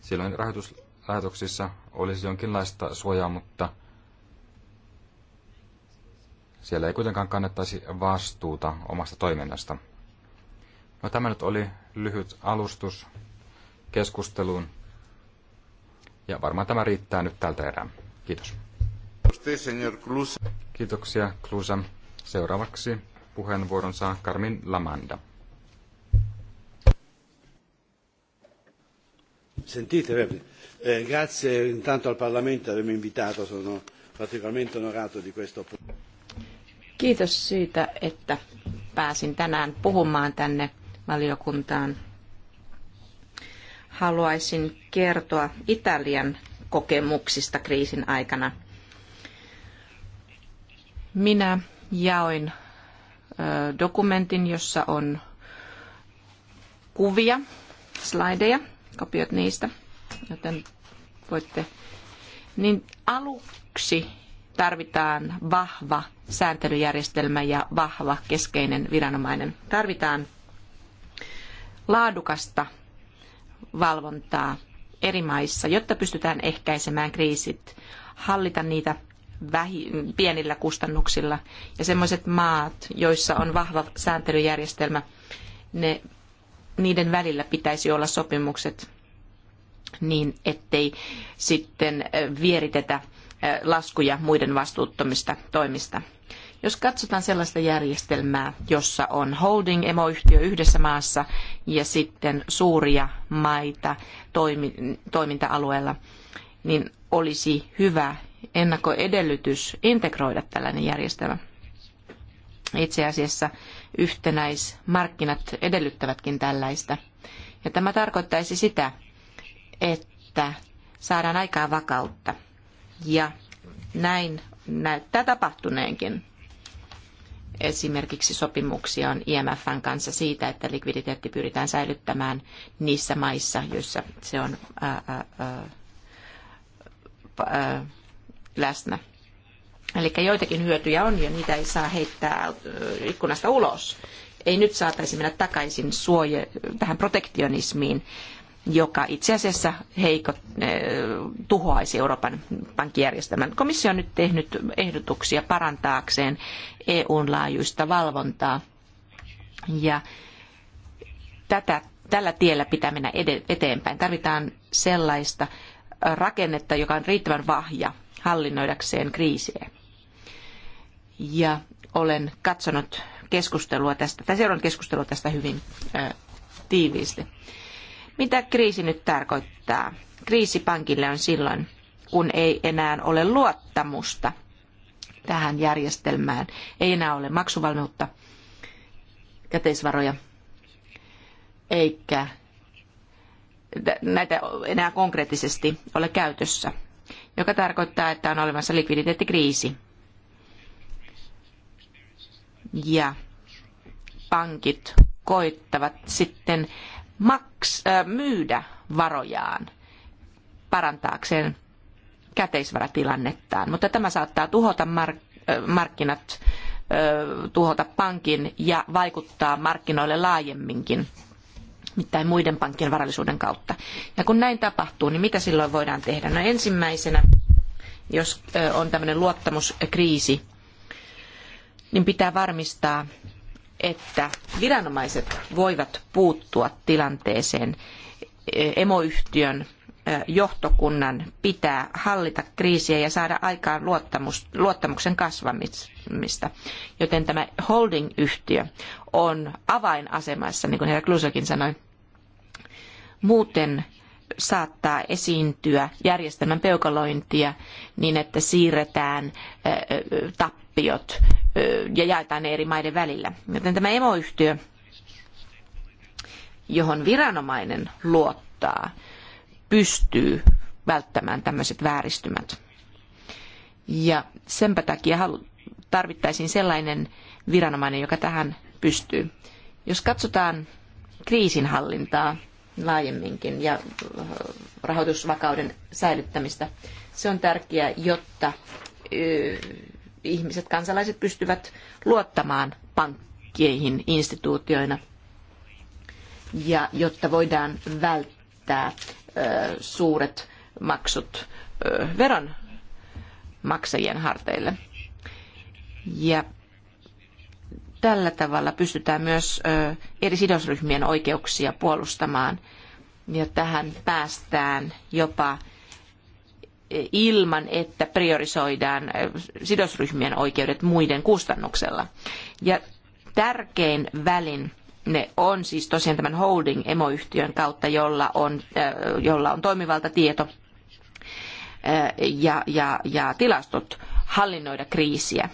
Silloin rahoituslaitoksissa olisi jonkinlaista suojaa, mutta siellä ei kuitenkaan kannettaisi vastuuta omasta toiminnasta. No, tämä nyt oli lyhyt alustus keskusteluun. Ja varmaan tämä riittää nyt tältä erää. Kiitos. Kiitoksia, Klusa. Seuraavaksi puheenvuoron saa Carmin Lamanda. Sentite, eh, grazie intanto al Parlamento avermi invitato, sono praticamente onorato di questo Kiitos siitä, että pääsin tänään puhumaan tänne valiokuntaan. Haluaisin kertoa Italian kokemuksista kriisin aikana. Minä jaoin dokumentin, jossa on kuvia, slaideja, kopiot niistä, joten voitte. Niin aluksi tarvitaan vahva sääntelyjärjestelmä ja vahva keskeinen viranomainen. Tarvitaan laadukasta valvontaa eri maissa, jotta pystytään ehkäisemään kriisit, hallita niitä pienillä kustannuksilla. Ja semmoiset maat, joissa on vahva sääntelyjärjestelmä, ne, niiden välillä pitäisi olla sopimukset niin, ettei sitten vieritetä laskuja muiden vastuuttomista toimista. Jos katsotaan sellaista järjestelmää, jossa on holding emoyhtiö yhdessä maassa ja sitten suuria maita toiminta-alueella, niin olisi hyvä ennakkoedellytys integroida tällainen järjestelmä. Itse asiassa yhtenäismarkkinat edellyttävätkin tällaista. Ja tämä tarkoittaisi sitä, että saadaan aikaan vakautta – ja näin näyttää tapahtuneenkin. Esimerkiksi sopimuksia on IMFn kanssa siitä, että likviditeetti pyritään säilyttämään niissä maissa, joissa se on ää, ää, ää, läsnä. Eli joitakin hyötyjä on ja niitä ei saa heittää ikkunasta ulos. Ei nyt saataisi mennä takaisin suoje, tähän protektionismiin, joka itse asiassa heikot, eh, tuhoaisi Euroopan pankkijärjestelmän. Komissio on nyt tehnyt ehdotuksia parantaakseen EUn laajuista valvontaa ja tätä, tällä tiellä pitää mennä eteenpäin. Tarvitaan sellaista rakennetta, joka on riittävän vahja hallinnoidakseen kriisiä. Ja olen katsonut keskustelua tästä, tai seurannut keskustelua tästä hyvin eh, tiiviisti. Mitä kriisi nyt tarkoittaa? Kriisi pankille on silloin, kun ei enää ole luottamusta tähän järjestelmään. Ei enää ole maksuvalmiutta, käteisvaroja, eikä näitä enää konkreettisesti ole käytössä, joka tarkoittaa, että on olemassa likviditeettikriisi. Ja pankit koittavat sitten maks, äh, myydä varojaan parantaakseen käteisvaratilannettaan, mutta tämä saattaa tuhota mark, äh, markkinat, äh, tuhota pankin ja vaikuttaa markkinoille laajemminkin mitään muiden pankkien varallisuuden kautta. Ja kun näin tapahtuu, niin mitä silloin voidaan tehdä? No ensimmäisenä, jos äh, on tämmöinen luottamuskriisi, niin pitää varmistaa, että viranomaiset voivat puuttua tilanteeseen. Emoyhtiön johtokunnan pitää hallita kriisiä ja saada aikaan luottamuksen kasvamista. Joten tämä holding-yhtiö on avainasemassa, niin kuin herra Klusokin sanoi. Muuten saattaa esiintyä järjestelmän peukalointia niin, että siirretään tappiot ja jaetaan ne eri maiden välillä. Joten tämä emoyhtiö, johon viranomainen luottaa, pystyy välttämään tämmöiset vääristymät. Ja senpä takia tarvittaisiin sellainen viranomainen, joka tähän pystyy. Jos katsotaan kriisinhallintaa laajemminkin ja rahoitusvakauden säilyttämistä, se on tärkeää, jotta ihmiset, kansalaiset pystyvät luottamaan pankkeihin instituutioina, ja jotta voidaan välttää suuret maksut veron maksajien harteille. Ja tällä tavalla pystytään myös eri sidosryhmien oikeuksia puolustamaan. Ja tähän päästään jopa ilman, että priorisoidaan sidosryhmien oikeudet muiden kustannuksella. Ja tärkein välin ne on siis tosiaan tämän holding-emoyhtiön kautta, jolla on, jolla on toimivalta tieto ja, ja, ja tilastot hallinnoida kriisiä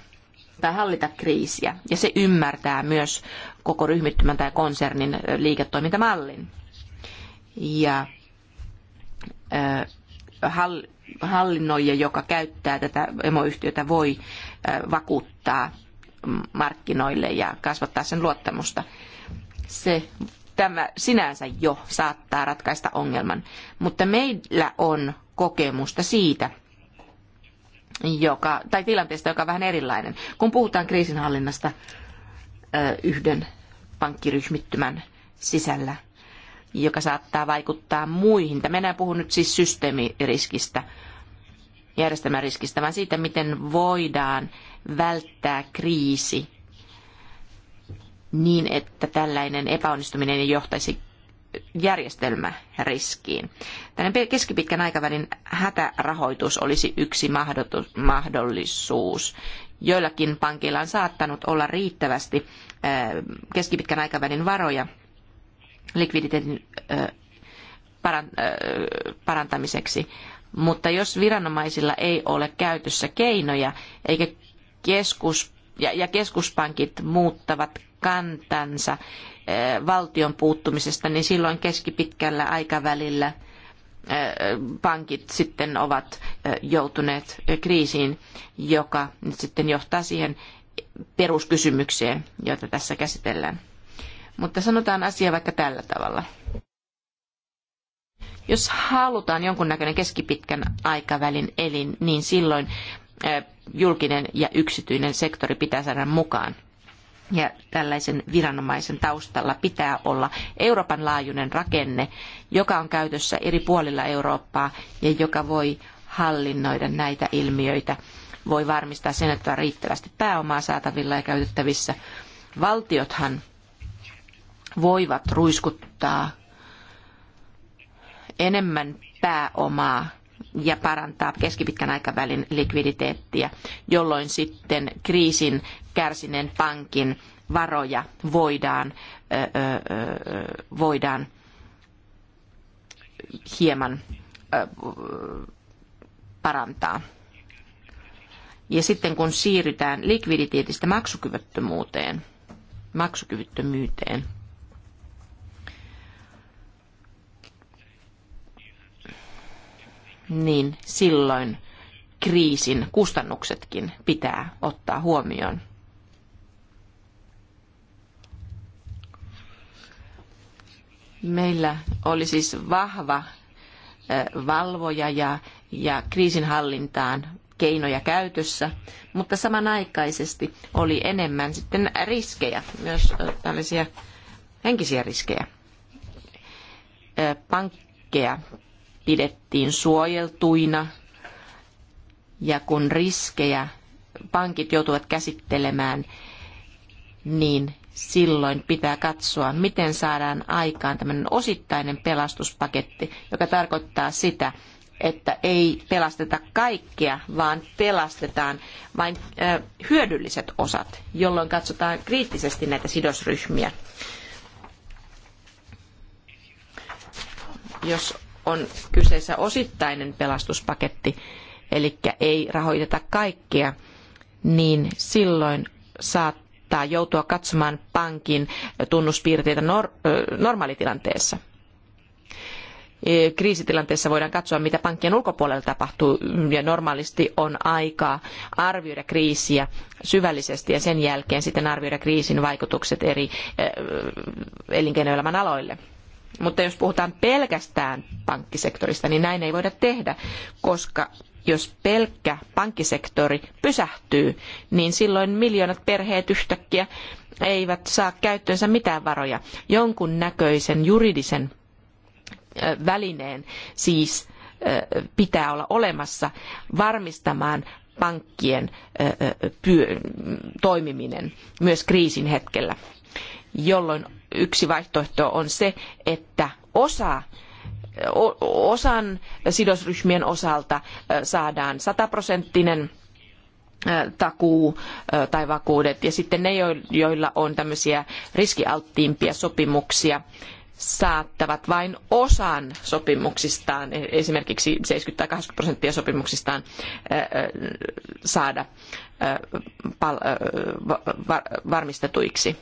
tai hallita kriisiä. Ja se ymmärtää myös koko ryhmittymän tai konsernin liiketoimintamallin. Ja hall, hallinnoija, joka käyttää tätä emoyhtiötä, voi äh, vakuuttaa markkinoille ja kasvattaa sen luottamusta. Se tämä sinänsä jo saattaa ratkaista ongelman, mutta meillä on kokemusta siitä, joka, tai tilanteesta, joka on vähän erilainen. Kun puhutaan kriisinhallinnasta äh, yhden pankkiryhmittymän sisällä, joka saattaa vaikuttaa muihin. Minä puhun nyt siis systeemiriskistä, järjestelmäriskistä, vaan siitä, miten voidaan välttää kriisi niin, että tällainen epäonnistuminen ei johtaisi järjestelmäriskiin. Tällainen keskipitkän aikavälin hätärahoitus olisi yksi mahdollisuus. Joillakin pankeilla on saattanut olla riittävästi keskipitkän aikavälin varoja likviditeetin parantamiseksi. Mutta jos viranomaisilla ei ole käytössä keinoja, eikä keskus, ja, keskuspankit muuttavat kantansa valtion puuttumisesta, niin silloin keskipitkällä aikavälillä pankit sitten ovat joutuneet kriisiin, joka nyt sitten johtaa siihen peruskysymykseen, jota tässä käsitellään. Mutta sanotaan asia vaikka tällä tavalla. Jos halutaan jonkunnäköinen keskipitkän aikavälin elin, niin silloin julkinen ja yksityinen sektori pitää saada mukaan. Ja tällaisen viranomaisen taustalla pitää olla Euroopan laajuinen rakenne, joka on käytössä eri puolilla Eurooppaa ja joka voi hallinnoida näitä ilmiöitä, voi varmistaa sen, että on riittävästi pääomaa saatavilla ja käytettävissä. Valtiothan voivat ruiskuttaa enemmän pääomaa ja parantaa keskipitkän aikavälin likviditeettiä, jolloin sitten kriisin kärsineen pankin varoja voidaan, voidaan hieman parantaa. Ja sitten kun siirrytään likviditeetistä maksukyvyttömyyteen, maksukyvyttömyyteen niin silloin kriisin kustannuksetkin pitää ottaa huomioon. Meillä oli siis vahva valvoja ja, ja kriisinhallintaan keinoja käytössä, mutta samanaikaisesti oli enemmän sitten riskejä, myös tällaisia henkisiä riskejä. Pankkeja pidettiin suojeltuina ja kun riskejä pankit joutuvat käsittelemään, niin silloin pitää katsoa, miten saadaan aikaan tämmöinen osittainen pelastuspaketti, joka tarkoittaa sitä, että ei pelasteta kaikkea, vaan pelastetaan vain hyödylliset osat, jolloin katsotaan kriittisesti näitä sidosryhmiä. Jos on kyseessä osittainen pelastuspaketti, eli ei rahoiteta kaikkea, niin silloin saattaa joutua katsomaan pankin tunnuspiirteitä normaalitilanteessa. E, kriisitilanteessa voidaan katsoa, mitä pankkien ulkopuolella tapahtuu, ja normaalisti on aikaa arvioida kriisiä syvällisesti ja sen jälkeen sitten arvioida kriisin vaikutukset eri elinkeinoelämän aloille mutta jos puhutaan pelkästään pankkisektorista, niin näin ei voida tehdä, koska jos pelkkä pankkisektori pysähtyy, niin silloin miljoonat perheet yhtäkkiä eivät saa käyttöönsä mitään varoja. Jonkun näköisen juridisen välineen siis pitää olla olemassa varmistamaan pankkien toimiminen myös kriisin hetkellä, jolloin yksi vaihtoehto on se, että osa osan sidosryhmien osalta saadaan sataprosenttinen takuu tai vakuudet ja sitten ne, joilla on tämmöisiä riskialttiimpia sopimuksia, saattavat vain osan sopimuksistaan, e, esimerkiksi 70 tai 80 prosenttia sopimuksistaan saada varmistetuiksi.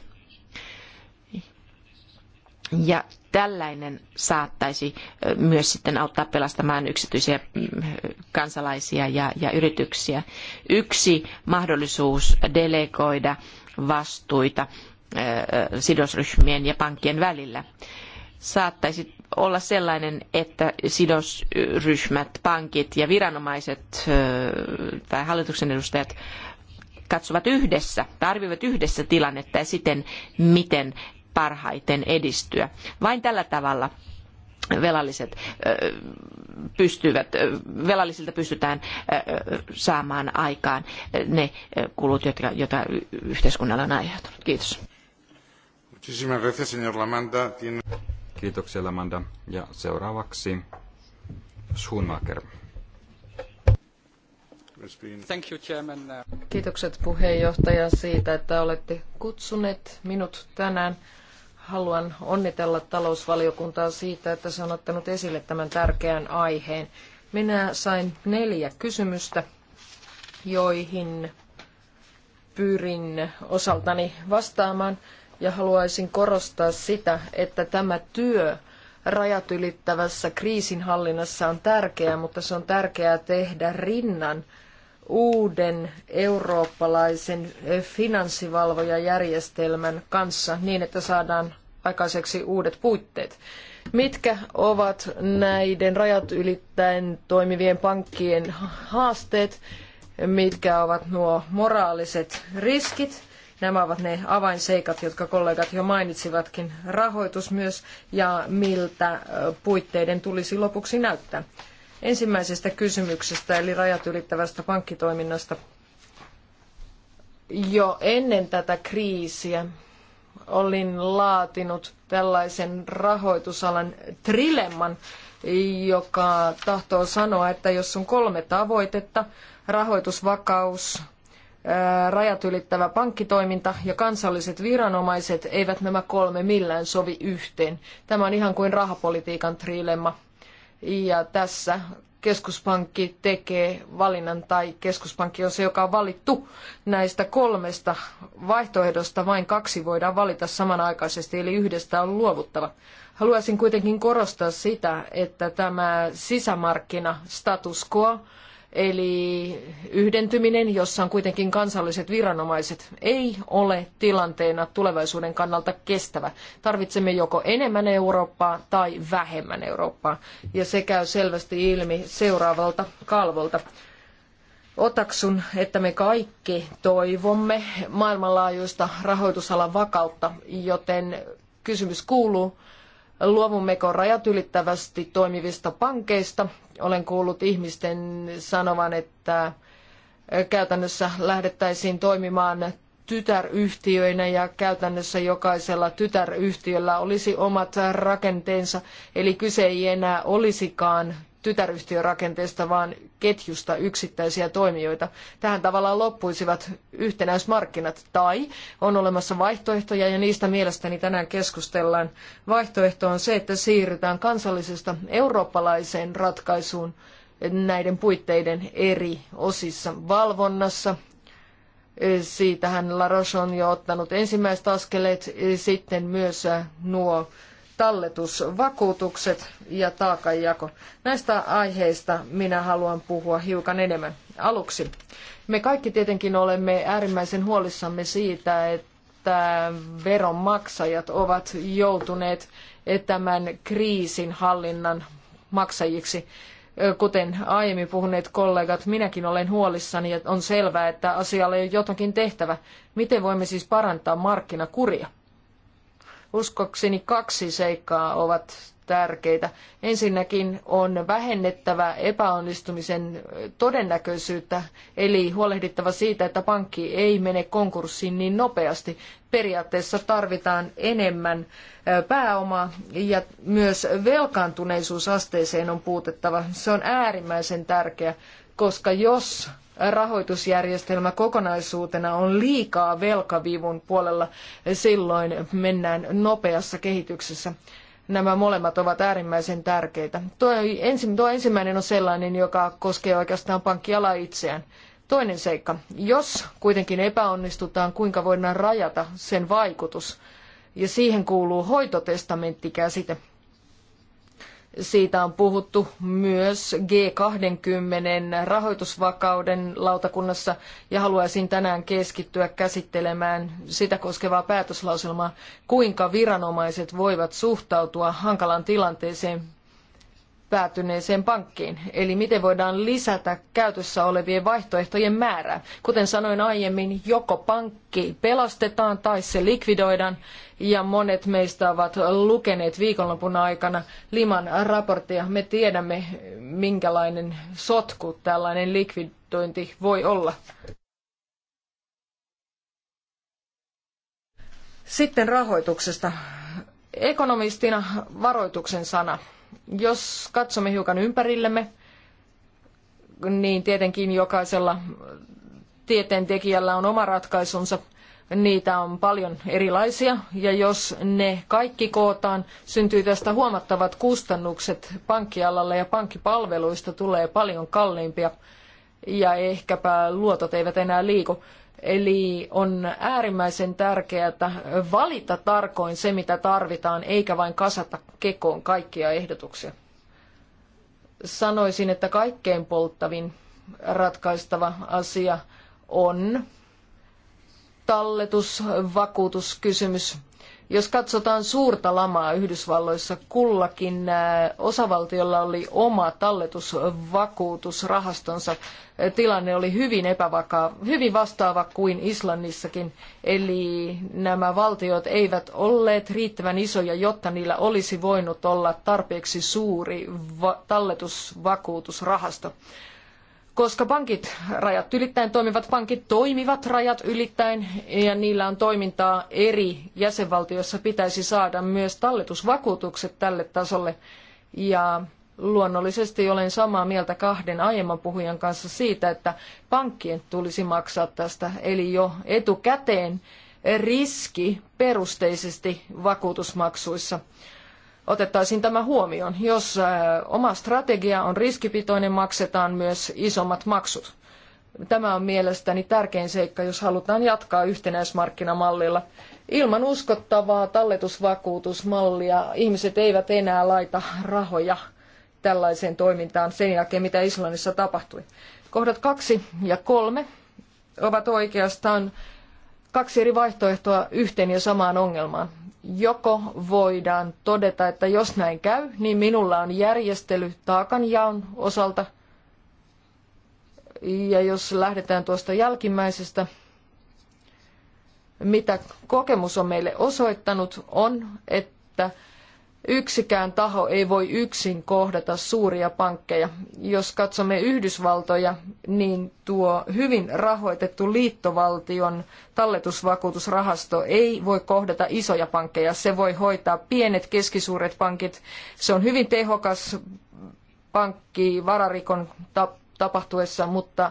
Ja tällainen saattaisi myös sitten auttaa pelastamaan yksityisiä mm, kansalaisia ja, ja yrityksiä. Yksi mahdollisuus delegoida vastuita sidosryhmien ja pankkien välillä saattaisi olla sellainen, että sidosryhmät, pankit ja viranomaiset tai hallituksen edustajat katsovat yhdessä, tai arvioivat yhdessä tilannetta ja siten, miten parhaiten edistyä. Vain tällä tavalla velalliset pystyvät, velallisilta pystytään saamaan aikaan ne kulut, jotka, joita yhteiskunnalle on aiheutunut. Kiitos. Kiitoksia Lamanda. Ja seuraavaksi Schumacher. Kiitokset puheenjohtaja siitä, että olette kutsuneet minut tänään haluan onnitella talousvaliokuntaa siitä, että se on ottanut esille tämän tärkeän aiheen. Minä sain neljä kysymystä, joihin pyrin osaltani vastaamaan ja haluaisin korostaa sitä, että tämä työ rajat ylittävässä kriisinhallinnassa on tärkeää, mutta se on tärkeää tehdä rinnan uuden eurooppalaisen eh, finanssivalvojajärjestelmän kanssa niin, että saadaan aikaiseksi uudet puitteet. Mitkä ovat näiden rajat ylittäen toimivien pankkien haasteet? Mitkä ovat nuo moraaliset riskit? Nämä ovat ne avainseikat, jotka kollegat jo mainitsivatkin. Rahoitus myös ja miltä eh, puitteiden tulisi lopuksi näyttää ensimmäisestä kysymyksestä, eli rajat ylittävästä pankkitoiminnasta. Jo ennen tätä kriisiä olin laatinut tällaisen rahoitusalan trilemman, joka tahtoo sanoa, että jos on kolme tavoitetta, rahoitusvakaus, rajat ylittävä pankkitoiminta ja kansalliset viranomaiset, eivät nämä kolme millään sovi yhteen. Tämä on ihan kuin rahapolitiikan trilemma. Ja tässä keskuspankki tekee valinnan tai keskuspankki on se, joka on valittu näistä kolmesta vaihtoehdosta. Vain kaksi voidaan valita samanaikaisesti, eli yhdestä on luovuttava. Haluaisin kuitenkin korostaa sitä, että tämä sisämarkkina status quo Eli yhdentyminen, jossa on kuitenkin kansalliset viranomaiset, ei ole tilanteena tulevaisuuden kannalta kestävä. Tarvitsemme joko enemmän Eurooppaa tai vähemmän Eurooppaa. Ja se käy selvästi ilmi seuraavalta kalvolta. Otaksun, että me kaikki toivomme maailmanlaajuista rahoitusalan vakautta, joten kysymys kuuluu, luovummeko rajat ylittävästi toimivista pankeista. Olen kuullut ihmisten sanovan, että käytännössä lähdettäisiin toimimaan tytäryhtiöinä ja käytännössä jokaisella tytäryhtiöllä olisi omat rakenteensa, eli kyse ei enää olisikaan tytäryhtiörakenteesta, vaan ketjusta yksittäisiä toimijoita. Tähän tavallaan loppuisivat yhtenäismarkkinat tai on olemassa vaihtoehtoja ja niistä mielestäni tänään keskustellaan. Vaihtoehto on se, että siirrytään kansallisesta eurooppalaiseen ratkaisuun näiden puitteiden eri osissa valvonnassa, siitähän Laroche on jo ottanut ensimmäiset askeleet, sitten myös nuo talletusvakuutukset ja taakanjako. Näistä aiheista minä haluan puhua hiukan enemmän aluksi. Me kaikki tietenkin olemme äärimmäisen huolissamme siitä, että veronmaksajat ovat joutuneet tämän kriisin hallinnan maksajiksi. Kuten aiemmin puhuneet kollegat, minäkin olen huolissani ja on selvää, että asialle on jotakin tehtävä. Miten voimme siis parantaa markkinakuria? Uskokseni kaksi seikkaa ovat tärkeitä. Ensinnäkin on vähennettävä epäonnistumisen todennäköisyyttä, eli huolehdittava siitä, että pankki ei mene konkurssiin niin nopeasti. Periaatteessa tarvitaan enemmän pääomaa ja myös velkaantuneisuusasteeseen on puutettava. Se on äärimmäisen tärkeä, koska jos rahoitusjärjestelmä kokonaisuutena on liikaa velkavivun puolella, silloin mennään nopeassa kehityksessä. Nämä molemmat ovat äärimmäisen tärkeitä. Tuo, tuo ensimmäinen on sellainen, joka koskee oikeastaan pankkiala itseään. Toinen seikka. Jos kuitenkin epäonnistutaan, kuinka voidaan rajata sen vaikutus? Ja siihen kuuluu hoitotestamentti käsite. Siitä on puhuttu myös G20 rahoitusvakauden lautakunnassa ja haluaisin tänään keskittyä käsittelemään sitä koskevaa päätöslauselmaa, kuinka viranomaiset voivat suhtautua hankalaan tilanteeseen, päätyneeseen pankkiin, eli miten voidaan lisätä käytössä olevien vaihtoehtojen määrää. Kuten sanoin aiemmin, joko pankki pelastetaan tai se likvidoidaan, ja monet meistä ovat lukeneet viikonlopun aikana Liman raporttia. Me tiedämme, minkälainen sotku tällainen likvidointi voi olla. Sitten rahoituksesta. Ekonomistina varoituksen sana. Jos katsomme hiukan ympärillemme, niin tietenkin jokaisella tieteentekijällä on oma ratkaisunsa. Niitä on paljon erilaisia ja jos ne kaikki kootaan, syntyy tästä huomattavat kustannukset pankkialalle ja pankkipalveluista tulee paljon kalliimpia ja ehkäpä luotot eivät enää liiku. Eli on äärimmäisen tärkeää valita tarkoin se, mitä tarvitaan, eikä vain kasata kekoon kaikkia ehdotuksia. Sanoisin, että kaikkein polttavin ratkaistava asia on talletusvakuutuskysymys. Jos katsotaan suurta lamaa Yhdysvalloissa, kullakin äh, osavaltiolla oli oma talletusvakuutusrahastonsa. Äh, tilanne oli hyvin epävakaa, hyvin vastaava kuin Islannissakin. Eli nämä valtiot eivät olleet riittävän isoja, jotta niillä olisi voinut olla tarpeeksi suuri talletusvakuutusrahasto koska pankit rajat ylittäen toimivat, pankit toimivat rajat ylittäen ja niillä on toimintaa eri jäsenvaltioissa. Pitäisi saada myös talletusvakuutukset tälle tasolle ja luonnollisesti olen samaa mieltä kahden aiemman puhujan kanssa siitä, että pankkien tulisi maksaa tästä, eli jo etukäteen riski perusteisesti vakuutusmaksuissa otettaisiin tämä huomioon. Jos äh, oma strategia on riskipitoinen, maksetaan myös isommat maksut. Tämä on mielestäni tärkein seikka, jos halutaan jatkaa yhtenäismarkkinamallilla. Ilman uskottavaa talletusvakuutusmallia ihmiset eivät enää laita rahoja tällaiseen toimintaan sen jälkeen, mitä Islannissa tapahtui. Kohdat kaksi ja kolme ovat oikeastaan kaksi eri vaihtoehtoa yhteen ja samaan ongelmaan joko voidaan todeta, että jos näin käy, niin minulla on järjestely taakanjaon osalta. Ja jos lähdetään tuosta jälkimmäisestä, mitä kokemus on meille osoittanut, on, että Yksikään taho ei voi yksin kohdata suuria pankkeja. Jos katsomme Yhdysvaltoja, niin tuo hyvin rahoitettu liittovaltion talletusvakuutusrahasto ei voi kohdata isoja pankkeja. Se voi hoitaa pienet, keskisuuret pankit. Se on hyvin tehokas pankki vararikon tapahtuessa, mutta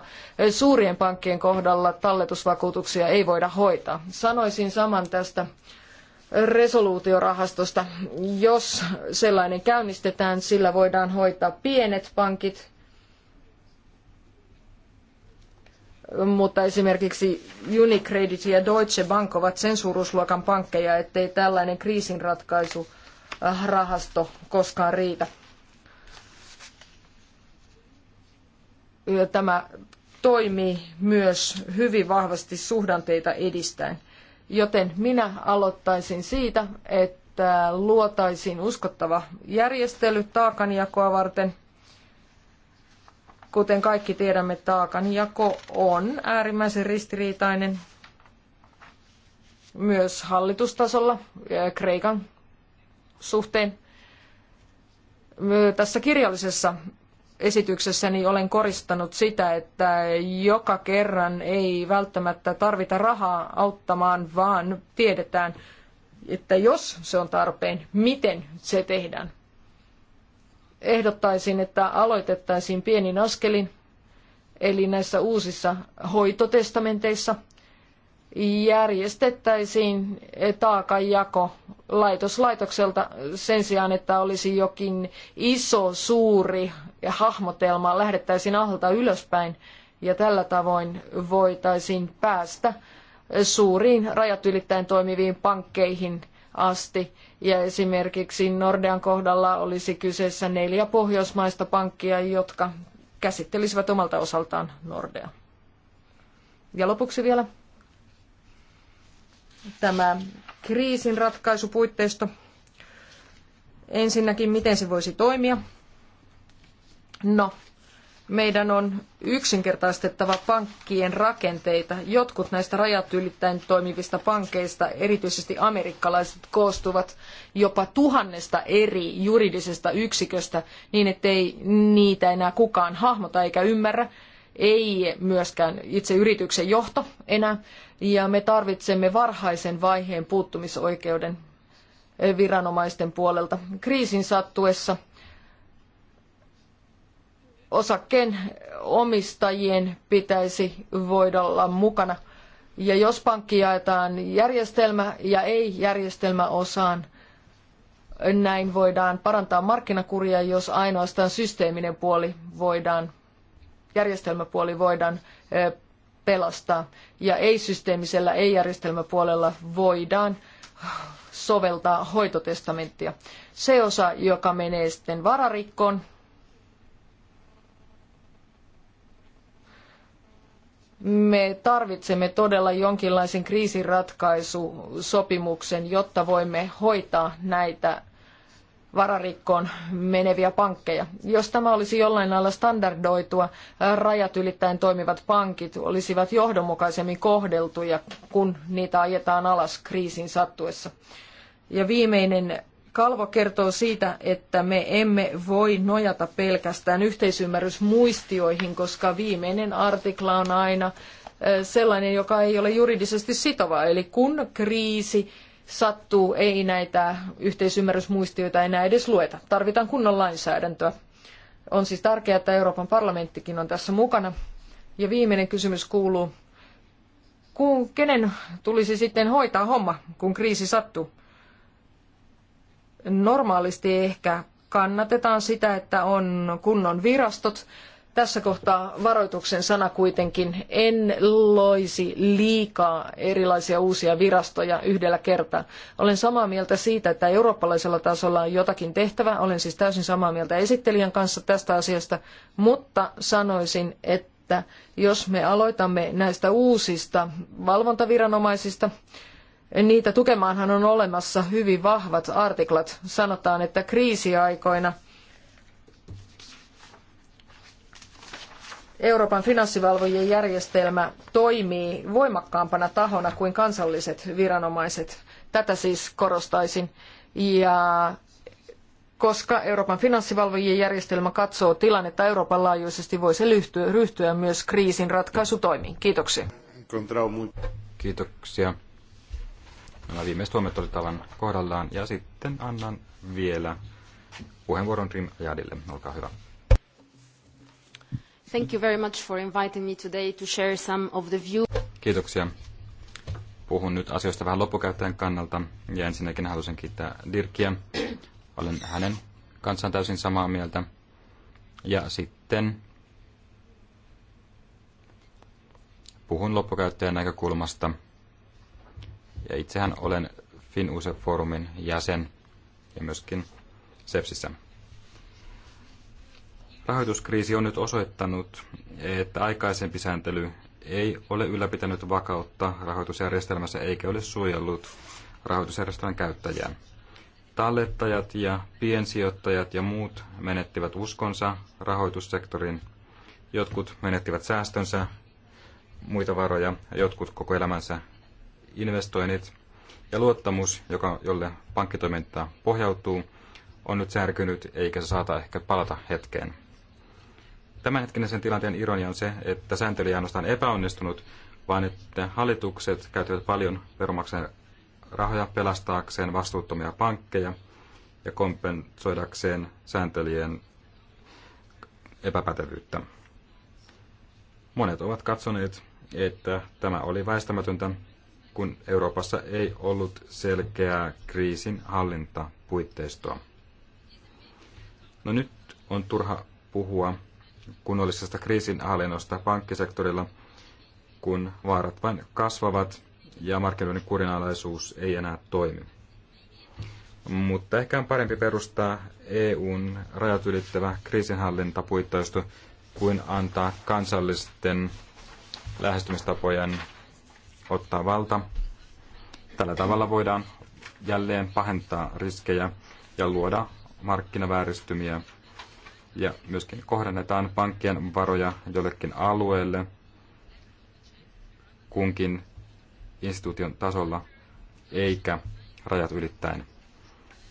suurien pankkien kohdalla talletusvakuutuksia ei voida hoitaa. Sanoisin saman tästä resoluutiorahastosta. Jos sellainen käynnistetään, sillä voidaan hoitaa pienet pankit, mutta esimerkiksi Unicredit ja Deutsche Bank ovat sen suuruusluokan pankkeja, ettei tällainen kriisinratkaisurahasto äh, koskaan riitä. Tämä toimii myös hyvin vahvasti suhdanteita edistäen. Joten minä aloittaisin siitä, että luotaisiin uskottava järjestely taakanjakoa varten. Kuten kaikki tiedämme, taakanjako on äärimmäisen ristiriitainen myös hallitustasolla Kreikan suhteen. Tässä kirjallisessa esityksessäni niin olen koristanut sitä, että joka kerran ei välttämättä tarvita rahaa auttamaan, vaan tiedetään, että jos se on tarpeen, miten se tehdään. Ehdottaisin, että aloitettaisiin pienin askelin, eli näissä uusissa hoitotestamenteissa – järjestettäisiin taakanjako laitos laitokselta sen sijaan, että olisi jokin iso, suuri hahmotelma, lähdettäisiin alhaalta ylöspäin ja tällä tavoin voitaisiin päästä suuriin rajat ylittäen toimiviin pankkeihin asti. Ja esimerkiksi Nordean kohdalla olisi kyseessä neljä pohjoismaista pankkia, jotka käsittelisivät omalta osaltaan Nordea. Ja lopuksi vielä tämä kriisinratkaisupuitteisto. Ensinnäkin, miten se voisi toimia? No, meidän on yksinkertaistettava pankkien rakenteita. Jotkut näistä rajat ylittäen toimivista pankeista, erityisesti amerikkalaiset, koostuvat jopa tuhannesta eri juridisesta yksiköstä niin, ettei niitä enää kukaan hahmota eikä ymmärrä ei myöskään itse yrityksen johto enää, ja me tarvitsemme varhaisen vaiheen puuttumisoikeuden eh, viranomaisten puolelta. Kriisin sattuessa osakkeen omistajien pitäisi voida olla mukana. Ja jos pankki jaetaan järjestelmä ja ei järjestelmäosaan, näin voidaan parantaa markkinakuria, jos ainoastaan systeeminen puoli voidaan järjestelmäpuoli voidaan pelastaa. Ja ei-systeemisellä, ei-järjestelmäpuolella voidaan soveltaa hoitotestamenttia. Se osa, joka menee sitten vararikkoon, me tarvitsemme todella jonkinlaisen kriisinratkaisusopimuksen, jotta voimme hoitaa näitä vararikkoon meneviä pankkeja. Jos tämä olisi jollain lailla standardoitua, rajat ylittäen toimivat pankit olisivat johdonmukaisemmin kohdeltuja, kun niitä ajetaan alas kriisin sattuessa. Ja viimeinen Kalvo kertoo siitä, että me emme voi nojata pelkästään yhteisymmärrysmuistioihin, koska viimeinen artikla on aina eh, sellainen, joka ei ole juridisesti sitova. Eli kun kriisi sattuu, ei näitä yhteisymmärrysmuistioita enää edes lueta. Tarvitaan kunnon lainsäädäntöä. On siis tärkeää, että Euroopan parlamenttikin on tässä mukana. Ja viimeinen kysymys kuuluu, kun, kenen tulisi sitten hoitaa homma, kun kriisi sattuu? Normaalisti ehkä kannatetaan sitä, että on kunnon virastot, tässä kohtaa varoituksen sana kuitenkin. En loisi liikaa erilaisia uusia virastoja yhdellä kertaa. Olen samaa mieltä siitä, että eurooppalaisella tasolla on jotakin tehtävä. Olen siis täysin samaa mieltä esittelijän kanssa tästä asiasta, mutta sanoisin, että jos me aloitamme näistä uusista valvontaviranomaisista, Niitä tukemaanhan on olemassa hyvin vahvat artiklat. Sanotaan, että kriisiaikoina – Euroopan finanssivalvojien järjestelmä toimii voimakkaampana tahona kuin kansalliset viranomaiset. Tätä siis korostaisin. Ja koska Euroopan finanssivalvojien järjestelmä katsoo tilannetta Euroopan laajuisesti, voi se lyhtyä, ryhtyä myös kriisin ratkaisutoimiin. Kiitoksia. Kiitoksia. Nämä viimeiset huomiot olivat tavan kohdallaan ja sitten annan vielä puheenvuoron Rim Ajadille. Olkaa hyvä. Thank you very much for inviting me today to share some of the view. Kiitoksia. Puhun nyt asioista vähän loppukäyttäjän kannalta ja ensinnäkin haluaisin kiittää Dirkkiä. Olen hänen kanssaan täysin samaa mieltä. Ja sitten puhun loppukäyttäjän näkökulmasta. Ja itsehän olen FinUse-foorumin jäsen ja myöskin SEPSissä. Rahoituskriisi on nyt osoittanut, että aikaisempi sääntely ei ole ylläpitänyt vakautta rahoitusjärjestelmässä eikä ole suojellut rahoitusjärjestelmän käyttäjää. Tallettajat ja piensijoittajat ja muut menettivät uskonsa rahoitussektorin. Jotkut menettivät säästönsä, muita varoja, ja jotkut koko elämänsä investoinnit. Ja luottamus, joka, jolle pankkitoiminta pohjautuu, on nyt särkynyt eikä se saata ehkä palata hetkeen. Tämänhetkinen sen tilanteen ironia on se, että sääntely ei ainoastaan epäonnistunut, vaan että hallitukset käyttävät paljon veronmaksajan rahoja pelastaakseen vastuuttomia pankkeja ja kompensoidakseen sääntelijän epäpätevyyttä. Monet ovat katsoneet, että tämä oli väistämätöntä, kun Euroopassa ei ollut selkeää kriisin hallintapuitteistoa. No nyt on turha puhua kunnollisesta kriisinhallinnosta pankkisektorilla, kun vaarat vain kasvavat ja markkinoiden kurinalaisuus ei enää toimi. Mutta ehkä on parempi perustaa EUn rajat ylittävä kriisinhallintapuittaisto kuin antaa kansallisten lähestymistapojen ottaa valta. Tällä tavalla voidaan jälleen pahentaa riskejä ja luoda markkinavääristymiä ja myöskin kohdennetaan pankkien varoja jollekin alueelle kunkin instituution tasolla eikä rajat ylittäen.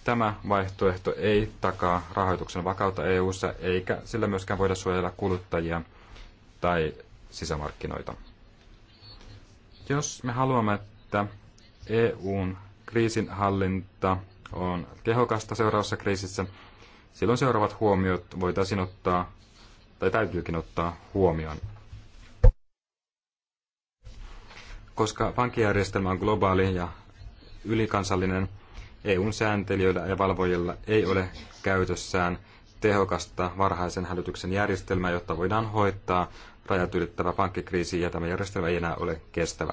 Tämä vaihtoehto ei takaa rahoituksen vakautta EU:ssa eikä sillä myöskään voida suojella kuluttajia tai sisämarkkinoita. Jos me haluamme, että EUn kriisinhallinta on tehokasta seuraavassa kriisissä, silloin seuraavat huomiot voitaisiin ottaa, tai täytyykin ottaa huomioon. Koska pankkijärjestelmä on globaali ja ylikansallinen, EUn sääntelijöillä ja valvojilla ei ole käytössään tehokasta varhaisen hälytyksen järjestelmää, jotta voidaan hoitaa rajat ylittävä pankkikriisi ja tämä järjestelmä ei enää ole kestävä.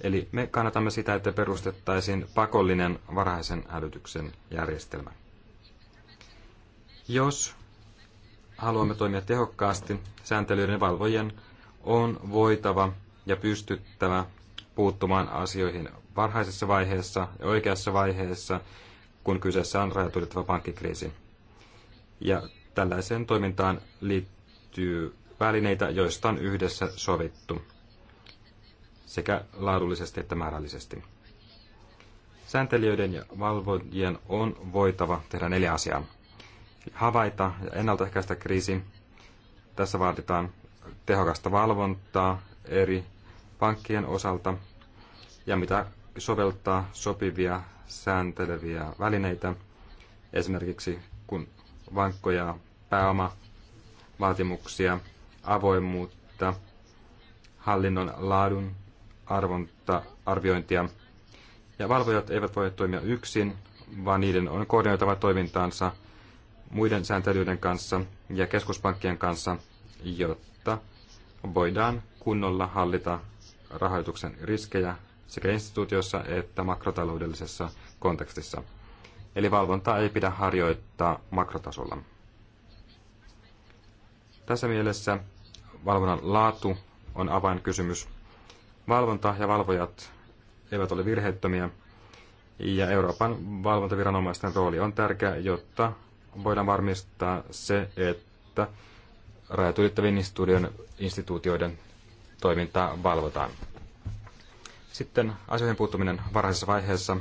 Eli me kannatamme sitä, että perustettaisiin pakollinen varhaisen hälytyksen järjestelmä. Jos haluamme toimia tehokkaasti, sääntelyiden valvojen on voitava ja pystyttävä puuttumaan asioihin varhaisessa vaiheessa ja oikeassa vaiheessa, kun kyseessä on rajatulittava pankkikriisi. Ja tällaiseen toimintaan liittyy välineitä, joista on yhdessä sovittu, sekä laadullisesti että määrällisesti. Sääntelijöiden ja valvojien on voitava tehdä neljä asiaa havaita ja ennaltaehkäistä kriisi. Tässä vaaditaan tehokasta valvontaa eri pankkien osalta ja mitä soveltaa sopivia säänteleviä välineitä, esimerkiksi kun vankkoja pääomavaatimuksia, avoimuutta, hallinnon laadun arvonta, arviointia. Ja valvojat eivät voi toimia yksin, vaan niiden on koordinoitava toimintaansa muiden sääntelyiden kanssa ja keskuspankkien kanssa, jotta voidaan kunnolla hallita rahoituksen riskejä sekä instituutiossa että makrotaloudellisessa kontekstissa. Eli valvontaa ei pidä harjoittaa makrotasolla. Tässä mielessä valvonnan laatu on avainkysymys. Valvonta ja valvojat eivät ole virheettömiä, ja Euroopan valvontaviranomaisten rooli on tärkeä, jotta voidaan varmistaa se, että rajat ylittävien instituutioiden toimintaa valvotaan. Sitten asioihin puuttuminen varhaisessa vaiheessa.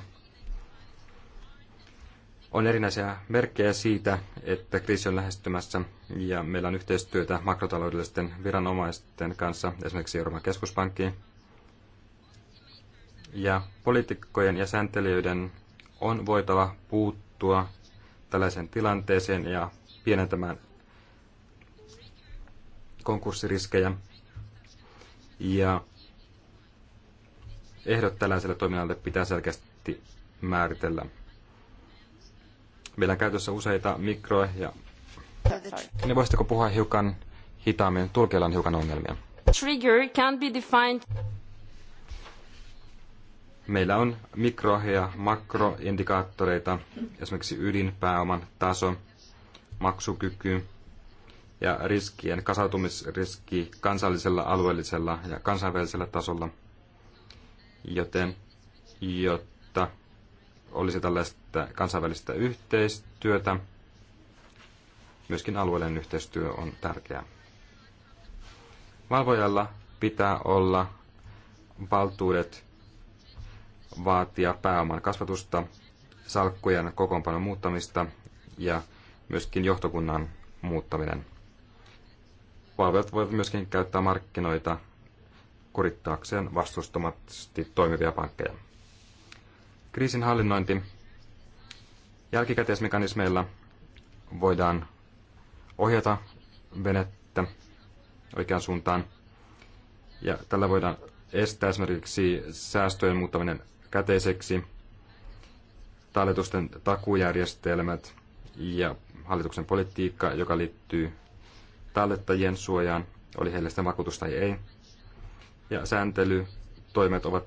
On erinäisiä merkkejä siitä, että kriisi on lähestymässä ja meillä on yhteistyötä makrotaloudellisten viranomaisten kanssa, esimerkiksi Euroopan keskuspankkiin. Ja poliitikkojen ja sääntelijöiden on voitava puuttua tällaiseen tilanteeseen ja pienentämään konkurssiriskejä. Ja ehdot tällaiselle toiminnalle pitää selkeästi määritellä. Meillä on käytössä useita mikroja. ja... Niin voisitteko puhua hiukan hitaammin? tulkeillaan hiukan ongelmia. Trigger can be defined Meillä on mikro- ja makroindikaattoreita, esimerkiksi ydinpääoman taso, maksukyky ja riskien kasautumisriski kansallisella, alueellisella ja kansainvälisellä tasolla. Joten jotta olisi tällaista kansainvälistä yhteistyötä, myöskin alueellinen yhteistyö on tärkeää. Valvojalla pitää olla valtuudet vaatia pääoman kasvatusta, salkkujen kokoonpanon muuttamista ja myöskin johtokunnan muuttaminen. Valvojat voivat myöskin käyttää markkinoita kurittaakseen vastustamatti toimivia pankkeja. Kriisin hallinnointi jälkikäteismekanismeilla voidaan ohjata venettä oikeaan suuntaan. Ja tällä voidaan estää esimerkiksi säästöjen muuttaminen käteiseksi, talletusten takujärjestelmät ja hallituksen politiikka, joka liittyy tallettajien suojaan, oli heille sitä vakuutus tai ei. Ja sääntelytoimet ovat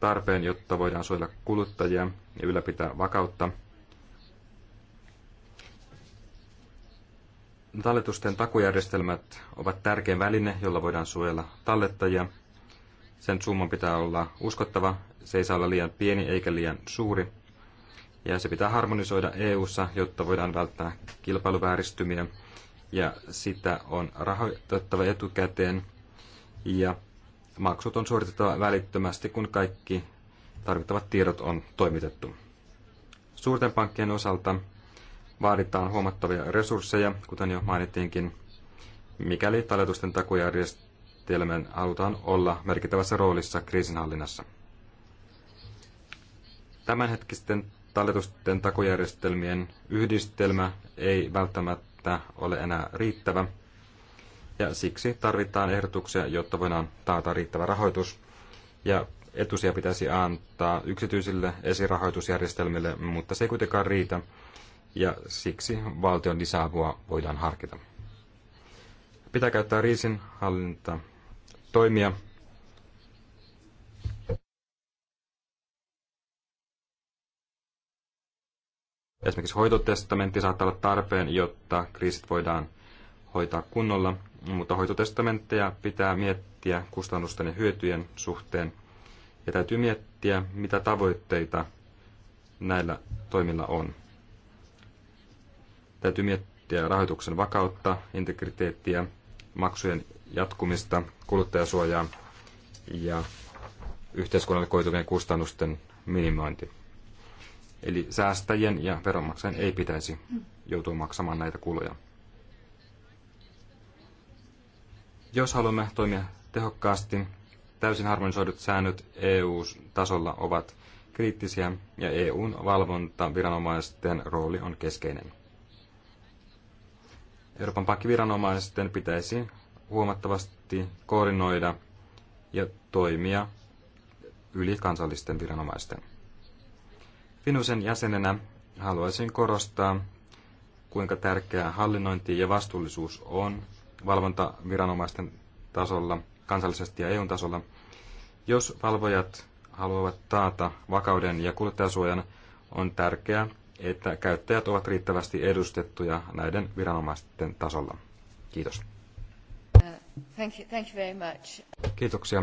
tarpeen, jotta voidaan suojella kuluttajia ja ylläpitää vakautta. Talletusten takujärjestelmät ovat tärkein väline, jolla voidaan suojella tallettajia. Sen summan pitää olla uskottava se ei saa olla liian pieni eikä liian suuri. Ja se pitää harmonisoida EU:ssa, jotta voidaan välttää kilpailuvääristymiä. Ja sitä on rahoitettava etukäteen. Ja maksut on suoritettava välittömästi, kun kaikki tarvittavat tiedot on toimitettu. Suurten pankkien osalta vaaditaan huomattavia resursseja, kuten jo mainittiinkin, mikäli talletusten takujärjestelmän halutaan olla merkittävässä roolissa kriisinhallinnassa. Tämänhetkisten talletusten takojärjestelmien yhdistelmä ei välttämättä ole enää riittävä, ja siksi tarvitaan ehdotuksia, jotta voidaan taata riittävä rahoitus. Ja etusia pitäisi antaa yksityisille esirahoitusjärjestelmille, mutta se ei kuitenkaan riitä, ja siksi valtion lisäapua voidaan harkita. Pitää käyttää hallinta toimia Esimerkiksi hoitotestamentti saattaa olla tarpeen, jotta kriisit voidaan hoitaa kunnolla, mutta hoitotestamentteja pitää miettiä kustannusten ja hyötyjen suhteen. Ja täytyy miettiä, mitä tavoitteita näillä toimilla on. Täytyy miettiä rahoituksen vakautta, integriteettiä, maksujen jatkumista, kuluttajasuojaa ja yhteiskunnalle koituvien kustannusten minimointi. Eli säästäjien ja veronmaksajien ei pitäisi joutua maksamaan näitä kuluja. Jos haluamme toimia tehokkaasti, täysin harmonisoidut säännöt EU-tasolla ovat kriittisiä ja EUn viranomaisten rooli on keskeinen. Euroopan pankkiviranomaisten pitäisi huomattavasti koordinoida ja toimia yli kansallisten viranomaisten. Finusen jäsenenä haluaisin korostaa, kuinka tärkeää hallinnointi ja vastuullisuus on valvontaviranomaisten tasolla, kansallisesti ja EUn tasolla. Jos valvojat haluavat taata vakauden ja kuluttajasuojan, on tärkeää, että käyttäjät ovat riittävästi edustettuja näiden viranomaisten tasolla. Kiitos. Thank you, thank you very much. Kiitoksia.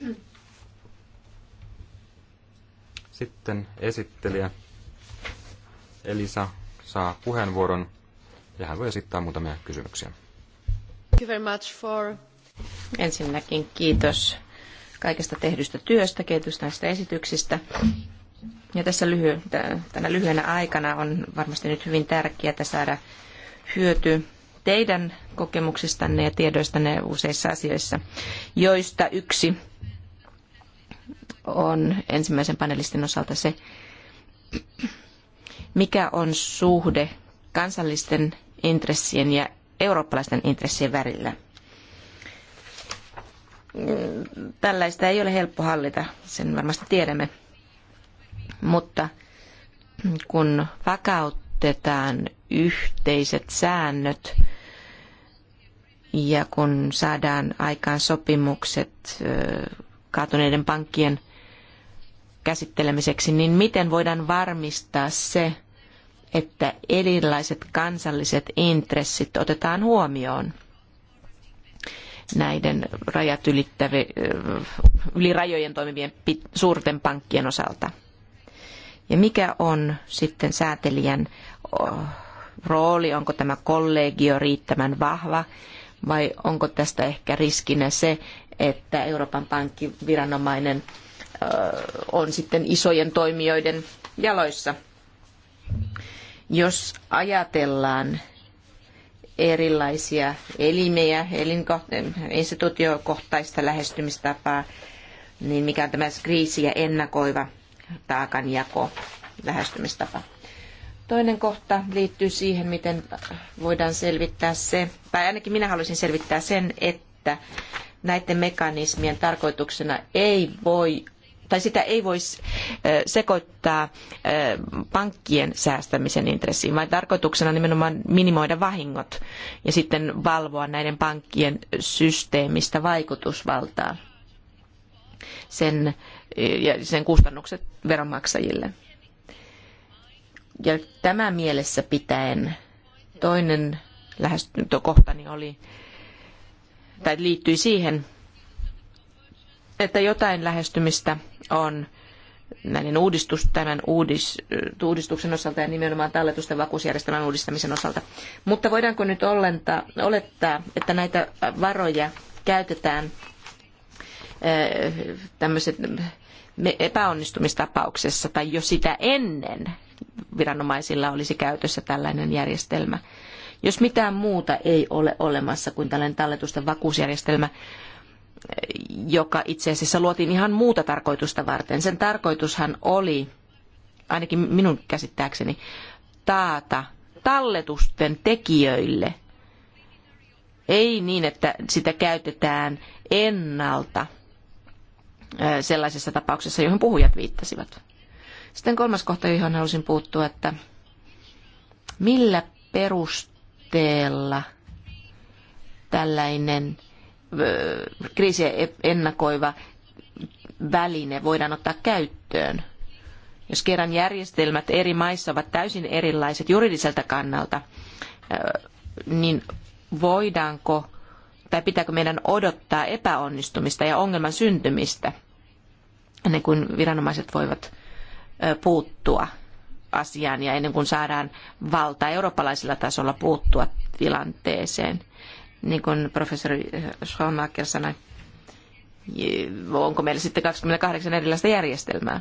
Mm. Sitten esittelijä Elisa saa puheenvuoron ja hän voi esittää muutamia kysymyksiä. Thank you very much for... Ensinnäkin kiitos kaikesta tehdystä työstä, kiitos näistä esityksistä. Ja tässä lyhy- tänä lyhyenä aikana on varmasti nyt hyvin tärkeää saada hyöty teidän kokemuksistanne ja tiedoistanne useissa asioissa, joista yksi on ensimmäisen panelistin osalta se, mikä on suhde kansallisten intressien ja eurooppalaisten intressien välillä. Tällaista ei ole helppo hallita, sen varmasti tiedämme. Mutta kun vakautetaan yhteiset säännöt ja kun saadaan aikaan sopimukset kaatuneiden pankkien käsittelemiseksi, niin miten voidaan varmistaa se, että erilaiset kansalliset intressit otetaan huomioon näiden rajat yli rajojen toimivien suurten pankkien osalta? Ja mikä on sitten säätelijän rooli? Onko tämä kollegio riittävän vahva vai onko tästä ehkä riskinä se, että Euroopan pankkiviranomainen on sitten isojen toimijoiden jaloissa. Jos ajatellaan erilaisia elimiä, elinko- instituutiokohtaista lähestymistapaa, niin mikä on tämä kriisiä ennakoiva taakanjako lähestymistapa. Toinen kohta liittyy siihen, miten voidaan selvittää se, tai ainakin minä haluaisin selvittää sen, että että näiden mekanismien tarkoituksena ei voi tai sitä ei voisi sekoittaa pankkien säästämisen intressiin, vaan tarkoituksena on nimenomaan minimoida vahingot ja sitten valvoa näiden pankkien systeemistä vaikutusvaltaa sen, ja sen kustannukset veronmaksajille. Ja tämä mielessä pitäen toinen lähestymiskohtani kohtani niin oli tai liittyi siihen, että jotain lähestymistä on näiden uudistus, tämän uudis, uudistuksen osalta ja nimenomaan talletusten vakuusjärjestelmän uudistamisen osalta. Mutta voidaanko nyt ollenta, olettaa, että näitä varoja käytetään eh, tämmöiset epäonnistumistapauksessa tai jo sitä ennen viranomaisilla olisi käytössä tällainen järjestelmä? Jos mitään muuta ei ole olemassa kuin tällainen talletusten vakuusjärjestelmä, joka itse asiassa luotiin ihan muuta tarkoitusta varten. Sen tarkoitushan oli, ainakin minun käsittääkseni, taata talletusten tekijöille. Ei niin, että sitä käytetään ennalta sellaisessa tapauksessa, johon puhujat viittasivat. Sitten kolmas kohta, johon halusin puuttua, että millä perusteella perusteella tällainen kriisiä ennakoiva väline voidaan ottaa käyttöön. Jos kerran järjestelmät eri maissa ovat täysin erilaiset juridiselta kannalta, niin voidaanko tai pitääkö meidän odottaa epäonnistumista ja ongelman syntymistä ennen kuin viranomaiset voivat puuttua asiaan ja ennen kuin saadaan valta eurooppalaisella tasolla puuttua tilanteeseen. Niin kuin professori Schoenmaker sanoi, onko meillä sitten 28 erilaista järjestelmää.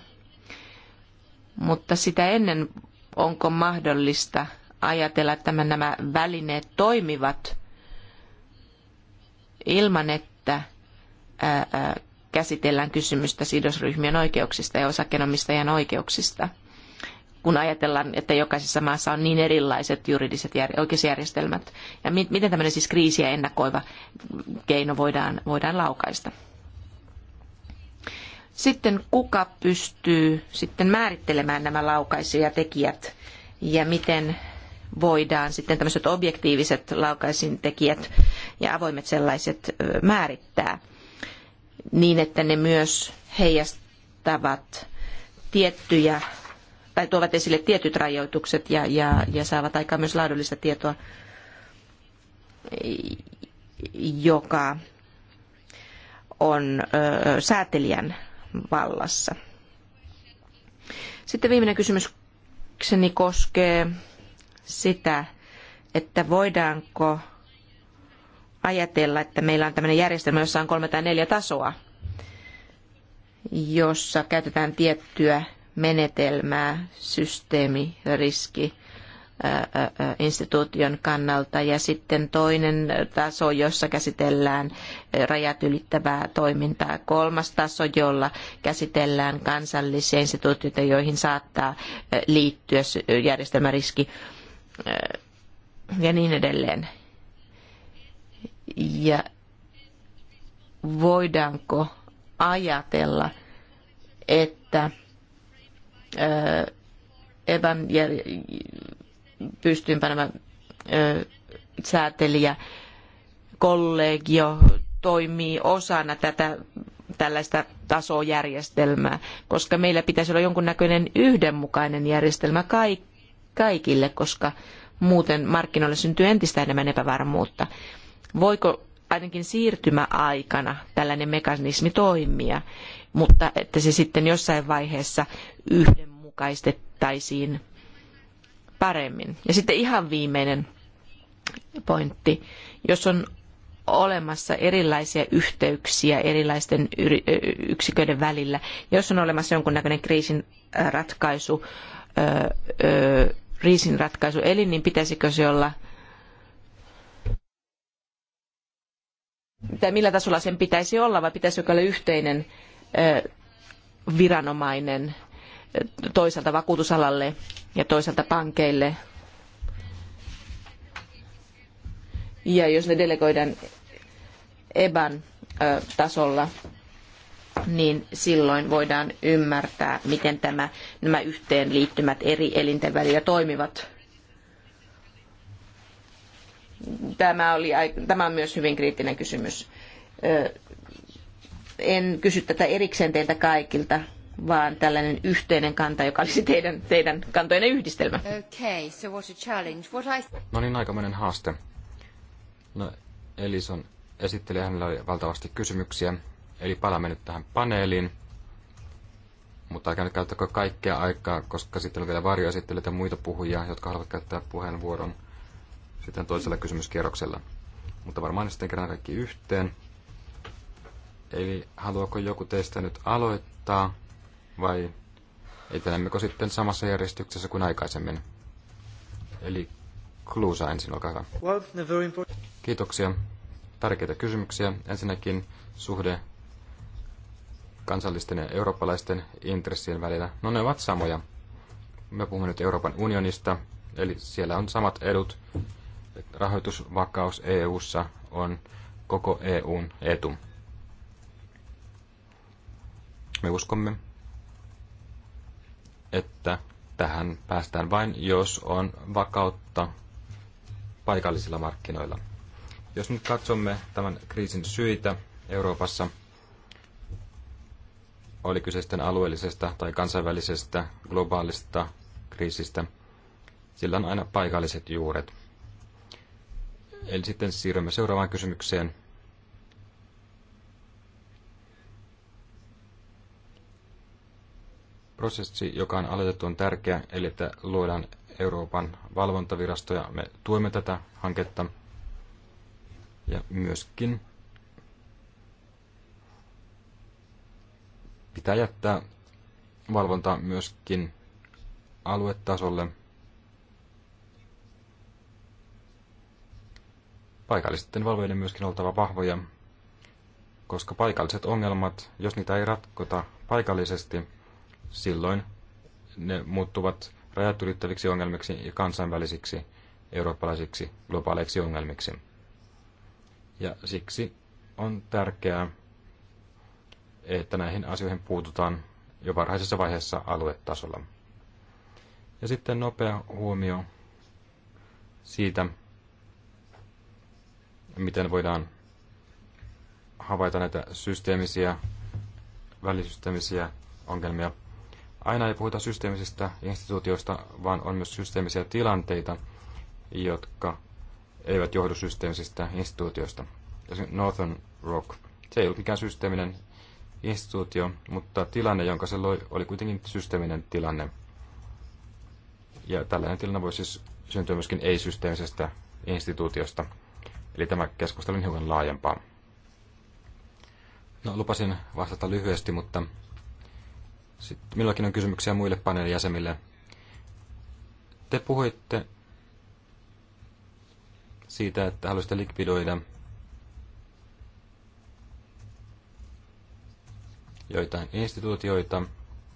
Mutta sitä ennen onko mahdollista ajatella, että nämä välineet toimivat ilman, että käsitellään kysymystä sidosryhmien oikeuksista ja osakkeenomistajan oikeuksista – kun ajatellaan, että jokaisessa maassa on niin erilaiset juridiset jär, oikeusjärjestelmät. Ja mi, miten tämmöinen siis kriisiä ennakoiva keino voidaan, voidaan laukaista. Sitten kuka pystyy sitten määrittelemään nämä laukaisijatekijät ja miten voidaan sitten tämmöiset objektiiviset laukaisintekijät ja avoimet sellaiset määrittää niin, että ne myös heijastavat tiettyjä tai tuovat esille tietyt rajoitukset ja, ja, ja saavat aikaan myös laadullista tietoa, joka on ö, säätelijän vallassa. Sitten viimeinen kysymykseni koskee sitä, että voidaanko ajatella, että meillä on tämmöinen järjestelmä, jossa on kolme tai neljä tasoa, jossa käytetään tiettyä menetelmää systeemi, riski, instituution kannalta ja sitten toinen taso, jossa käsitellään rajat ylittävää toimintaa. Kolmas taso, jolla käsitellään kansallisia instituutioita, joihin saattaa liittyä järjestelmäriski ja niin edelleen. Ja voidaanko ajatella, että Evan pystyynpanemä säätelijä kollegio toimii osana tätä tällaista tasojärjestelmää, koska meillä pitäisi olla jonkunnäköinen yhdenmukainen järjestelmä kaikille, koska muuten markkinoille syntyy entistä enemmän epävarmuutta. Voiko ainakin siirtymäaikana tällainen mekanismi toimia mutta että se sitten jossain vaiheessa yhdenmukaistettaisiin paremmin. Ja sitten ihan viimeinen pointti. Jos on olemassa erilaisia yhteyksiä erilaisten yksiköiden välillä, jos on olemassa jonkunnäköinen kriisin ratkaisu, kriisin ratkaisu eli, niin pitäisikö se olla tai millä tasolla sen pitäisi olla vai pitäisikö olla yhteinen viranomainen toisaalta vakuutusalalle ja toisaalta pankeille. Ja jos ne delegoidaan EBAN tasolla, niin silloin voidaan ymmärtää, miten tämä, nämä yhteenliittymät eri elinten välillä toimivat. Tämä, oli, tämä on myös hyvin kriittinen kysymys en kysy tätä erikseen teiltä kaikilta, vaan tällainen yhteinen kanta, joka olisi teidän, teidän kantojenne yhdistelmä. Okay, so what a challenge. What I... No niin, aikamoinen haaste. No, Elison esitteli, hänellä oli valtavasti kysymyksiä, eli palaamme nyt tähän paneeliin. Mutta älkää nyt käyttäkö kaikkea aikaa, koska sitten on vielä varjoesittelyt ja muita puhujia, jotka haluavat käyttää puheenvuoron sitten toisella kysymyskierroksella. Mutta varmaan sitten kerran kaikki yhteen. Eli haluaako joku teistä nyt aloittaa vai etenemmekö sitten samassa järjestyksessä kuin aikaisemmin? Eli Kluusa ensin, olkaa hyvä. Well, very important. Kiitoksia. Tärkeitä kysymyksiä. Ensinnäkin suhde kansallisten ja eurooppalaisten intressien välillä. No ne ovat samoja. Me puhumme nyt Euroopan unionista, eli siellä on samat edut. Rahoitusvakaus EU:ssa on koko EUn etu. Me uskomme, että tähän päästään vain, jos on vakautta paikallisilla markkinoilla. Jos nyt katsomme tämän kriisin syitä Euroopassa, oli kyse sitten alueellisesta tai kansainvälisestä globaalista kriisistä, sillä on aina paikalliset juuret. Eli sitten siirrymme seuraavaan kysymykseen, Prosessi, joka on aloitettu, on tärkeä, eli että luodaan Euroopan valvontavirasto ja me tuemme tätä hanketta. Ja myöskin pitää jättää valvonta myöskin aluetasolle paikallisten valvojien myöskin oltava vahvoja, koska paikalliset ongelmat, jos niitä ei ratkota paikallisesti, silloin ne muuttuvat rajat ylittäviksi ongelmiksi ja kansainvälisiksi, eurooppalaisiksi, globaaleiksi ongelmiksi. Ja siksi on tärkeää, että näihin asioihin puututaan jo varhaisessa vaiheessa aluetasolla. Ja sitten nopea huomio siitä, miten voidaan havaita näitä systeemisiä, välisysteemisiä ongelmia Aina ei puhuta systeemisistä instituutioista, vaan on myös systeemisiä tilanteita, jotka eivät johdu systeemisistä instituutioista. Esimerkiksi Northern Rock, se ei ollut mikään systeeminen instituutio, mutta tilanne, jonka se loi, oli kuitenkin systeeminen tilanne. Ja tällainen tilanne voi siis syntyä myöskin ei-systeemisestä instituutiosta. Eli tämä keskustelu on hiukan laajempaa. No, lupasin vastata lyhyesti, mutta sitten minullakin on kysymyksiä muille paneelin jäsenille. Te puhuitte siitä, että haluaisitte likvidoida joitain instituutioita,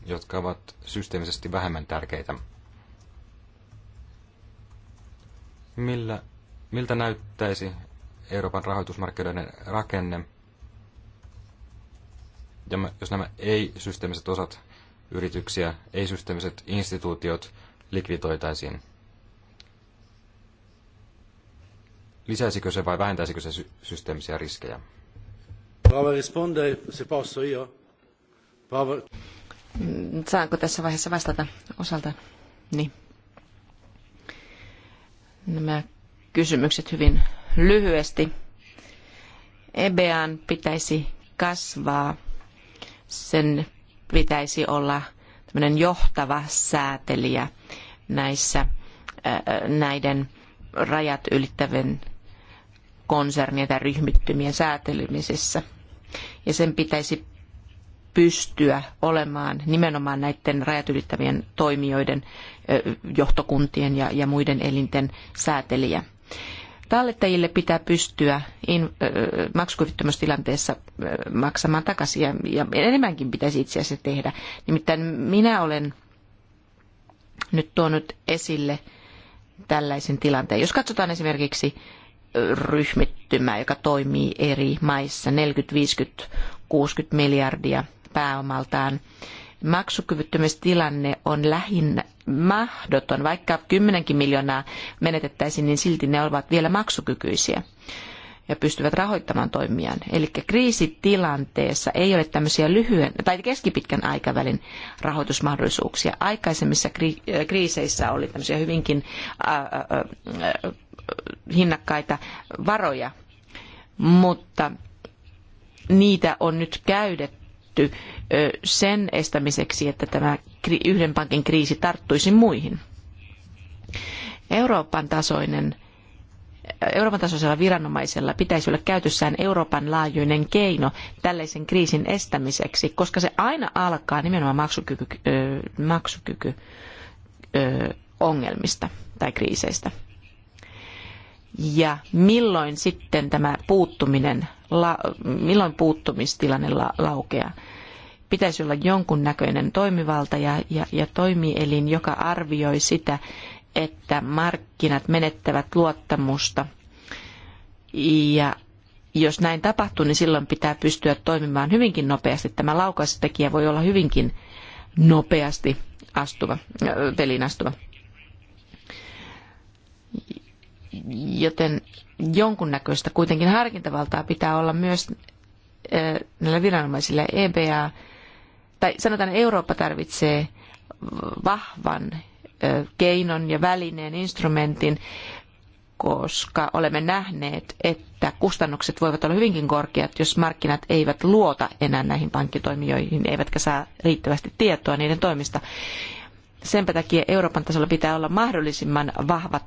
jotka ovat systeemisesti vähemmän tärkeitä. Millä, miltä näyttäisi Euroopan rahoitusmarkkinoiden rakenne, ja jos nämä ei-systeemiset osat yrityksiä, ei-systeemiset instituutiot likvidoitaisiin. Lisäisikö se vai vähentäisikö se sy- systeemisiä riskejä? Prova se posso io. Mm, saanko tässä vaiheessa vastata osalta? Niin. Nämä kysymykset hyvin lyhyesti. EBAn pitäisi kasvaa sen pitäisi olla johtava säätelijä näissä näiden rajat ylittävien konsernien tai ryhmittymien säätelemisessä. Ja sen pitäisi pystyä olemaan nimenomaan näiden rajat ylittävien toimijoiden, johtokuntien ja, muiden elinten säätelijä. Tallettajille pitää pystyä in, äh, maksukyvyttömyystilanteessa maksamaan takaisin ja, ja enemmänkin pitäisi itse asiassa tehdä. Nimittäin minä olen nyt tuonut esille tällaisen tilanteen. Jos katsotaan esimerkiksi ryhmittymää, joka toimii eri maissa 40, 50, 60 miljardia pääomaltaan maksukyvyttömyystilanne on lähinnä mahdoton. Vaikka kymmenenkin miljoonaa menetettäisiin, niin silti ne ovat vielä maksukykyisiä ja pystyvät rahoittamaan toimiaan. Eli kriisitilanteessa ei ole tämmöisiä lyhyen tai keskipitkän aikavälin rahoitusmahdollisuuksia. Aikaisemmissa äh, kriiseissä oli tämmöisiä hyvinkin äh, äh, hinnakkaita varoja, mutta niitä on nyt käytetty tehty sen estämiseksi, että tämä yhden pankin kriisi tarttuisi muihin. Euroopan tasoinen Euroopan tasoisella viranomaisella pitäisi olla käytössään Euroopan laajuinen keino tällaisen kriisin estämiseksi, koska se aina alkaa nimenomaan maksukyky, maksukyky ongelmista tai kriiseistä. Ja milloin sitten tämä puuttuminen la, milloin puuttumistilanne la, laukeaa. Pitäisi olla jonkun näköinen toimivalta ja, ja, ja toimielin, joka arvioi sitä, että markkinat menettävät luottamusta. Ja jos näin tapahtuu, niin silloin pitää pystyä toimimaan hyvinkin nopeasti. Tämä laukaisutekijä voi olla hyvinkin nopeasti astuva, peliin astuva joten jonkunnäköistä kuitenkin harkintavaltaa pitää olla myös näillä viranomaisilla. E EBA, tai sanotaan Eurooppa tarvitsee vahvan keinon ja välineen, instrumentin, koska olemme nähneet, että kustannukset voivat olla hyvinkin korkeat, jos markkinat eivät luota enää näihin pankkitoimijoihin, eivätkä saa riittävästi tietoa niiden toimista. Senpä takia Euroopan tasolla pitää olla mahdollisimman vahvat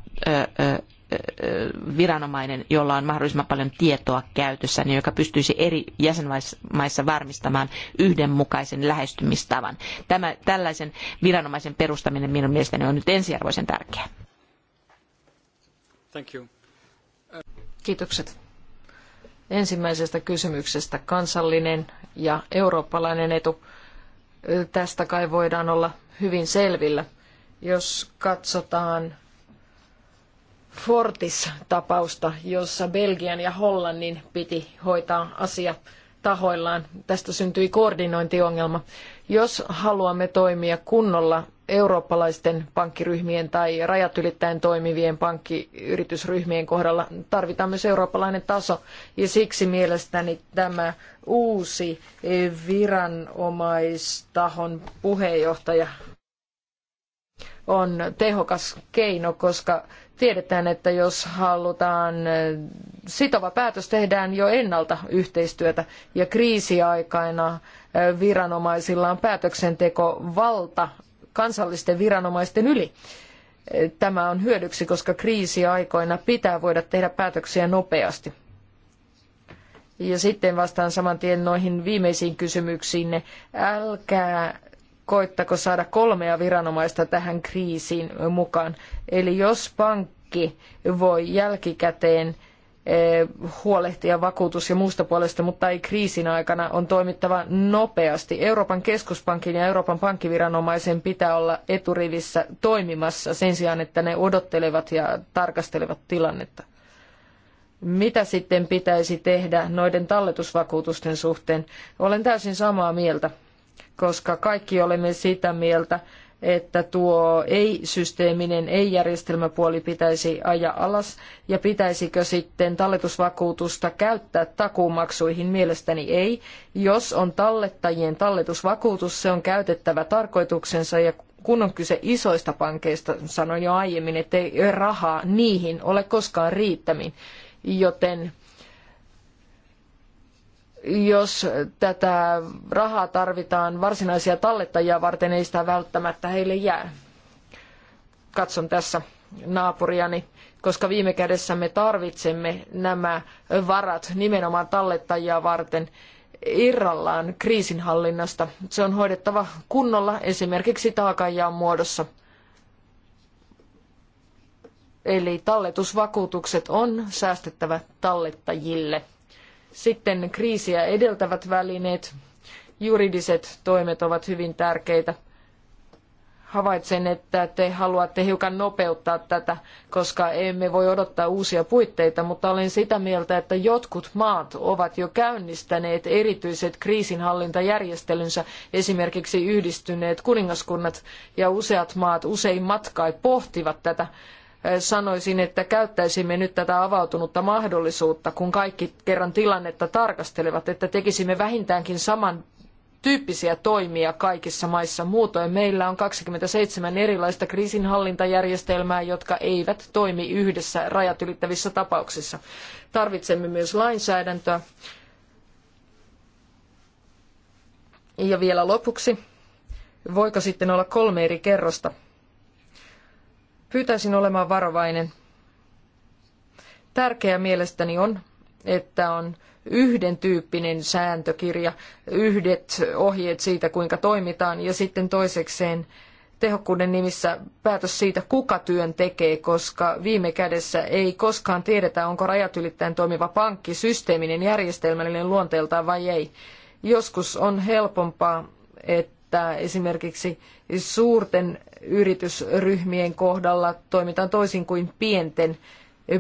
viranomainen, jolla on mahdollisimman paljon tietoa käytössä, niin joka pystyisi eri jäsenmaissa varmistamaan yhdenmukaisen lähestymistavan. Tämä, tällaisen viranomaisen perustaminen minun mielestäni on nyt ensiarvoisen tärkeää. Kiitokset. Ensimmäisestä kysymyksestä kansallinen ja eurooppalainen etu. Tästä kai voidaan olla hyvin selvillä. Jos katsotaan Fortis-tapausta, jossa Belgian ja Hollannin piti hoitaa asia tahoillaan. Tästä syntyi koordinointiongelma. Jos haluamme toimia kunnolla eurooppalaisten pankkiryhmien tai rajat ylittäen toimivien pankkiyritysryhmien kohdalla, tarvitaan myös eurooppalainen taso. Ja siksi mielestäni tämä uusi viranomaistahon puheenjohtaja on tehokas keino, koska Tiedetään, että jos halutaan sitova päätös, tehdään jo ennalta yhteistyötä ja kriisiaikana viranomaisilla on päätöksentekovalta kansallisten viranomaisten yli. Tämä on hyödyksi, koska kriisiaikoina pitää voida tehdä päätöksiä nopeasti. Ja sitten vastaan saman tien noihin viimeisiin kysymyksiinne. Älkää koittako saada kolmea viranomaista tähän kriisiin mukaan. Eli jos pankki voi jälkikäteen eh, huolehtia vakuutus- ja muusta puolesta, mutta ei kriisin aikana, on toimittava nopeasti. Euroopan keskuspankin ja Euroopan pankkiviranomaisen pitää olla eturivissä toimimassa sen sijaan, että ne odottelevat ja tarkastelevat tilannetta. Mitä sitten pitäisi tehdä noiden talletusvakuutusten suhteen? Olen täysin samaa mieltä koska kaikki olemme sitä mieltä, että tuo ei-systeeminen, ei-järjestelmäpuoli pitäisi ajaa alas ja pitäisikö sitten talletusvakuutusta käyttää takuumaksuihin? Mielestäni ei. Jos on tallettajien talletusvakuutus, se on käytettävä tarkoituksensa ja kun on kyse isoista pankeista, sanoin jo aiemmin, ettei rahaa niihin ole koskaan riittämin, joten jos tätä rahaa tarvitaan varsinaisia tallettajia varten, ei sitä välttämättä heille jää. Katson tässä naapuriani, koska viime kädessä me tarvitsemme nämä varat nimenomaan tallettajia varten irrallaan kriisinhallinnasta. Se on hoidettava kunnolla esimerkiksi taakanjaon muodossa. Eli talletusvakuutukset on säästettävä tallettajille. Sitten kriisiä edeltävät välineet, juridiset toimet ovat hyvin tärkeitä. Havaitsen, että te haluatte hiukan nopeuttaa tätä, koska emme voi odottaa uusia puitteita, mutta olen sitä mieltä, että jotkut maat ovat jo käynnistäneet erityiset kriisinhallintajärjestelynsä, esimerkiksi yhdistyneet kuningaskunnat ja useat maat, useimmat kai pohtivat tätä sanoisin, että käyttäisimme nyt tätä avautunutta mahdollisuutta, kun kaikki kerran tilannetta tarkastelevat, että tekisimme vähintäänkin saman tyyppisiä toimia kaikissa maissa. Muutoin meillä on 27 erilaista kriisinhallintajärjestelmää, jotka eivät toimi yhdessä rajat ylittävissä tapauksissa. Tarvitsemme myös lainsäädäntöä. Ja vielä lopuksi, voiko sitten olla kolme eri kerrosta? Pyytäisin olemaan varovainen. Tärkeää mielestäni on, että on yhden tyyppinen sääntökirja, yhdet ohjeet siitä, kuinka toimitaan, ja sitten toisekseen tehokkuuden nimissä päätös siitä, kuka työn tekee, koska viime kädessä ei koskaan tiedetä, onko rajat ylittäen toimiva pankki systeeminen järjestelmällinen luonteeltaan vai ei. Joskus on helpompaa, että esimerkiksi suurten yritysryhmien kohdalla toimitaan toisin kuin pienten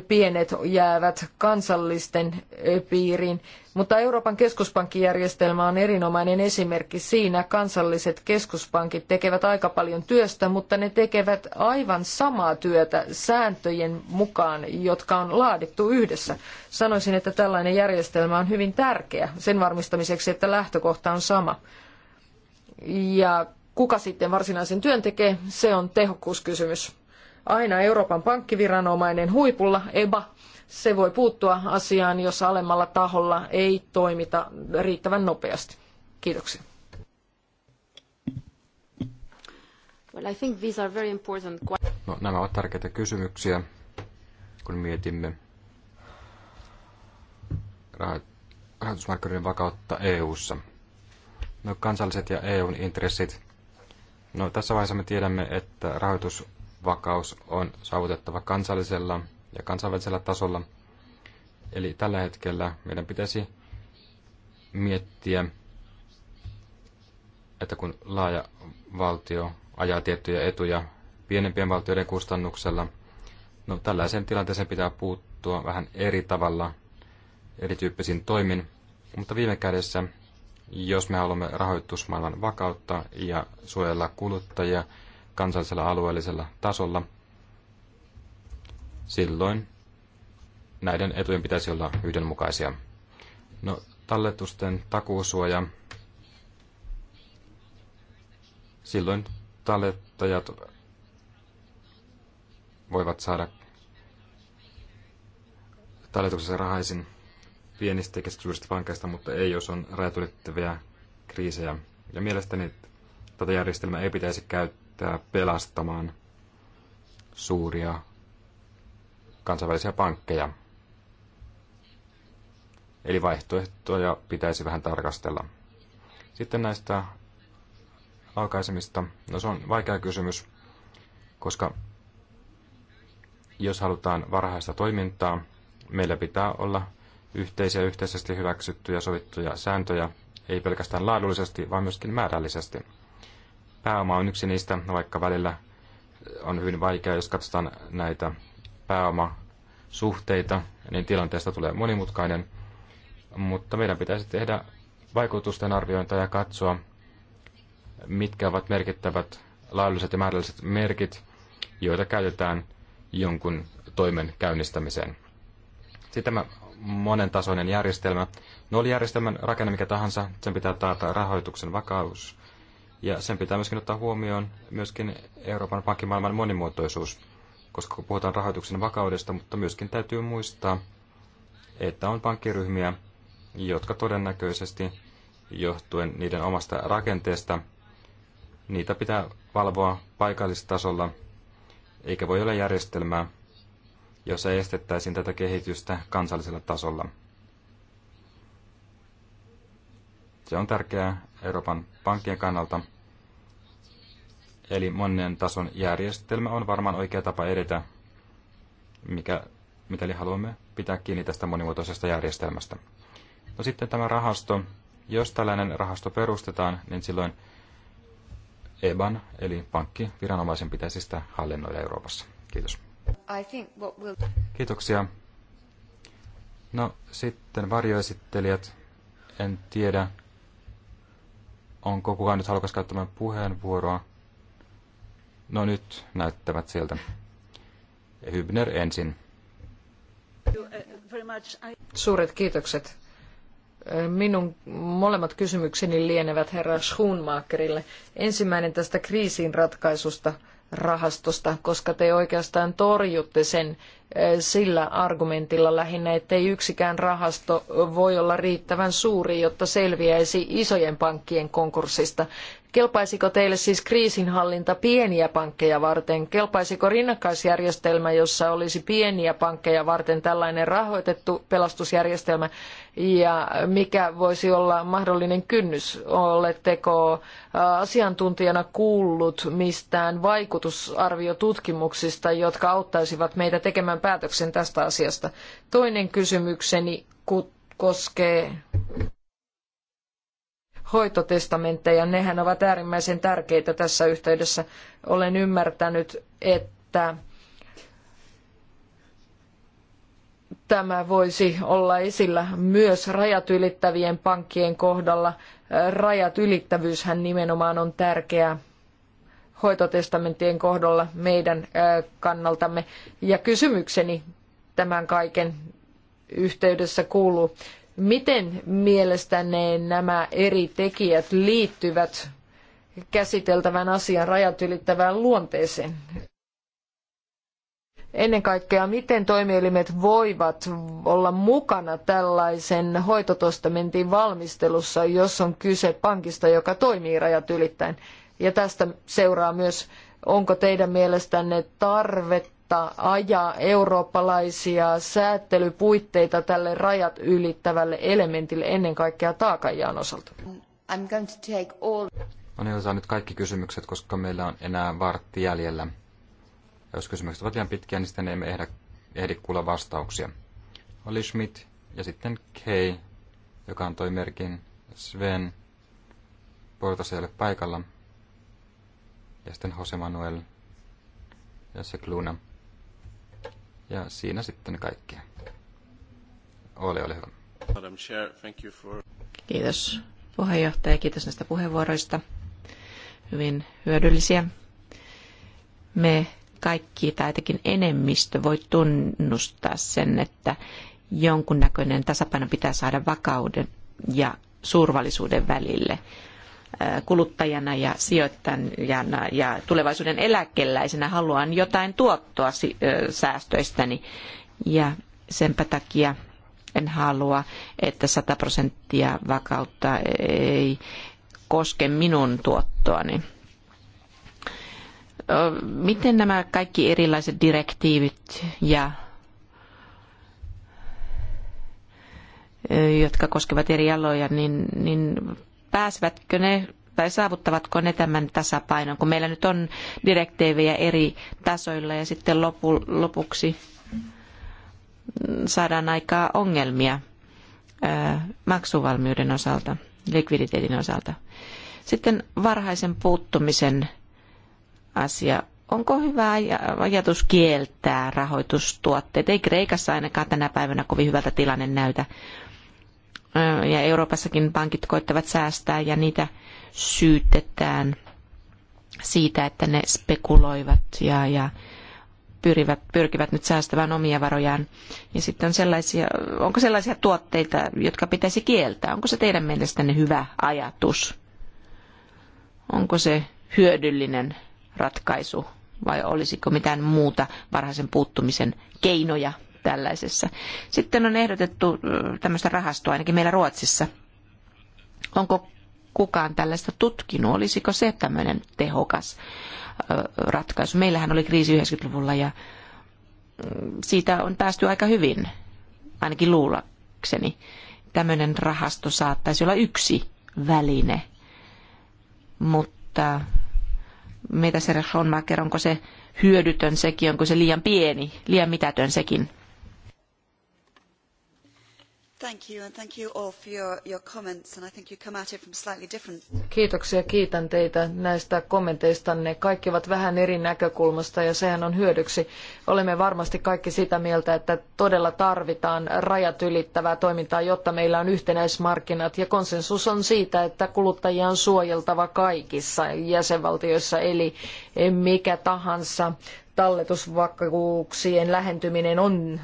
pienet jäävät kansallisten piiriin. Mutta Euroopan keskuspankkijärjestelmä on erinomainen esimerkki siinä. Kansalliset keskuspankit tekevät aika paljon työstä, mutta ne tekevät aivan samaa työtä sääntöjen mukaan, jotka on laadittu yhdessä. Sanoisin, että tällainen järjestelmä on hyvin tärkeä sen varmistamiseksi, että lähtökohta on sama. Ja Kuka sitten varsinaisen työn tekee, se on tehokkuuskysymys. Aina Euroopan pankkiviranomainen huipulla, EBA, se voi puuttua asiaan, jos alemmalla taholla ei toimita riittävän nopeasti. Kiitoksia. Well, I think these are very important... no, nämä ovat tärkeitä kysymyksiä, kun mietimme rahoitusmarkkinoiden vakautta EU-ssa. No, kansalliset ja EUn intressit No, tässä vaiheessa me tiedämme, että rahoitusvakaus on saavutettava kansallisella ja kansainvälisellä tasolla. Eli tällä hetkellä meidän pitäisi miettiä, että kun laaja valtio ajaa tiettyjä etuja pienempien valtioiden kustannuksella, no tällaiseen tilanteeseen pitää puuttua vähän eri tavalla, erityyppisin toimin, mutta viime kädessä jos me haluamme rahoitusmaailman vakautta ja suojella kuluttajia kansallisella alueellisella tasolla, silloin näiden etujen pitäisi olla yhdenmukaisia. No, talletusten takuusuoja. Silloin tallettajat voivat saada talletuksessa rahaisin pienistä ja keskisuurista pankeista, mutta ei jos on räätylittäviä kriisejä. Ja mielestäni tätä järjestelmää ei pitäisi käyttää pelastamaan suuria kansainvälisiä pankkeja. Eli vaihtoehtoja pitäisi vähän tarkastella. Sitten näistä aukaisemista. No se on vaikea kysymys, koska jos halutaan varhaista toimintaa, meillä pitää olla yhteisiä yhteisesti hyväksyttyjä sovittuja sääntöjä, ei pelkästään laadullisesti, vaan myöskin määrällisesti. Pääoma on yksi niistä, vaikka välillä on hyvin vaikea, jos katsotaan näitä pääomasuhteita, niin tilanteesta tulee monimutkainen. Mutta meidän pitäisi tehdä vaikutusten arviointia ja katsoa, mitkä ovat merkittävät laadulliset ja määrälliset merkit, joita käytetään jonkun toimen käynnistämiseen. Sitten tämä monen tasoinen järjestelmä. No oli järjestelmän rakenne mikä tahansa, sen pitää taata rahoituksen vakaus. Ja sen pitää myöskin ottaa huomioon myöskin Euroopan pankkimaailman monimuotoisuus, koska kun puhutaan rahoituksen vakaudesta, mutta myöskin täytyy muistaa, että on pankkiryhmiä, jotka todennäköisesti johtuen niiden omasta rakenteesta, niitä pitää valvoa paikallistasolla, eikä voi olla järjestelmää, jossa estettäisiin tätä kehitystä kansallisella tasolla. Se on tärkeää Euroopan pankkien kannalta. Eli monen tason järjestelmä on varmaan oikea tapa edetä, mikä, mikäli haluamme pitää kiinni tästä monimuotoisesta järjestelmästä. No sitten tämä rahasto. Jos tällainen rahasto perustetaan, niin silloin EBAN, eli pankki, viranomaisen pitäisi sitä hallinnoida Euroopassa. Kiitos. I think what Kiitoksia. No sitten varjoesittelijät. En tiedä, onko kukaan nyt halukas käyttämään puheenvuoroa. No nyt näyttävät sieltä. Hybner ensin. Suuret kiitokset. Minun molemmat kysymykseni lienevät herra Schoonmakerille. Ensimmäinen tästä kriisin ratkaisusta – rahastosta, koska te oikeastaan torjutte sen eh, sillä argumentilla lähinnä, ettei yksikään rahasto voi olla riittävän suuri, jotta selviäisi isojen pankkien konkurssista. Kelpaisiko teille siis kriisinhallinta pieniä pankkeja varten? Kelpaisiko rinnakkaisjärjestelmä, jossa olisi pieniä pankkeja varten tällainen rahoitettu pelastusjärjestelmä? ja mikä voisi olla mahdollinen kynnys? Oletteko asiantuntijana kuullut mistään vaikutusarviotutkimuksista, jotka auttaisivat meitä tekemään päätöksen tästä asiasta? Toinen kysymykseni koskee hoitotestamentteja. Nehän ovat äärimmäisen tärkeitä tässä yhteydessä. Olen ymmärtänyt, että tämä voisi olla esillä myös rajat ylittävien pankkien kohdalla. Rajat ylittävyyshän nimenomaan on tärkeää hoitotestamenttien kohdalla meidän kannaltamme. Ja kysymykseni tämän kaiken yhteydessä kuuluu, miten mielestänne nämä eri tekijät liittyvät käsiteltävän asian rajat ylittävään luonteeseen? ennen kaikkea, miten toimielimet voivat olla mukana tällaisen hoitotostamentin valmistelussa, jos on kyse pankista, joka toimii rajat ylittäen. Ja tästä seuraa myös, onko teidän mielestänne tarvetta ajaa eurooppalaisia säätelypuitteita tälle rajat ylittävälle elementille ennen kaikkea taakanjaan osalta? I'm going to take all... No niin, nyt kaikki kysymykset, koska meillä on enää vartti jäljellä jos kysymykset ovat liian pitkiä, niin sitten emme ehdä, ehdi kuulla vastauksia. Oli Schmidt ja sitten Kay, joka antoi merkin Sven. Portas ei ole paikalla. Ja sitten Jose Manuel ja se Kluna. Ja siinä sitten kaikki. Ole, ole hyvä. Madam Chair, thank you for... Kiitos puheenjohtaja, kiitos näistä puheenvuoroista. Hyvin hyödyllisiä. Me kaikki tai ainakin enemmistö voi tunnustaa sen, että jonkunnäköinen tasapaino pitää saada vakauden ja suurvallisuuden välille kuluttajana ja sijoittajana ja tulevaisuuden eläkeläisenä haluan jotain tuottoa säästöistäni. Ja senpä takia en halua, että 100 prosenttia vakautta ei koske minun tuottoani miten nämä kaikki erilaiset direktiivit ja jotka koskevat eri aloja, niin, niin pääsevätkö ne tai saavuttavatko ne tämän tasapainon, kun meillä nyt on direktiivejä eri tasoilla ja sitten lopu, lopuksi saadaan aikaa ongelmia ää, maksuvalmiuden osalta, likviditeetin osalta. Sitten varhaisen puuttumisen asia. Onko hyvä ajatus kieltää rahoitustuotteet? Ei Kreikassa ainakaan tänä päivänä kovin hyvältä tilanne näytä. Ja Euroopassakin pankit koittavat säästää ja niitä syytetään siitä, että ne spekuloivat ja, ja pyrivät, pyrkivät nyt säästämään omia varojaan. Ja sitten on sellaisia, onko sellaisia tuotteita, jotka pitäisi kieltää? Onko se teidän mielestänne hyvä ajatus? Onko se hyödyllinen ratkaisu vai olisiko mitään muuta varhaisen puuttumisen keinoja tällaisessa. Sitten on ehdotettu tämmöistä rahastoa ainakin meillä Ruotsissa. Onko kukaan tällaista tutkinut? Olisiko se tämmöinen tehokas ratkaisu? Meillähän oli kriisi 90-luvulla ja mm, siitä on päästy aika hyvin, ainakin luulakseni. Tämmöinen rahasto saattaisi olla yksi väline, mutta mitä se Ronmaker, onko se hyödytön sekin, onko se liian pieni, liian mitätön sekin? Thank you and thank you all for your, your comments and I think you come at it from slightly different... Kiitoksia, kiitän teitä näistä kommenteistanne. Kaikki ovat vähän eri näkökulmasta ja sehän on hyödyksi. Olemme varmasti kaikki sitä mieltä, että todella tarvitaan rajat ylittävää toimintaa, jotta meillä on yhtenäismarkkinat ja konsensus on siitä, että kuluttajia on suojeltava kaikissa jäsenvaltioissa, eli mikä tahansa talletusvakuuksien lähentyminen on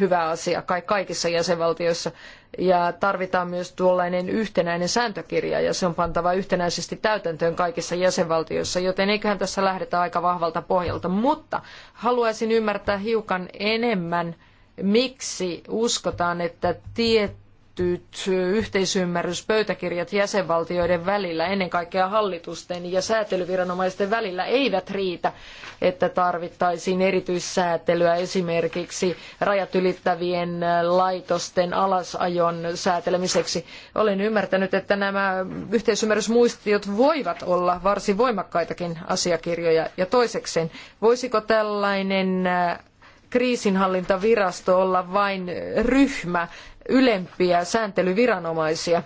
hyvä asia kai kaikissa jäsenvaltioissa ja tarvitaan myös tuollainen yhtenäinen sääntökirja ja se on pantava yhtenäisesti täytäntöön kaikissa jäsenvaltioissa, joten eiköhän tässä lähdetä aika vahvalta pohjalta. Mutta haluaisin ymmärtää hiukan enemmän, miksi uskotaan, että tietty tehdyt yhteisymmärryspöytäkirjat jäsenvaltioiden välillä, ennen kaikkea hallitusten ja säätelyviranomaisten välillä, eivät riitä, että tarvittaisiin erityissäätelyä esimerkiksi rajat ylittävien laitosten alasajon säätelemiseksi. Olen ymmärtänyt, että nämä yhteisymmärrysmuistiot voivat olla varsin voimakkaitakin asiakirjoja. Ja toisekseen, voisiko tällainen kriisinhallintavirasto olla vain ryhmä, ylempiä sääntelyviranomaisia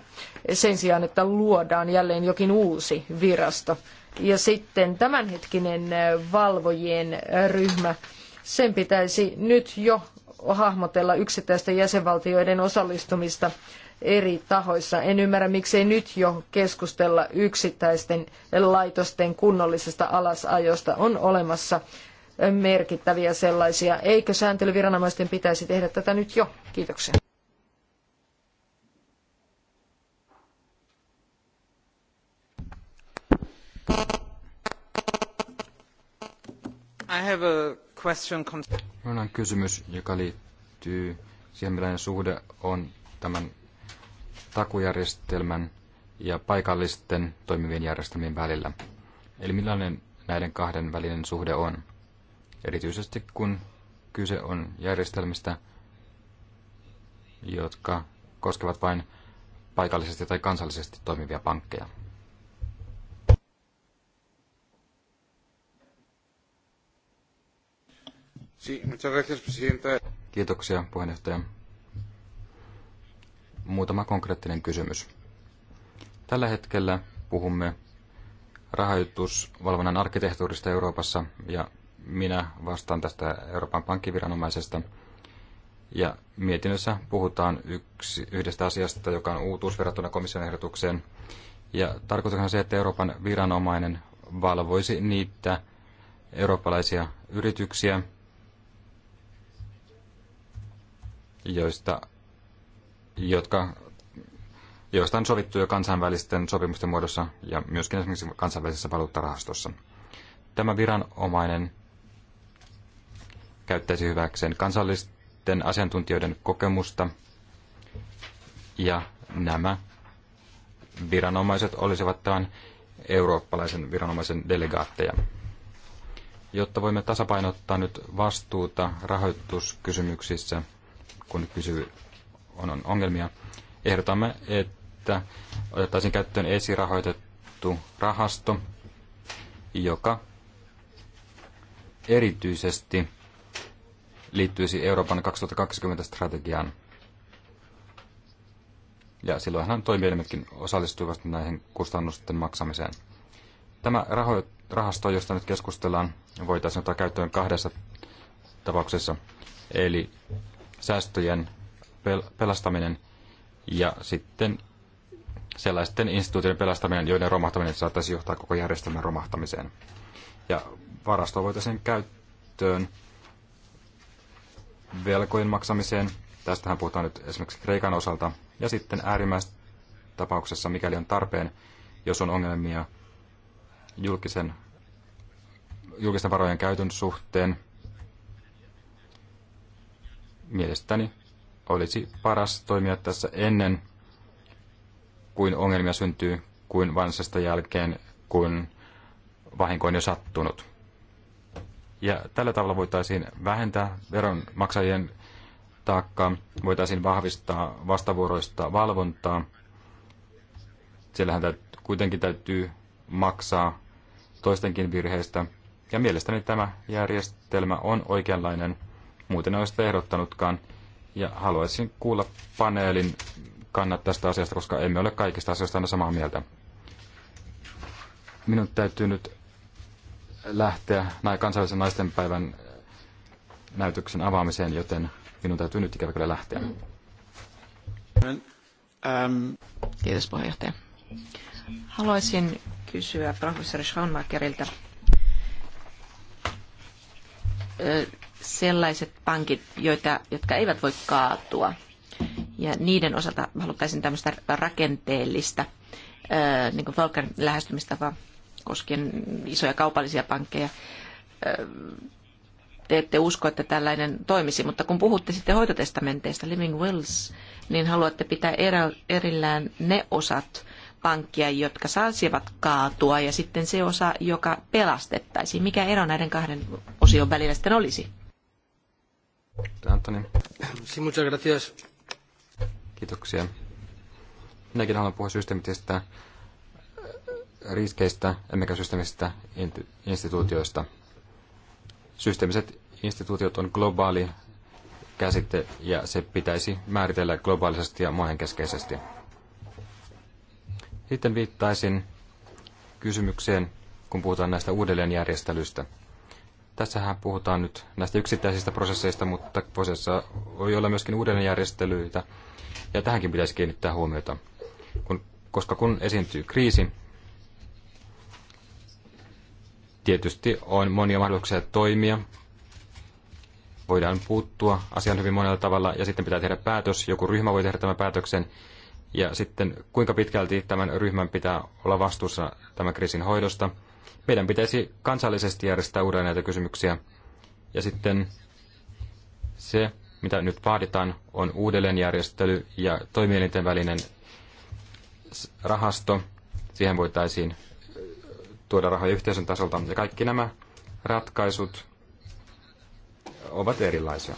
sen sijaan, että luodaan jälleen jokin uusi virasto. Ja sitten tämänhetkinen äh, valvojien äh, ryhmä, sen pitäisi nyt jo hahmotella yksittäisten jäsenvaltioiden osallistumista eri tahoissa. En ymmärrä, miksei nyt jo keskustella yksittäisten laitosten kunnollisesta alasajosta. On olemassa äh, merkittäviä sellaisia. Eikö sääntelyviranomaisten pitäisi tehdä tätä nyt jo? Kiitoksia. I have a question. Minulla on kysymys, joka liittyy siihen, millainen suhde on tämän takujärjestelmän ja paikallisten toimivien järjestelmien välillä. Eli millainen näiden kahden välinen suhde on. Erityisesti kun kyse on järjestelmistä, jotka koskevat vain paikallisesti tai kansallisesti toimivia pankkeja. Kiitoksia, puheenjohtaja. Muutama konkreettinen kysymys. Tällä hetkellä puhumme rahoitusvalvonnan arkkitehtuurista Euroopassa ja minä vastaan tästä Euroopan pankkiviranomaisesta. Ja mietinnössä puhutaan yksi, yhdestä asiasta, joka on uutuus verrattuna komission ehdotukseen. Ja tarkoituksena on se, että Euroopan viranomainen valvoisi niitä eurooppalaisia yrityksiä, joista, jotka, joista on sovittu jo kansainvälisten sopimusten muodossa ja myöskin esimerkiksi kansainvälisessä valuuttarahastossa. Tämä viranomainen käyttäisi hyväkseen kansallisten asiantuntijoiden kokemusta ja nämä viranomaiset olisivat tämän eurooppalaisen viranomaisen delegaatteja. Jotta voimme tasapainottaa nyt vastuuta rahoituskysymyksissä – kun kysyy, on, on ongelmia. Ehdotamme, että otettaisiin käyttöön esirahoitettu rahasto, joka erityisesti liittyisi Euroopan 2020-strategiaan. Ja silloinhan toimielimetkin osallistuivat näihin kustannusten maksamiseen. Tämä raho- rahasto, josta nyt keskustellaan, voitaisiin ottaa käyttöön kahdessa tapauksessa. Eli säästöjen pelastaminen ja sitten sellaisten instituutioiden pelastaminen, joiden romahtaminen saattaisi johtaa koko järjestelmän romahtamiseen. Ja varastoa voitaisiin käyttöön velkojen maksamiseen. Tästähän puhutaan nyt esimerkiksi Kreikan osalta. Ja sitten äärimmäisessä tapauksessa, mikäli on tarpeen, jos on ongelmia julkisen, julkisten varojen käytön suhteen, mielestäni olisi paras toimia tässä ennen kuin ongelmia syntyy, kuin vansasta jälkeen, kun vahinko on jo sattunut. Ja tällä tavalla voitaisiin vähentää veronmaksajien taakkaa, voitaisiin vahvistaa vastavuoroista valvontaa. Siellähän täyt, kuitenkin täytyy maksaa toistenkin virheistä. Ja mielestäni tämä järjestelmä on oikeanlainen – Muuten en sitä ehdottanutkaan. Ja haluaisin kuulla paneelin kannat tästä asiasta, koska emme ole kaikista asioista aina samaa mieltä. Minun täytyy nyt lähteä naisten päivän äh, näytöksen avaamiseen, joten minun täytyy nyt ikävä kyllä lähteä. Ähm. Kiitos puheenjohtaja. Haluaisin kysyä professori Schaunmakerilta. Äh, sellaiset pankit, joita, jotka eivät voi kaatua. Ja niiden osalta haluttaisiin tämmöistä rakenteellista, niin kuin Volcker lähestymistapa koskien isoja kaupallisia pankkeja. Te ette usko, että tällainen toimisi, mutta kun puhutte sitten hoitotestamenteista, living wills, niin haluatte pitää erillään ne osat pankkia, jotka saisivat kaatua, ja sitten se osa, joka pelastettaisiin. Mikä ero näiden kahden osion välillä sitten olisi? Antoni. Sí, muchas gracias. Kiitoksia. Minäkin haluan puhua systeemisistä äh, riskeistä, emmekä systeemisistä instituutioista. Systeemiset instituutiot on globaali käsite ja se pitäisi määritellä globaalisesti ja monenkeskeisesti. Sitten viittaisin kysymykseen, kun puhutaan näistä uudelleenjärjestelyistä – Tässähän puhutaan nyt näistä yksittäisistä prosesseista, mutta prosessissa voi olla myöskin uudelleenjärjestelyitä, ja tähänkin pitäisi kiinnittää huomiota. Kun, koska kun esiintyy kriisi, tietysti on monia mahdollisuuksia toimia. Voidaan puuttua asian hyvin monella tavalla, ja sitten pitää tehdä päätös. Joku ryhmä voi tehdä tämän päätöksen, ja sitten kuinka pitkälti tämän ryhmän pitää olla vastuussa tämän kriisin hoidosta – meidän pitäisi kansallisesti järjestää uudelleen näitä kysymyksiä. Ja sitten se, mitä nyt vaaditaan, on uudelleenjärjestely ja toimielinten välinen rahasto. Siihen voitaisiin äh, tuoda rahoja yhteisön tasolta. Ja kaikki nämä ratkaisut ovat erilaisia.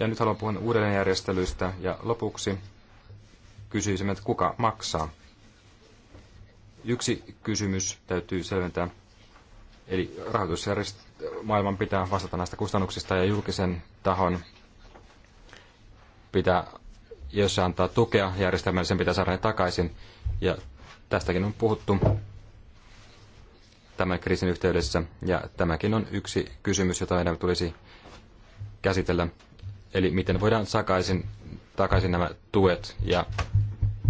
Ja nyt haluan puhua uudelleenjärjestelyistä ja lopuksi kysyisimme, että kuka maksaa. Yksi kysymys täytyy selventää. Eli rahoitusmaailman pitää vastata näistä kustannuksista ja julkisen tahon pitää, jos se antaa tukea järjestelmälle, sen pitää saada ne takaisin. Ja tästäkin on puhuttu tämän kriisin yhteydessä. Ja tämäkin on yksi kysymys, jota meidän tulisi käsitellä. Eli miten voidaan takaisin, takaisin nämä tuet ja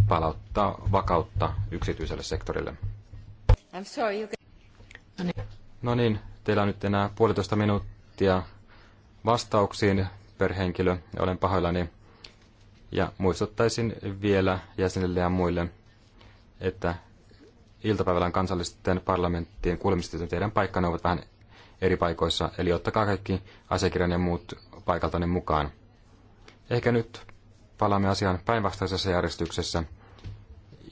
palauttaa vakautta yksityiselle sektorille. I'm sorry, you can... No niin. no niin, teillä on nyt enää puolitoista minuuttia vastauksiin per henkilö. Olen pahoillani. Ja muistuttaisin vielä jäsenille ja muille, että iltapäivällä kansallisten parlamenttien kuulemiset teidän paikkanne ovat vähän eri paikoissa, eli ottakaa kaikki asiakirjan ja muut paikaltanne mukaan. Ehkä nyt palaamme asiaan päinvastaisessa järjestyksessä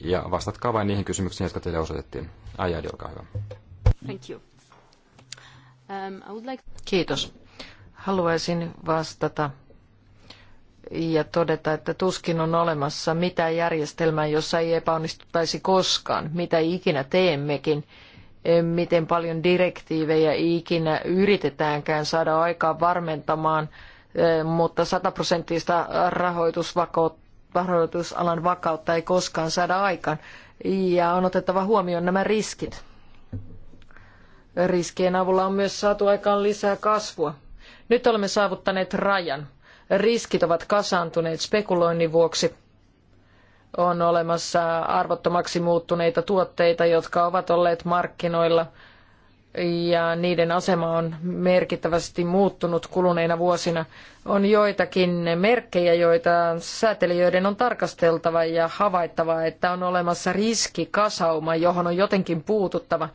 ja vastatkaa vain niihin kysymyksiin, jotka teille osoitettiin. Ajadi, olkaa hyvä. Thank you. Um, I would like... Kiitos. Haluaisin vastata ja todeta, että tuskin on olemassa mitään järjestelmää, jossa ei epäonnistuttaisi koskaan, mitä ikinä teemmekin, miten paljon direktiivejä ikinä yritetäänkään saada aikaa varmentamaan – Eh, mutta sataprosenttista rahoitusalan vakautta ei koskaan saada aikaan. Ja on otettava huomioon nämä riskit. Riskien avulla on myös saatu aikaan lisää kasvua. Nyt olemme saavuttaneet rajan. Riskit ovat kasaantuneet spekuloinnin vuoksi. On olemassa arvottomaksi muuttuneita tuotteita, jotka ovat olleet markkinoilla – ja niiden asema on merkittävästi muuttunut kuluneina vuosina. On joitakin merkkejä, joita säätelijöiden on tarkasteltava ja havaittava, että on olemassa riskikasauma, johon on jotenkin puututtava.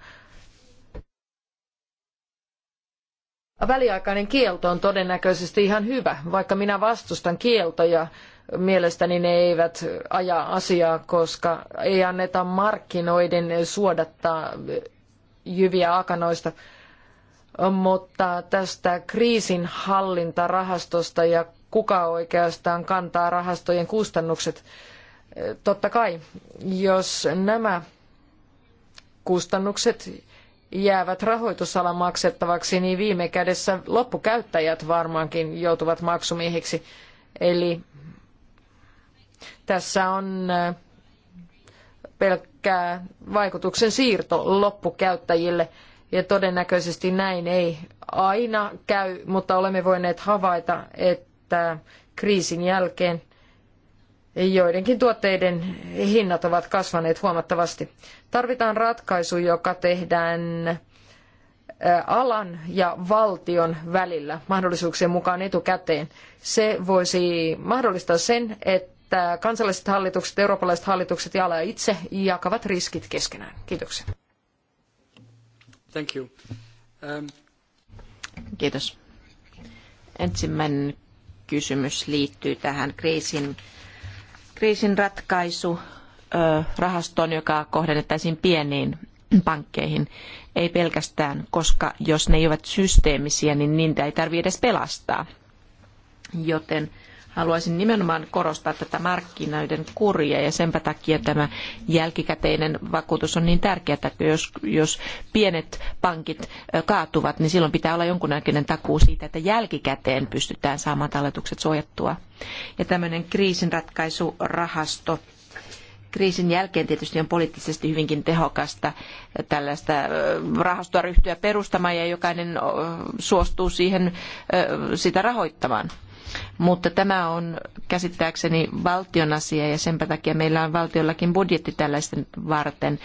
Väliaikainen kielto on todennäköisesti ihan hyvä, vaikka minä vastustan kieltoja. Mielestäni ne eivät aja asiaa, koska ei anneta markkinoiden suodattaa jyviä akanoista. Mutta tästä kriisin hallintarahastosta ja kuka oikeastaan kantaa rahastojen kustannukset. Totta kai, jos nämä kustannukset jäävät rahoitusalan maksettavaksi, niin viime kädessä loppukäyttäjät varmaankin joutuvat maksumiehiksi. Eli tässä on pelkkää vaikutuksen siirto loppukäyttäjille. Ja todennäköisesti näin ei aina käy, mutta olemme voineet havaita, että kriisin jälkeen joidenkin tuotteiden hinnat ovat kasvaneet huomattavasti. Tarvitaan ratkaisu, joka tehdään alan ja valtion välillä mahdollisuuksien mukaan etukäteen. Se voisi mahdollistaa sen, että että kansalliset hallitukset, eurooppalaiset hallitukset ja ala itse jakavat riskit keskenään. Kiitoksia. Thank you. Um... Kiitos. Ensimmäinen kysymys liittyy tähän kriisin, kriisin ratkaisu rahastoon, joka kohdennettaisiin pieniin pankkeihin, ei pelkästään, koska jos ne eivät systeemisiä, niin niitä ei tarvitse edes pelastaa. Joten Haluaisin nimenomaan korostaa tätä markkinoiden kuria ja senpä takia tämä jälkikäteinen vakuutus on niin tärkeä, että jos, jos pienet pankit kaatuvat, niin silloin pitää olla jonkunnäköinen takuu siitä, että jälkikäteen pystytään saamaan talletukset suojattua. Ja tämmöinen kriisinratkaisurahasto kriisin jälkeen tietysti on poliittisesti hyvinkin tehokasta tällaista rahastoa ryhtyä perustamaan ja jokainen suostuu siihen sitä rahoittamaan. Mutta tämä on käsittääkseni valtion asia ja sen takia meillä on valtiollakin budjetti tällaisten varten.